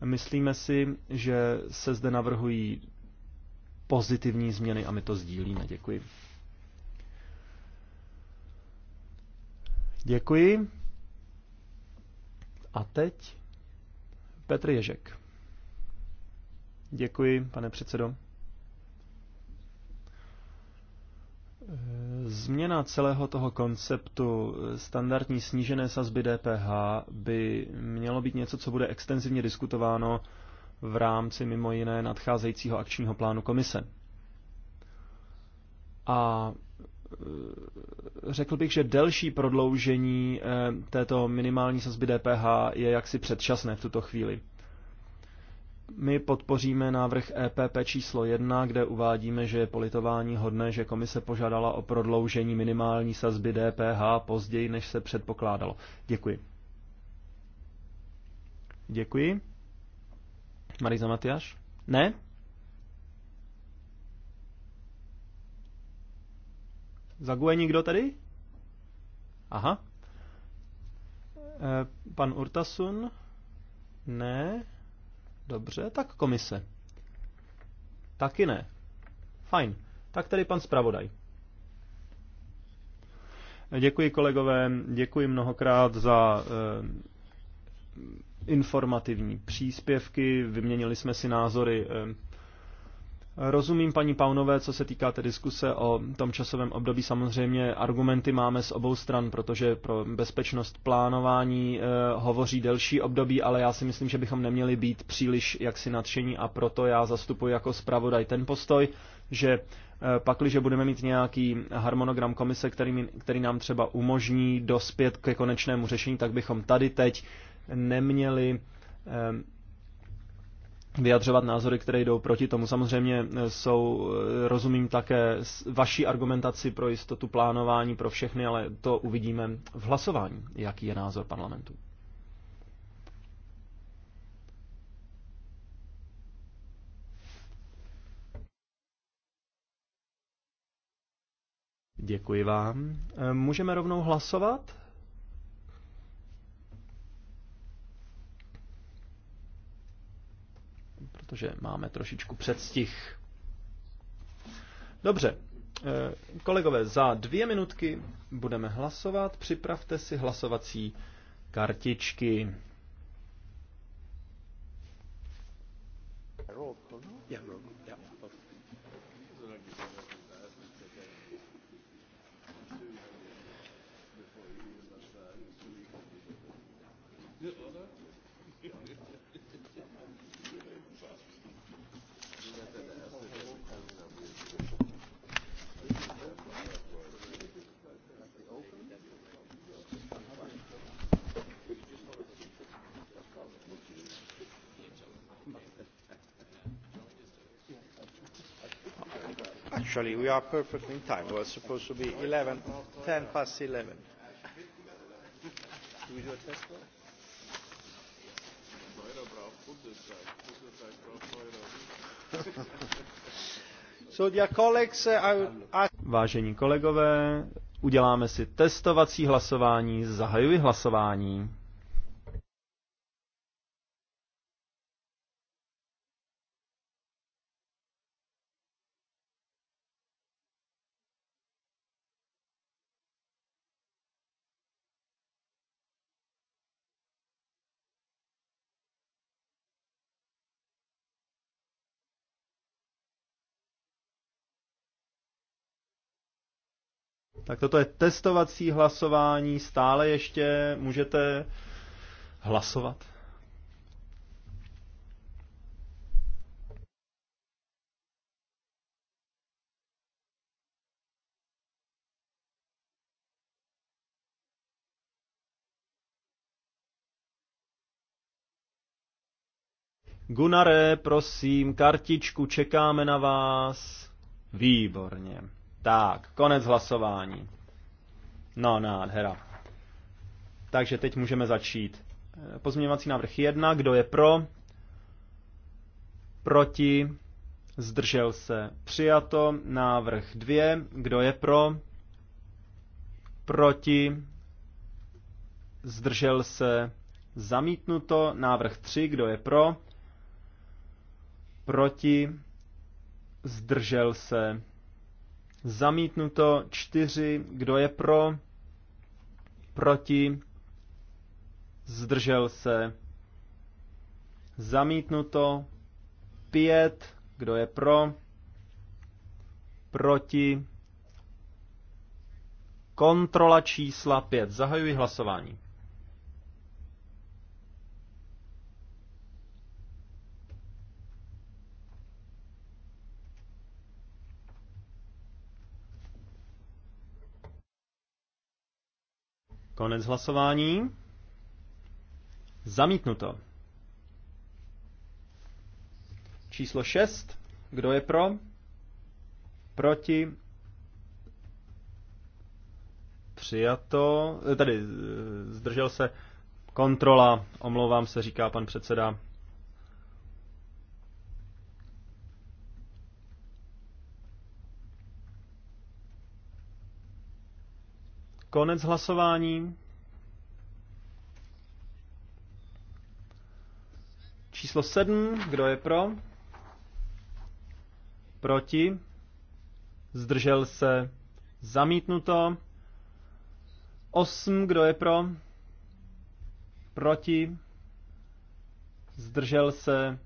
Myslíme si, že se zde navrhují pozitivní změny a my to sdílíme. Děkuji. Děkuji. A teď Petr Ježek. Děkuji, pane předsedo. Změna celého toho konceptu standardní snížené sazby DPH by mělo být něco, co bude extenzivně diskutováno v rámci mimo jiné nadcházejícího akčního plánu komise. A řekl bych, že delší prodloužení eh, této minimální sazby DPH je jaksi předčasné v tuto chvíli. My podpoříme návrh EPP číslo 1, kde uvádíme, že je politování hodné, že komise požádala o prodloužení minimální sazby DPH později, než se předpokládalo. Děkuji. Děkuji. Mariza Matyáš? Ne? Zaguje nikdo tady? Aha. E, pan Urtasun? Ne. Dobře, tak komise. Taky ne. Fajn. Tak tady pan zpravodaj. Děkuji kolegové, děkuji mnohokrát za e, informativní příspěvky, vyměnili jsme si názory e, Rozumím paní Paunové, co se týká té diskuse o tom časovém období. Samozřejmě argumenty máme z obou stran, protože pro bezpečnost plánování e, hovoří delší období, ale já si myslím, že bychom neměli být příliš jaksi nadšení a proto já zastupuji jako zpravodaj ten postoj, že e, pakliže budeme mít nějaký harmonogram komise, který, který nám třeba umožní dospět ke konečnému řešení, tak bychom tady teď neměli e, vyjadřovat názory, které jdou proti tomu. Samozřejmě e, jsou, e, rozumím také vaší argumentaci pro jistotu plánování pro všechny, ale to uvidíme v hlasování, jaký je názor parlamentu. Děkuji vám. E, můžeme rovnou hlasovat? protože máme trošičku předstih. Dobře, eh, kolegové, za dvě minutky budeme hlasovat. Připravte si hlasovací kartičky. Yeah, actually we are perfectly in time. It was supposed to be 11, 10 past 11. Do we do a test uh, ask... Vážení kolegové, uděláme si testovací hlasování. Zahajuji hlasování. Tak toto je testovací hlasování, stále ještě můžete hlasovat. Gunare, prosím, kartičku, čekáme na vás. Výborně. Tak, konec hlasování. No, nádhera. Takže teď můžeme začít. Eh, pozměňovací návrh 1. Kdo je pro? Proti? Zdržel se? Přijato. Návrh 2. Kdo je pro? Proti? Zdržel se? Zamítnuto. Návrh 3. Kdo je pro? Proti? Zdržel se? Zamítnuto 4. Kdo je pro? Proti? Zdržel se? Zamítnuto 5. Kdo je pro? Proti? Kontrola čísla 5. Zahajuji hlasování. Konec hlasování. Zamítnuto. Číslo 6. Kdo je pro? Proti? Přijato. Eh, Tady eh, zdržel se kontrola. Omlouvám se, říká pan předseda. Konec hlasování. Číslo 7. Kdo je pro? Proti? Zdržel se? Zamítnuto. 8. Kdo je pro? Proti? Zdržel se?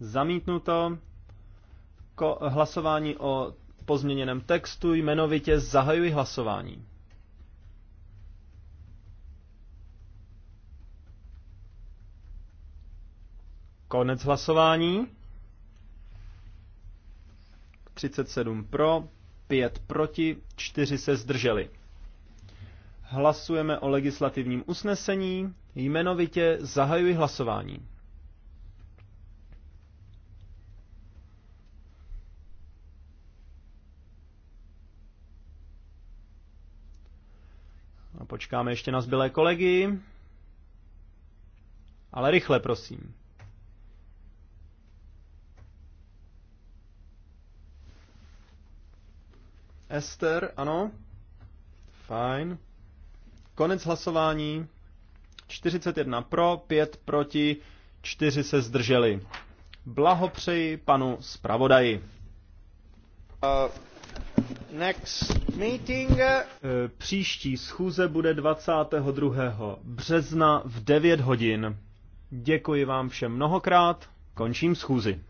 Zamítnuto. Ko- hlasování o pozměněném textu jmenovitě zahajuji hlasování. Konec hlasování. 37 pro, 5 proti, 4 se zdrželi. Hlasujeme o legislativním usnesení, jmenovitě zahajuji hlasování. Počkáme ještě na zbylé kolegy. Ale rychle, prosím. Ester, ano. Fajn. Konec hlasování. 41 pro, 5 proti, 4 se zdrželi. Blahopřeji panu zpravodaji. Uh. Next meeting. E, příští schůze bude 22. března v 9 hodin. Děkuji vám všem mnohokrát, končím schůzi.